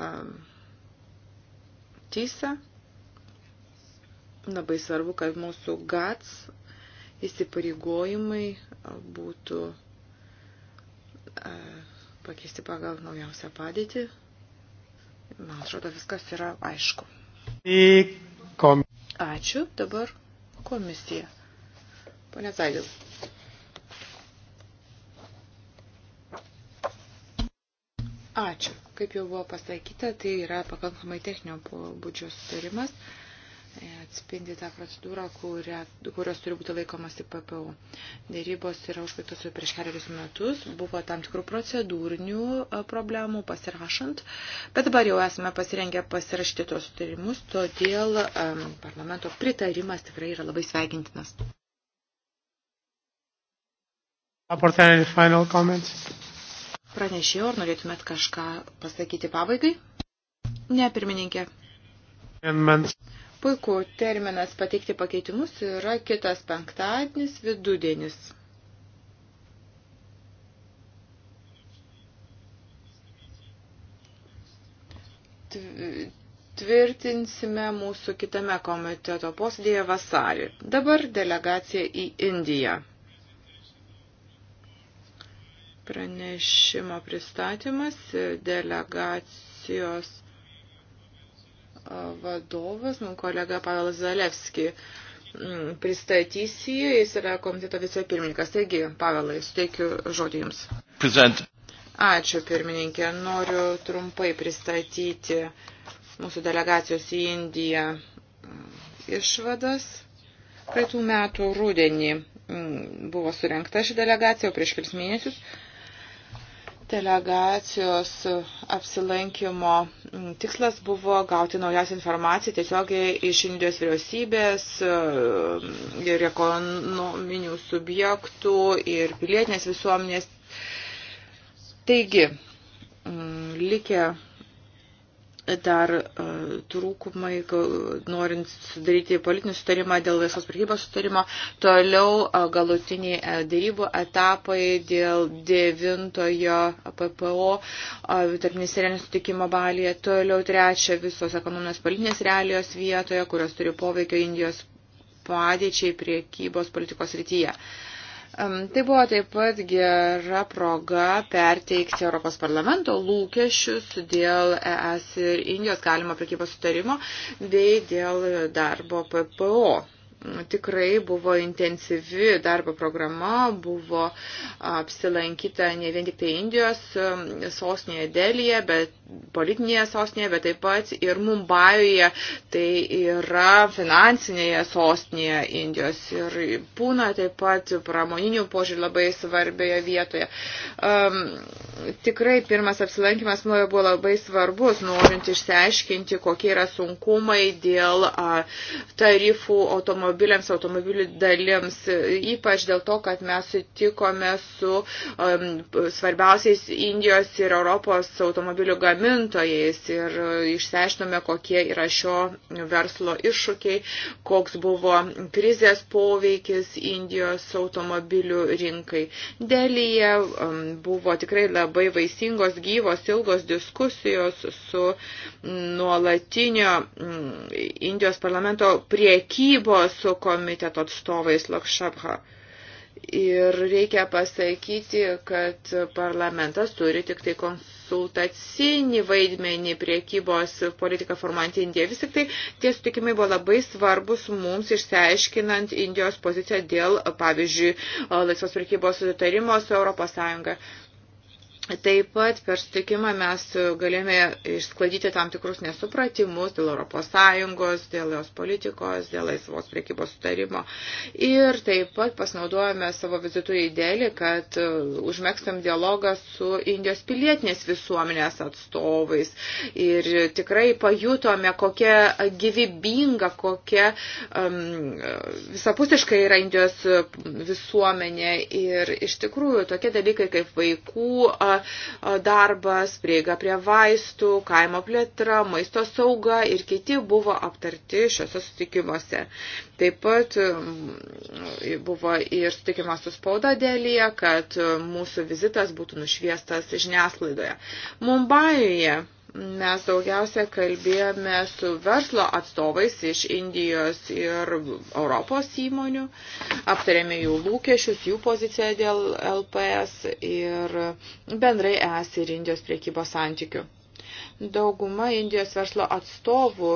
um, teisę. Labai svarbu, kad mūsų GATS įsipareigojimai būtų pakeisti pagal naujausią padėtį. Man atrodo, viskas yra aišku. Ačiū. Dabar komisija. Pone Zaidil. Ačiū. Kaip jau buvo pasakyta, tai yra pakankamai techninio būdžio sutarimas. Uh, atspindi tą procedūrą, kuria, kurios turi būti laikomasi PPO. Dėrybos yra užbaigtos jau prieš keliarius metus, buvo tam tikrų procedūrinių problemų pasirašant, bet dabar jau esame pasirengę pasirašyti tuos sutarimus, todėl um, parlamento pritarimas tikrai yra labai sveikintinas. Pranešėjau, ar norėtumėt kažką pasakyti pabaigai? Ne, pirmininkė. Amendments. Puiku, terminas pateikti pakeitimus yra kitas penktadienis vidudienis. Tvirtinsime mūsų kitame komiteto posėdėje vasarį. Dabar delegacija į Indiją. Pranešimo pristatymas delegacijos vadovas, mano nu, kolega Pavelas Zalevski, mm, pristatys jį, jis yra komiteto vicepirmininkas. Taigi, Pavelai, suteikiu žodį Jums. Present. Ačiū, pirmininkė. Noriu trumpai pristatyti mūsų delegacijos į Indiją mm, išvadas. Praeitų metų rūdienį mm, buvo surinkta ši delegacija, o prieš kelis mėnesius delegacijos apsilankimo tikslas buvo gauti naujausią informaciją tiesiogiai iš Indijos vyriausybės ir ekonominių subjektų ir pilietinės visuomenės. Taigi, likę dar e, trūkumai, norint sudaryti politinį sutarimą dėl visos prekybos sutarimo, toliau e, galutiniai e, dėrybų etapai dėl devintojo PPO, tarp ministerijos sutikimo balyje, toliau trečia visos ekonominės politinės realijos vietoje, kurios turi poveikio Indijos padėčiai priekybos politikos rytyje. Uh, Tai buvo taip pat gera proga perteikti Europos parlamento lūkesčius dėl ES ir Indijos galimo prekybos sutarimo bei dėl darbo PPO tikrai buvo intensyvi darbo programa, buvo apsilankyta ne vien tik tai Indijos um, sostinėje Delyje, bet politinėje sostinėje, bet taip pat ir Mumbajuje, tai yra finansinėje sostinėje Indijos ir Pūna taip pat pramoninių požiūrį labai svarbioje vietoje. Um, tikrai pirmas apsilankimas nuojo buvo labai svarbus, norint išsiaiškinti, kokie yra sunkumai dėl uh, tarifų automobilių automobiliams, automobilių dalims, ypač dėl to, kad mes sutikome su um, svarbiausiais Indijos ir Europos automobilių gamintojais ir uh, išsiaiškinome, kokie yra šio verslo iššūkiai, koks buvo krizės poveikis Indijos automobilių rinkai. Delyje um, buvo tikrai labai vaisingos, gyvos, ilgos diskusijos su nuolatinio mm, Indijos parlamento priekybos su komiteto atstovais Lokšabha. Ir reikia pasakyti, kad parlamentas turi tik tai konsultacinį vaidmenį priekybos politiką formuojant Indiją. Vis tik tai tie sutikimai buvo labai svarbus mums išsiaiškinant Indijos poziciją dėl, pavyzdžiui, laisvos priekybos sutarimo su ES. Taip pat per sutikimą mes galėjome išskladyti tam tikrus nesupratimus dėl ES, dėl jos politikos, dėl laisvos priekybos sutarimo. Ir taip pat pasinaudojame savo vizitų idėlį, kad e, užmėgstam dialogą su Indijos pilietinės visuomenės atstovais. Ir tikrai pajutome, kokia gyvybinga, kokia um, visapusiška yra Indijos visuomenė. Ir iš tikrųjų tokie dalykai kaip vaikų. Uh, darbas, prieiga prie vaistų, kaimo plėtra, maisto sauga ir kiti buvo aptarti šiuose sutikimuose. Taip pat buvo ir sutikimas su spauda dėlyje, kad mūsų vizitas būtų nušviestas žiniasklaidoje. Mumbajuje mes daugiausia kalbėjome su verslo atstovais iš Indijos ir Europos įmonių, aptarėme jų lūkesčius, jų poziciją dėl LPS ir bendrai ES ir Indijos priekybos santykių. Dauguma Indijos verslo atstovų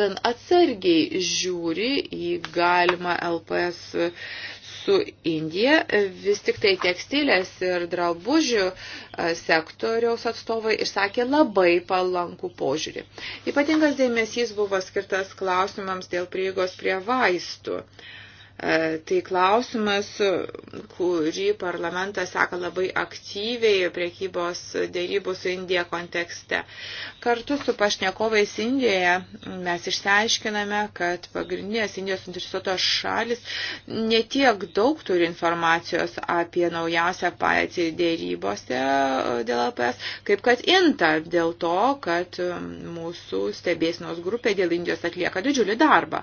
gan atsargiai žiūri į galimą LPS su Indija, vis tik tai tekstilės ir drabužių e, sektoriaus atstovai išsakė labai palankų požiūrį. Ypatingas dėmesys buvo skirtas klausimams dėl prieigos prie vaistų. Uh, E, tai klausimas, kurį parlamentas seka labai aktyviai priekybos dėrybų su Indija kontekste. Kartu su pašnekovais Indijoje mes išsiaiškiname, kad pagrindinės Indijos interesuotos šalis netiek daug turi informacijos apie naujausią patį dėrybose dėl APS, kaip kad INTA, dėl to, kad mūsų stebėsinos grupė dėl Indijos atlieka didžiulį darbą.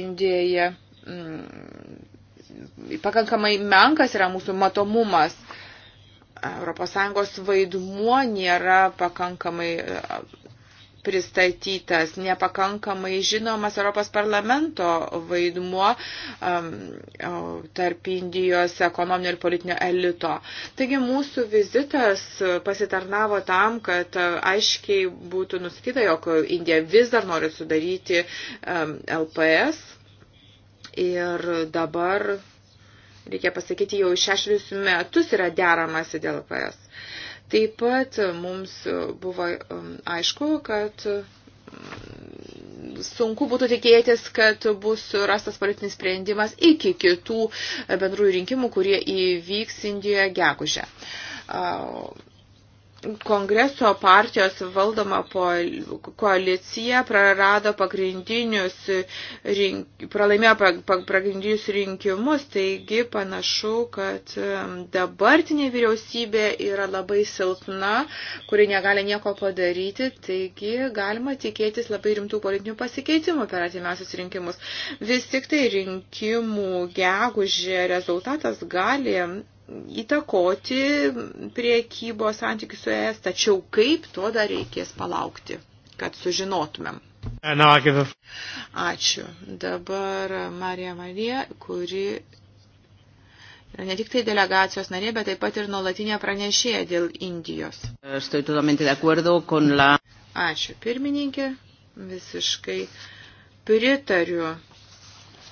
Indijoje Mm, pakankamai menkas yra mūsų matomumas. ES vaidmuo nėra pakankamai e, pristatytas, nepakankamai žinomas Europos parlamento vaidmuo um, tarp Indijos ekonominio ir politinio elito. Taigi mūsų vizitas pasitarnavo tam, kad e, aiškiai būtų nusakyta, jog Indija vis dar nori sudaryti um, LPS Ir dabar, reikia pasakyti, jau šešlius metus yra deramasi dėl PS. Taip pat mums buvo um, aišku, kad um, sunku būtų tikėtis, kad bus rastas politinis sprendimas iki kitų bendrųjų rinkimų, kurie įvyks Indijoje gegužę. Uh, kongreso partijos valdoma koalicija prarado pagrindinius, rink, pralaimėjo pagrindinius rinkimus, taigi panašu, kad dabartinė vyriausybė yra labai silpna, kuri negali nieko padaryti, taigi galima tikėtis labai rimtų politinių pasikeitimų per atimiausius rinkimus. Vis tik tai rinkimų gegužė rezultatas gali įtakoti priekybos santykių su ES, tačiau kaip to dar reikės palaukti, kad sužinotumėm. Uh, Ačiū. Dabar Marija Marija, kuri ne tik tai delegacijos narė, bet taip pat ir nuolatinė pranešėja dėl Indijos. Uh, Ačiū, pirmininkė. Visiškai pritariu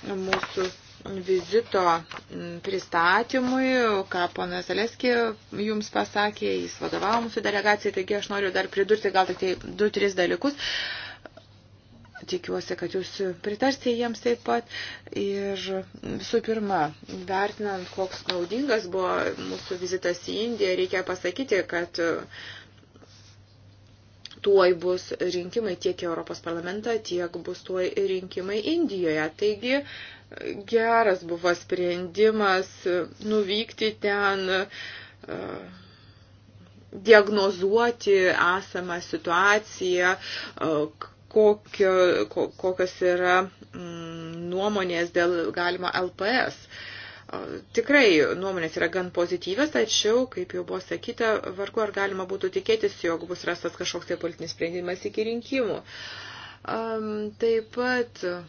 mūsų vizito mm, pristatymui, ką ponas Aleski jums pasakė, jis vadovavo mūsų delegacijai, taigi aš noriu dar pridurti gal tik tai du, tris dalykus. Tikiuosi, kad jūs pritarsite jiems taip pat. Ir visų pirma, vertinant, koks naudingas buvo mūsų vizitas į Indiją, reikia pasakyti, kad tuoj bus rinkimai tiek į Europos parlamentą, tiek bus tuoj rinkimai Indijoje. Taigi geras buvo sprendimas nuvykti ten, e, diagnozuoti esamą situaciją, e, kokio, kokios yra mm, nuomonės dėl galima LPS. E, tikrai nuomonės yra gan pozityvės, tačiau, kaip jau buvo sakyta, vargu ar galima būtų tikėtis, jog bus rastas kažkoks tai politinis sprendimas iki rinkimų. Um, taip pat uh,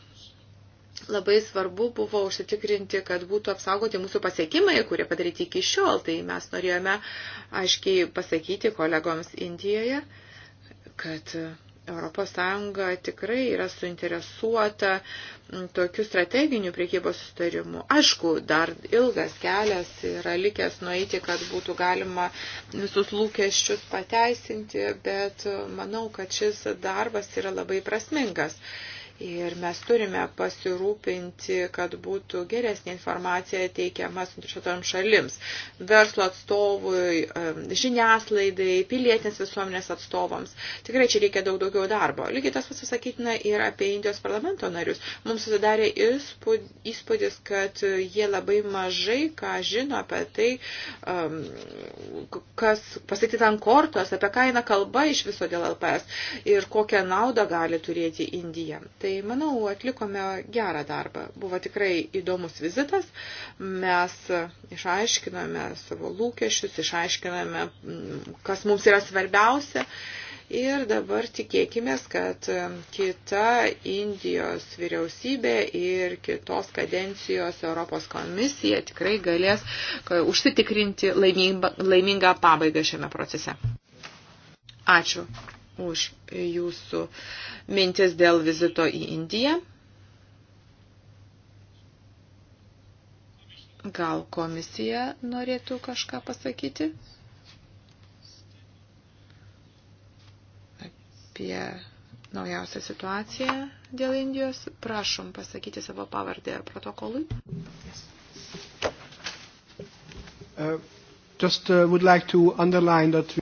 labai svarbu buvo užsitikrinti, kad būtų apsaugoti mūsų pasiekimai, kurie padaryti iki šiol. Tai mes norėjome aiškiai pasakyti kolegoms Indijoje, kad ES tikrai yra suinteresuota tokių strateginių priekybos sustarimų. Aišku, dar ilgas kelias yra likęs nueiti, kad būtų galima visus lūkesčius pateisinti, bet manau, kad šis darbas yra labai prasmingas. Uh, Ir mes turime pasirūpinti, kad būtų geresnė informacija teikiama suinteresuotam šalims, verslo atstovui, žiniaslaidai, pilietinės visuomenės atstovams. Tikrai čia reikia daug daugiau darbo. Lygiai tas pats pasakytina ir apie Indijos parlamento narius. Mums susidarė įspūdis, kad jie labai mažai ką žino apie tai, kas pasakyti ant kortos, apie ką eina kalba iš viso dėl LPS ir kokią naudą gali turėti Indija. Tai Tai, manau, atlikome gerą darbą. Buvo tikrai įdomus vizitas. Mes išaiškiname savo lūkesčius, išaiškiname, mm, kas mums yra svarbiausia. Ir dabar tikėkime, kad kita Indijos vyriausybė ir kitos kadencijos Europos komisija tikrai galės užsitikrinti laimingą pabaigą šiame procese. Ačiū už jūsų mintis dėl vizito į Indiją. Gal komisija norėtų kažką pasakyti apie naujausią situaciją dėl Indijos? Prašom pasakyti savo pavardę protokolui. Uh, just uh, would like to underline that we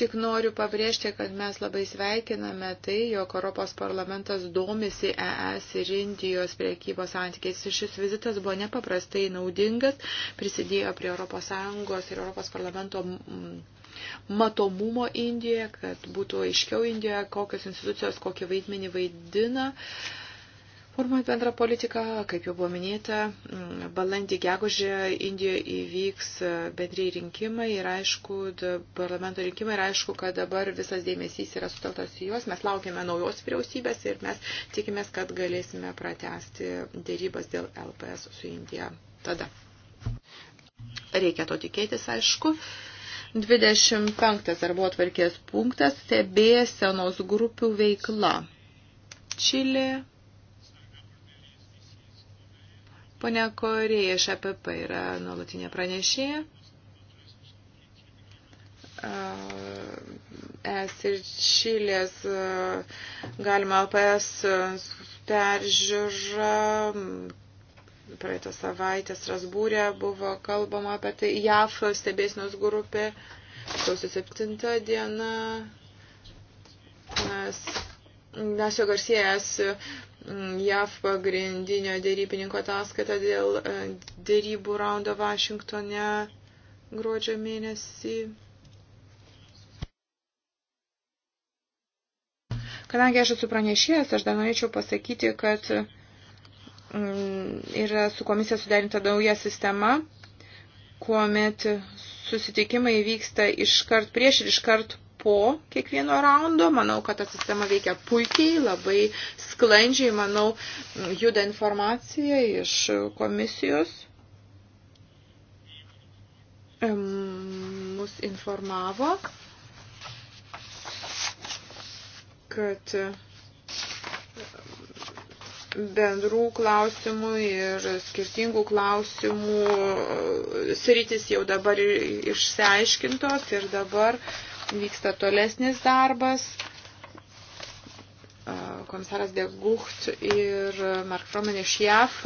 Tik noriu pabrėžti, kad mes labai sveikiname tai, jog Europos parlamentas domisi ES ir Indijos priekybos santykiais. Šis vizitas buvo nepaprastai naudingas, prisidėjo prie ES ir ES parlamento matomumo Indijoje, kad būtų aiškiau Indijoje, kokios institucijos kokį vaidmenį vaidina. Uh, Formuojant bendrą politiką, kaip jau buvo minėta, mm, balandį gegužę Indijoje įvyks e, bendrėjai rinkimai ir aišku, parlamento rinkimai ir aišku, kad dabar visas dėmesys yra suteltas į juos. Mes laukiame naujos vyriausybės ir mes tikimės, kad galėsime pratesti dėrybas dėl LPS su Indija. Tada. Reikia to tikėtis, aišku. 25 darbo atvarkės punktas stebėsenos grupių veikla. Čilė, Pone Korėja iš APP yra nuolatinė pranešėja. Es ir Čilės galima LPS peržiūrą. Praeitą savaitę Strasbūrė buvo kalbama apie tai. JAF stebėsinos grupė sausio 7 diena. Mes Nasio Garsėjas Mm, JAV pagrindinio dėrybininko ataskaitą dėl e, dėrybų raundo Vašingtone gruodžio mėnesį. Kadangi aš esu pranešėjęs, aš dar norėčiau pasakyti, kad mm, yra su komisija suderinta nauja sistema, kuomet susitikimai vyksta iškart prieš ir iškart po kiekvieno raundo. Manau, kad ta sistema veikia puikiai, labai sklandžiai, manau, juda informacija iš komisijos. Mus informavo, kad bendrų klausimų ir skirtingų klausimų e, sritis jau dabar išsiaiškintos ir dabar uh, vyksta tolesnis darbas. Komisaras Degucht ir Mark Froman iš JAF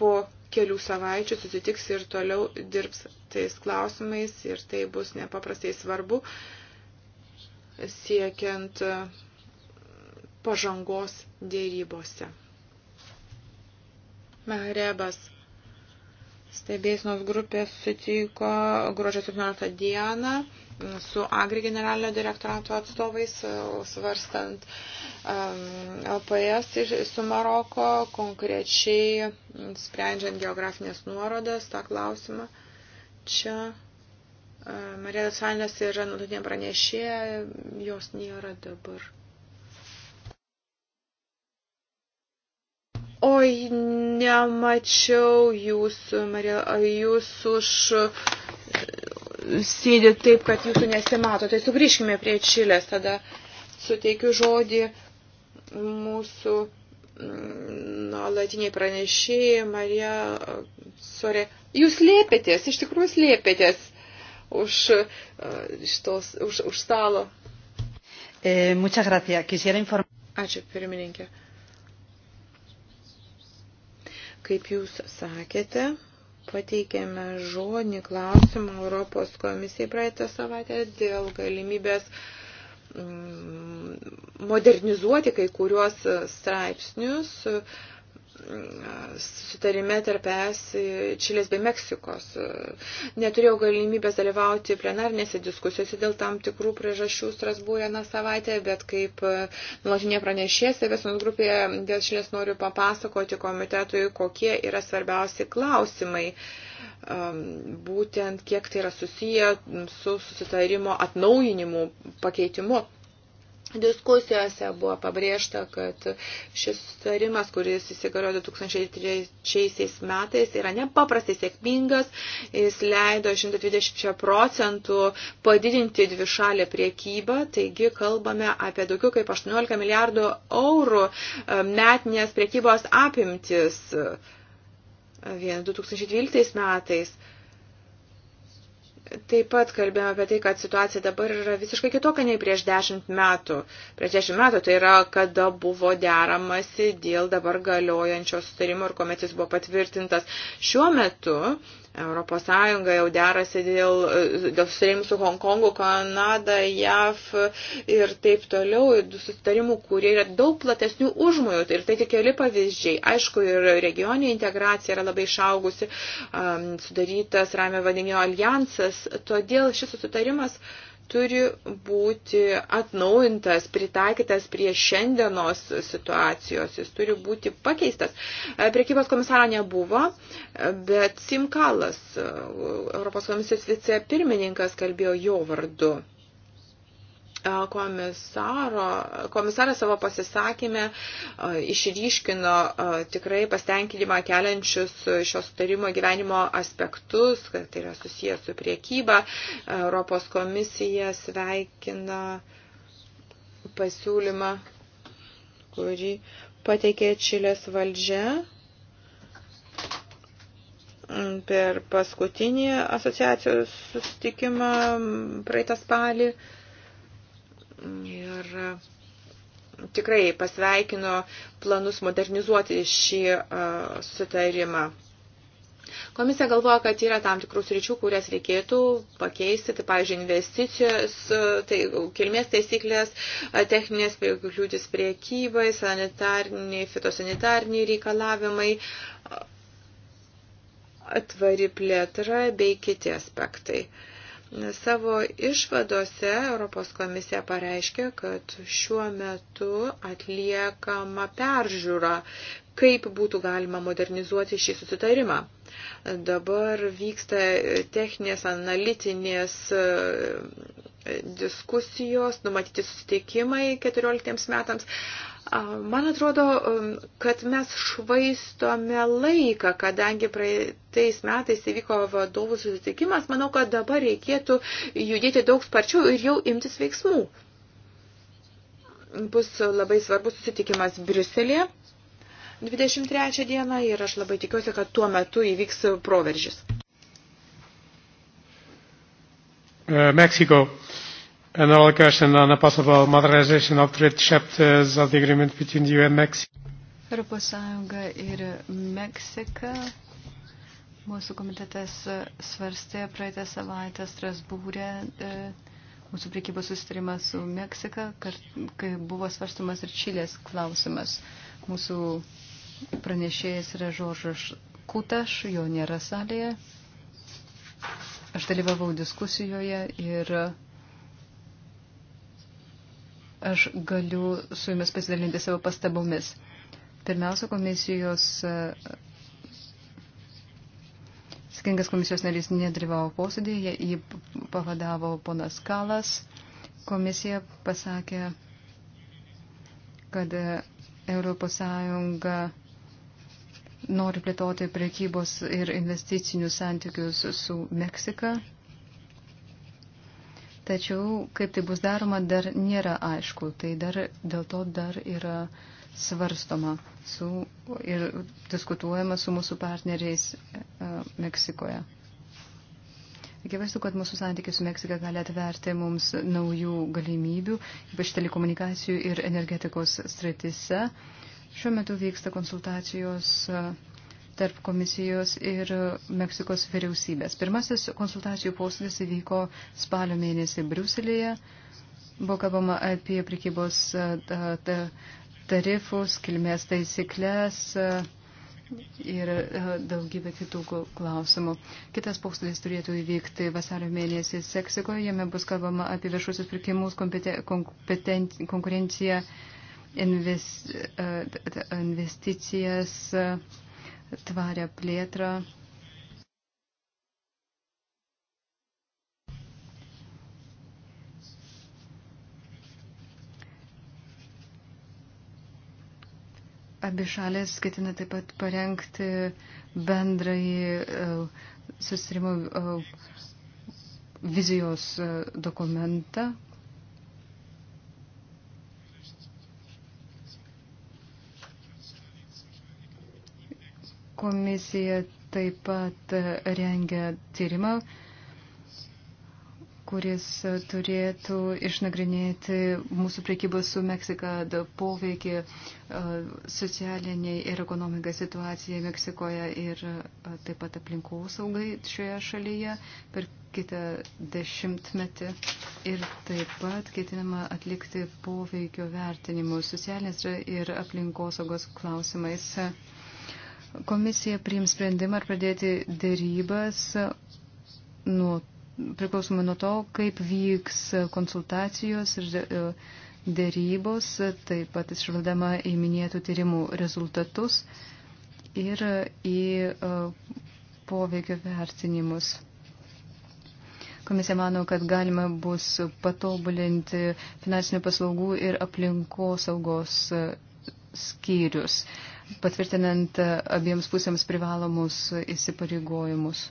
po kelių savaičių susitiks ir toliau dirbs tais klausimais ir tai bus nepaprastai svarbu siekiant pažangos dėrybose. Mehrebas Stebėsinos grupė sutiko gruodžio 17 dieną su Agri generalinio direktorato atstovais, e, svarstant LPS su Maroko, konkrečiai sprendžiant geografinės nuorodas, tą klausimą. Čia e, Marija Salnes yra nuototinė pranešėja, jos nėra dabar. Oi, nemačiau jūsų, Marija, jūs už e, sėdit taip, kad jūsų nesimato. Tai sugrįžkime prie Čilės, tada suteikiu žodį mūsų mm, nuolatiniai pranešėjai, Marija, sorė, jūs lėpėtės, iš tikrųjų lėpėtės už, šitos, už, už stalo. E, muchas gracias. Quisiera informar. Ačiū, pirmininkė. kaip jūs sakėte, pateikėme žodinį klausimą Europos komisijai praeitą savaitę dėl galimybės mm, modernizuoti kai kuriuos straipsnius sutarime tarp ES Čilės bei Meksikos. Neturėjau galimybės dalyvauti plenarnėse diskusijose dėl tam tikrų priežasčių Strasbūrė na savaitę, bet kaip nuolatinė pranešė Sevesonos grupėje dėl Čilės noriu papasakoti komitetui, kokie yra svarbiausi klausimai um, būtent kiek tai yra susiję su susitarimo atnaujinimu, pakeitimu Diskusijose buvo pabrėžta, kad šis sustarimas, kuris įsigaliojo 2003 metais, yra nepaprastai sėkmingas. Jis leido 120 procentų padidinti dvišalę priekybą, taigi kalbame apie daugiau kaip 18 milijardų eurų metinės priekybos apimtis vien 2012 metais. Taip pat kalbėjome apie tai, kad situacija dabar yra visiškai kitokia nei prieš dešimt metų. Prieš dešimt metų tai yra, kada buvo deramasi dėl dabar galiojančio sutarimo ir kuomet jis buvo patvirtintas. Šiuo metu uh, Europos Sąjunga jau derasi dėl, dėl susitarimų su Hongkongu, Kanada, JAV ir taip toliau, ir susitarimų, kurie yra daug platesnių užmojų. Ir tai tik keli pavyzdžiai. Aišku, ir regioninė integracija yra labai išaugusi, um, sudarytas Ramio vandenio alijansas, todėl šis susitarimas uh, turi būti atnaujintas, pritaikytas prie šiandienos situacijos, jis turi būti pakeistas. E, priekybos komisaro nebuvo, bet Simkalas, e, Europos komisijos vicepirmininkas, kalbėjo jo vardu komisaro, komisaras savo pasisakymę išryškino tikrai pastenkinimą keliančius šios sutarimo gyvenimo aspektus, kad tai yra susijęs su priekyba. Europos komisija sveikina pasiūlymą, kurį pateikė Čilės valdžia per paskutinį asociacijos susitikimą praeitą spalį. Ir e, tikrai pasveikino planus modernizuoti šį e, sutarimą. Komisija galvoja, kad yra tam tikrus ryčių, kurias reikėtų pakeisti, tai, pavyzdžiui, investicijos, e, tai kilmės taisyklės, techninės kliūtis priekybai, sanitarniai, fitosanitarniai reikalavimai, atvari plėtra bei kiti aspektai. Uh, Savo išvadose Europos komisija pareiškė, kad šiuo metu atliekama peržiūra, kaip būtų galima modernizuoti šį susitarimą. Dabar vyksta techninės analitinės e, diskusijos, numatyti susitikimai 14 metams. Man atrodo, um, kad mes švaistome laiką, kadangi praeitais metais įvyko vadovų susitikimas, manau, kad dabar reikėtų judėti daug sparčiau ir jau imtis veiksmų. Bus labai svarbus susitikimas Briuselėje 23 dieną ir aš labai tikiuosi, kad tuo metu įvyks proveržis. Uh, Meksiko. Uh, An oral question on a possible modernization of trade chapters of the agreement between the EU and Mexico. Europos Sąjunga ir Meksika. Mūsų komitetas uh, svarstė praeitą savaitę Strasbūrė uh, mūsų priekybos susitarimą su Meksika, kai buvo svarstumas ir Čilės klausimas. Mūsų pranešėjas yra Žoržas Kutaš, jo nėra salėje. Aš dalyvavau diskusijoje ir aš galiu su jumis pasidalinti savo pastabomis. Pirmiausia, komisijos, e, sakingas komisijos narys nedalyvavo posėdėje, jį pavadavo ponas Kalas. Komisija pasakė, kad e, Europos Sąjunga nori plėtoti prekybos ir investicinius santykius su Meksika Tačiau, kaip tai bus daroma, dar nėra aišku. Tai dar, dėl to dar yra svarstoma su, ir diskutuojama su mūsų partneriais uh, Meksikoje. Akivaizdu, kad mūsų santykiai su Meksika gali atverti mums naujų galimybių, ypač telekomunikacijų ir energetikos stratise. Šiuo metu vyksta konsultacijos uh, tarp komisijos ir Meksikos vyriausybės. Pirmasis konsultacijų posėdis įvyko spalio mėnesį Briuselėje. Buvo kalbama apie prikybos tarifus, kilmės taisyklės ir daugybė kitų klausimų. Kitas posėdis turėtų įvykti vasario mėnesį Seksikoje. Jame bus kalbama apie viešusius pirkimus, konkurenciją, investicijas tvarę plėtrą. Abi šalės ketina taip pat parengti bendrąjį e, susirimo e, vizijos e, dokumentą, Komisija taip pat rengia tyrimą, kuris turėtų išnagrinėti mūsų priekybos su Meksika poveikį socialiniai ir ekonomikai situacijai Meksikoje ir taip pat aplinkosaugai šioje šalyje per kitą dešimtmetį. Ir taip pat ketinama atlikti poveikio vertinimus socialinės ir aplinkosaugos klausimais. Komisija priims sprendimą ar pradėti dėrybas nuo, priklausomai nuo to, kaip vyks konsultacijos ir e, dėrybos, taip pat išvaldama į minėtų tyrimų rezultatus ir į e, poveikio vertinimus. Komisija mano, kad galima bus patobulinti finansinių paslaugų ir aplinkos saugos e, skyrius patvirtinant abiems pusėms privalomus įsipareigojimus.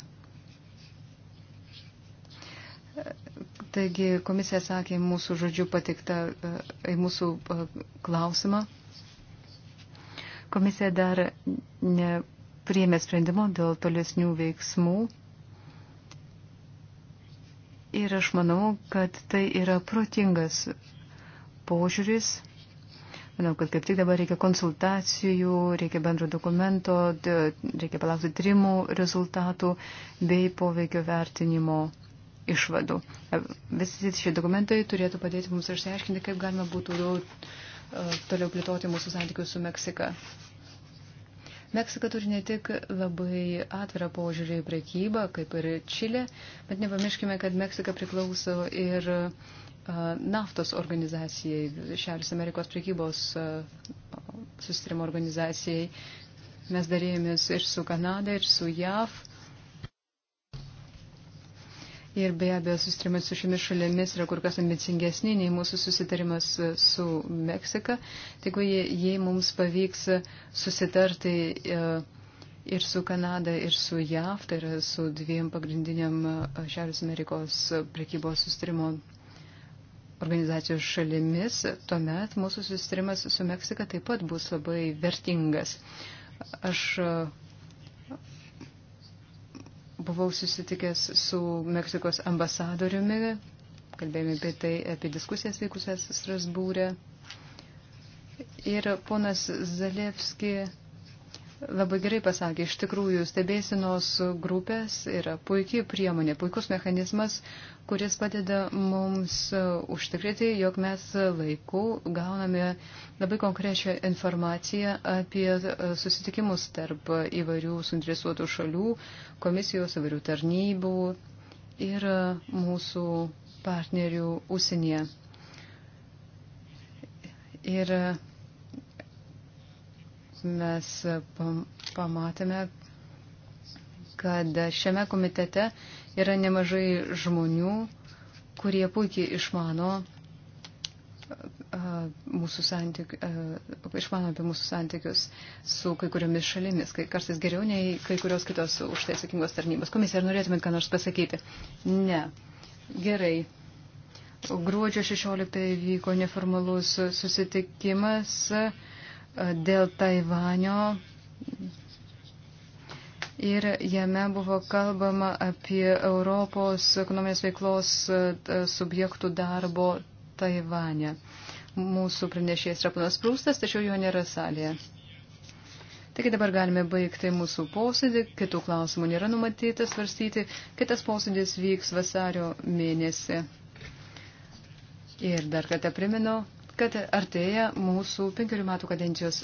Taigi komisija sakė mūsų žodžių patiktą į mūsų e, klausimą. Komisija dar nepriėmė sprendimo dėl tolesnių veiksmų. Ir aš manau, kad tai yra protingas požiūris Manau, kad kaip tik dabar reikia konsultacijų, reikia bendro dokumento, reikia palaukti trimų rezultatų bei poveikio vertinimo išvadų. E, visi šie dokumentai turėtų padėti mums išsiaiškinti, kaip galima būtų e, toliau plėtoti mūsų santykius su Meksika. Meksika turi ne tik labai atvirą požiūrį į prekybą, kaip ir Čilė, bet nepamirškime, kad Meksika priklauso ir naftos organizacijai, Šiaurės Amerikos prekybos susitrimo organizacijai. Mes darėjomės ir su Kanada, ir su JAV. Ir be abejo, susitarimas su šiomis šalėmis yra kur kas ambicingesni nei mūsų susitarimas su Meksika. Tik jei mums pavyks susitarti ir su Kanada, ir su JAV, tai yra su dviem pagrindiniam Šiaurės Amerikos prekybos susitarimo organizacijos šalimis, tuomet mūsų susitarimas su Meksika taip pat bus labai vertingas. Aš e, buvau susitikęs su Meksikos ambasadoriumi, kalbėjome apie tai, apie diskusijas vykusias Strasbūrė. Ir ponas Zalevski labai gerai pasakė, iš tikrųjų stebėsinos grupės yra puikiai priemonė, puikus mechanizmas, kuris padeda mums užtikrinti, jog mes laiku gauname labai konkrečią informaciją apie susitikimus tarp įvairių suinteresuotų šalių, komisijos įvairių tarnybų ir mūsų partnerių užsienyje. Ir mes e, pamatėme, kad šiame komitete yra nemažai žmonių, kurie puikiai išmano, e, mūsų santyk, e, išmano apie mūsų santykius su kai kuriomis šalimis, kai kartais geriau nei kai kurios kitos už tai atsakingos tarnybos. Komisija, ar norėtumėt ką nors pasakyti? Ne. Gerai. Gruodžio 16 vyko neformalus susitikimas dėl Taivanio ir jame buvo kalbama apie Europos ekonominės veiklos e, subjektų darbo Taivane. Mūsų pranešėjas yra panas Prūstas, tačiau jo nėra salėje. Taigi dabar galime baigti mūsų posėdį, kitų klausimų nėra numatyta svarstyti, kitas posėdis vyks vasario mėnesį. Ir dar kartą primenu, kad artėja mūsų penkerių metų kadencijos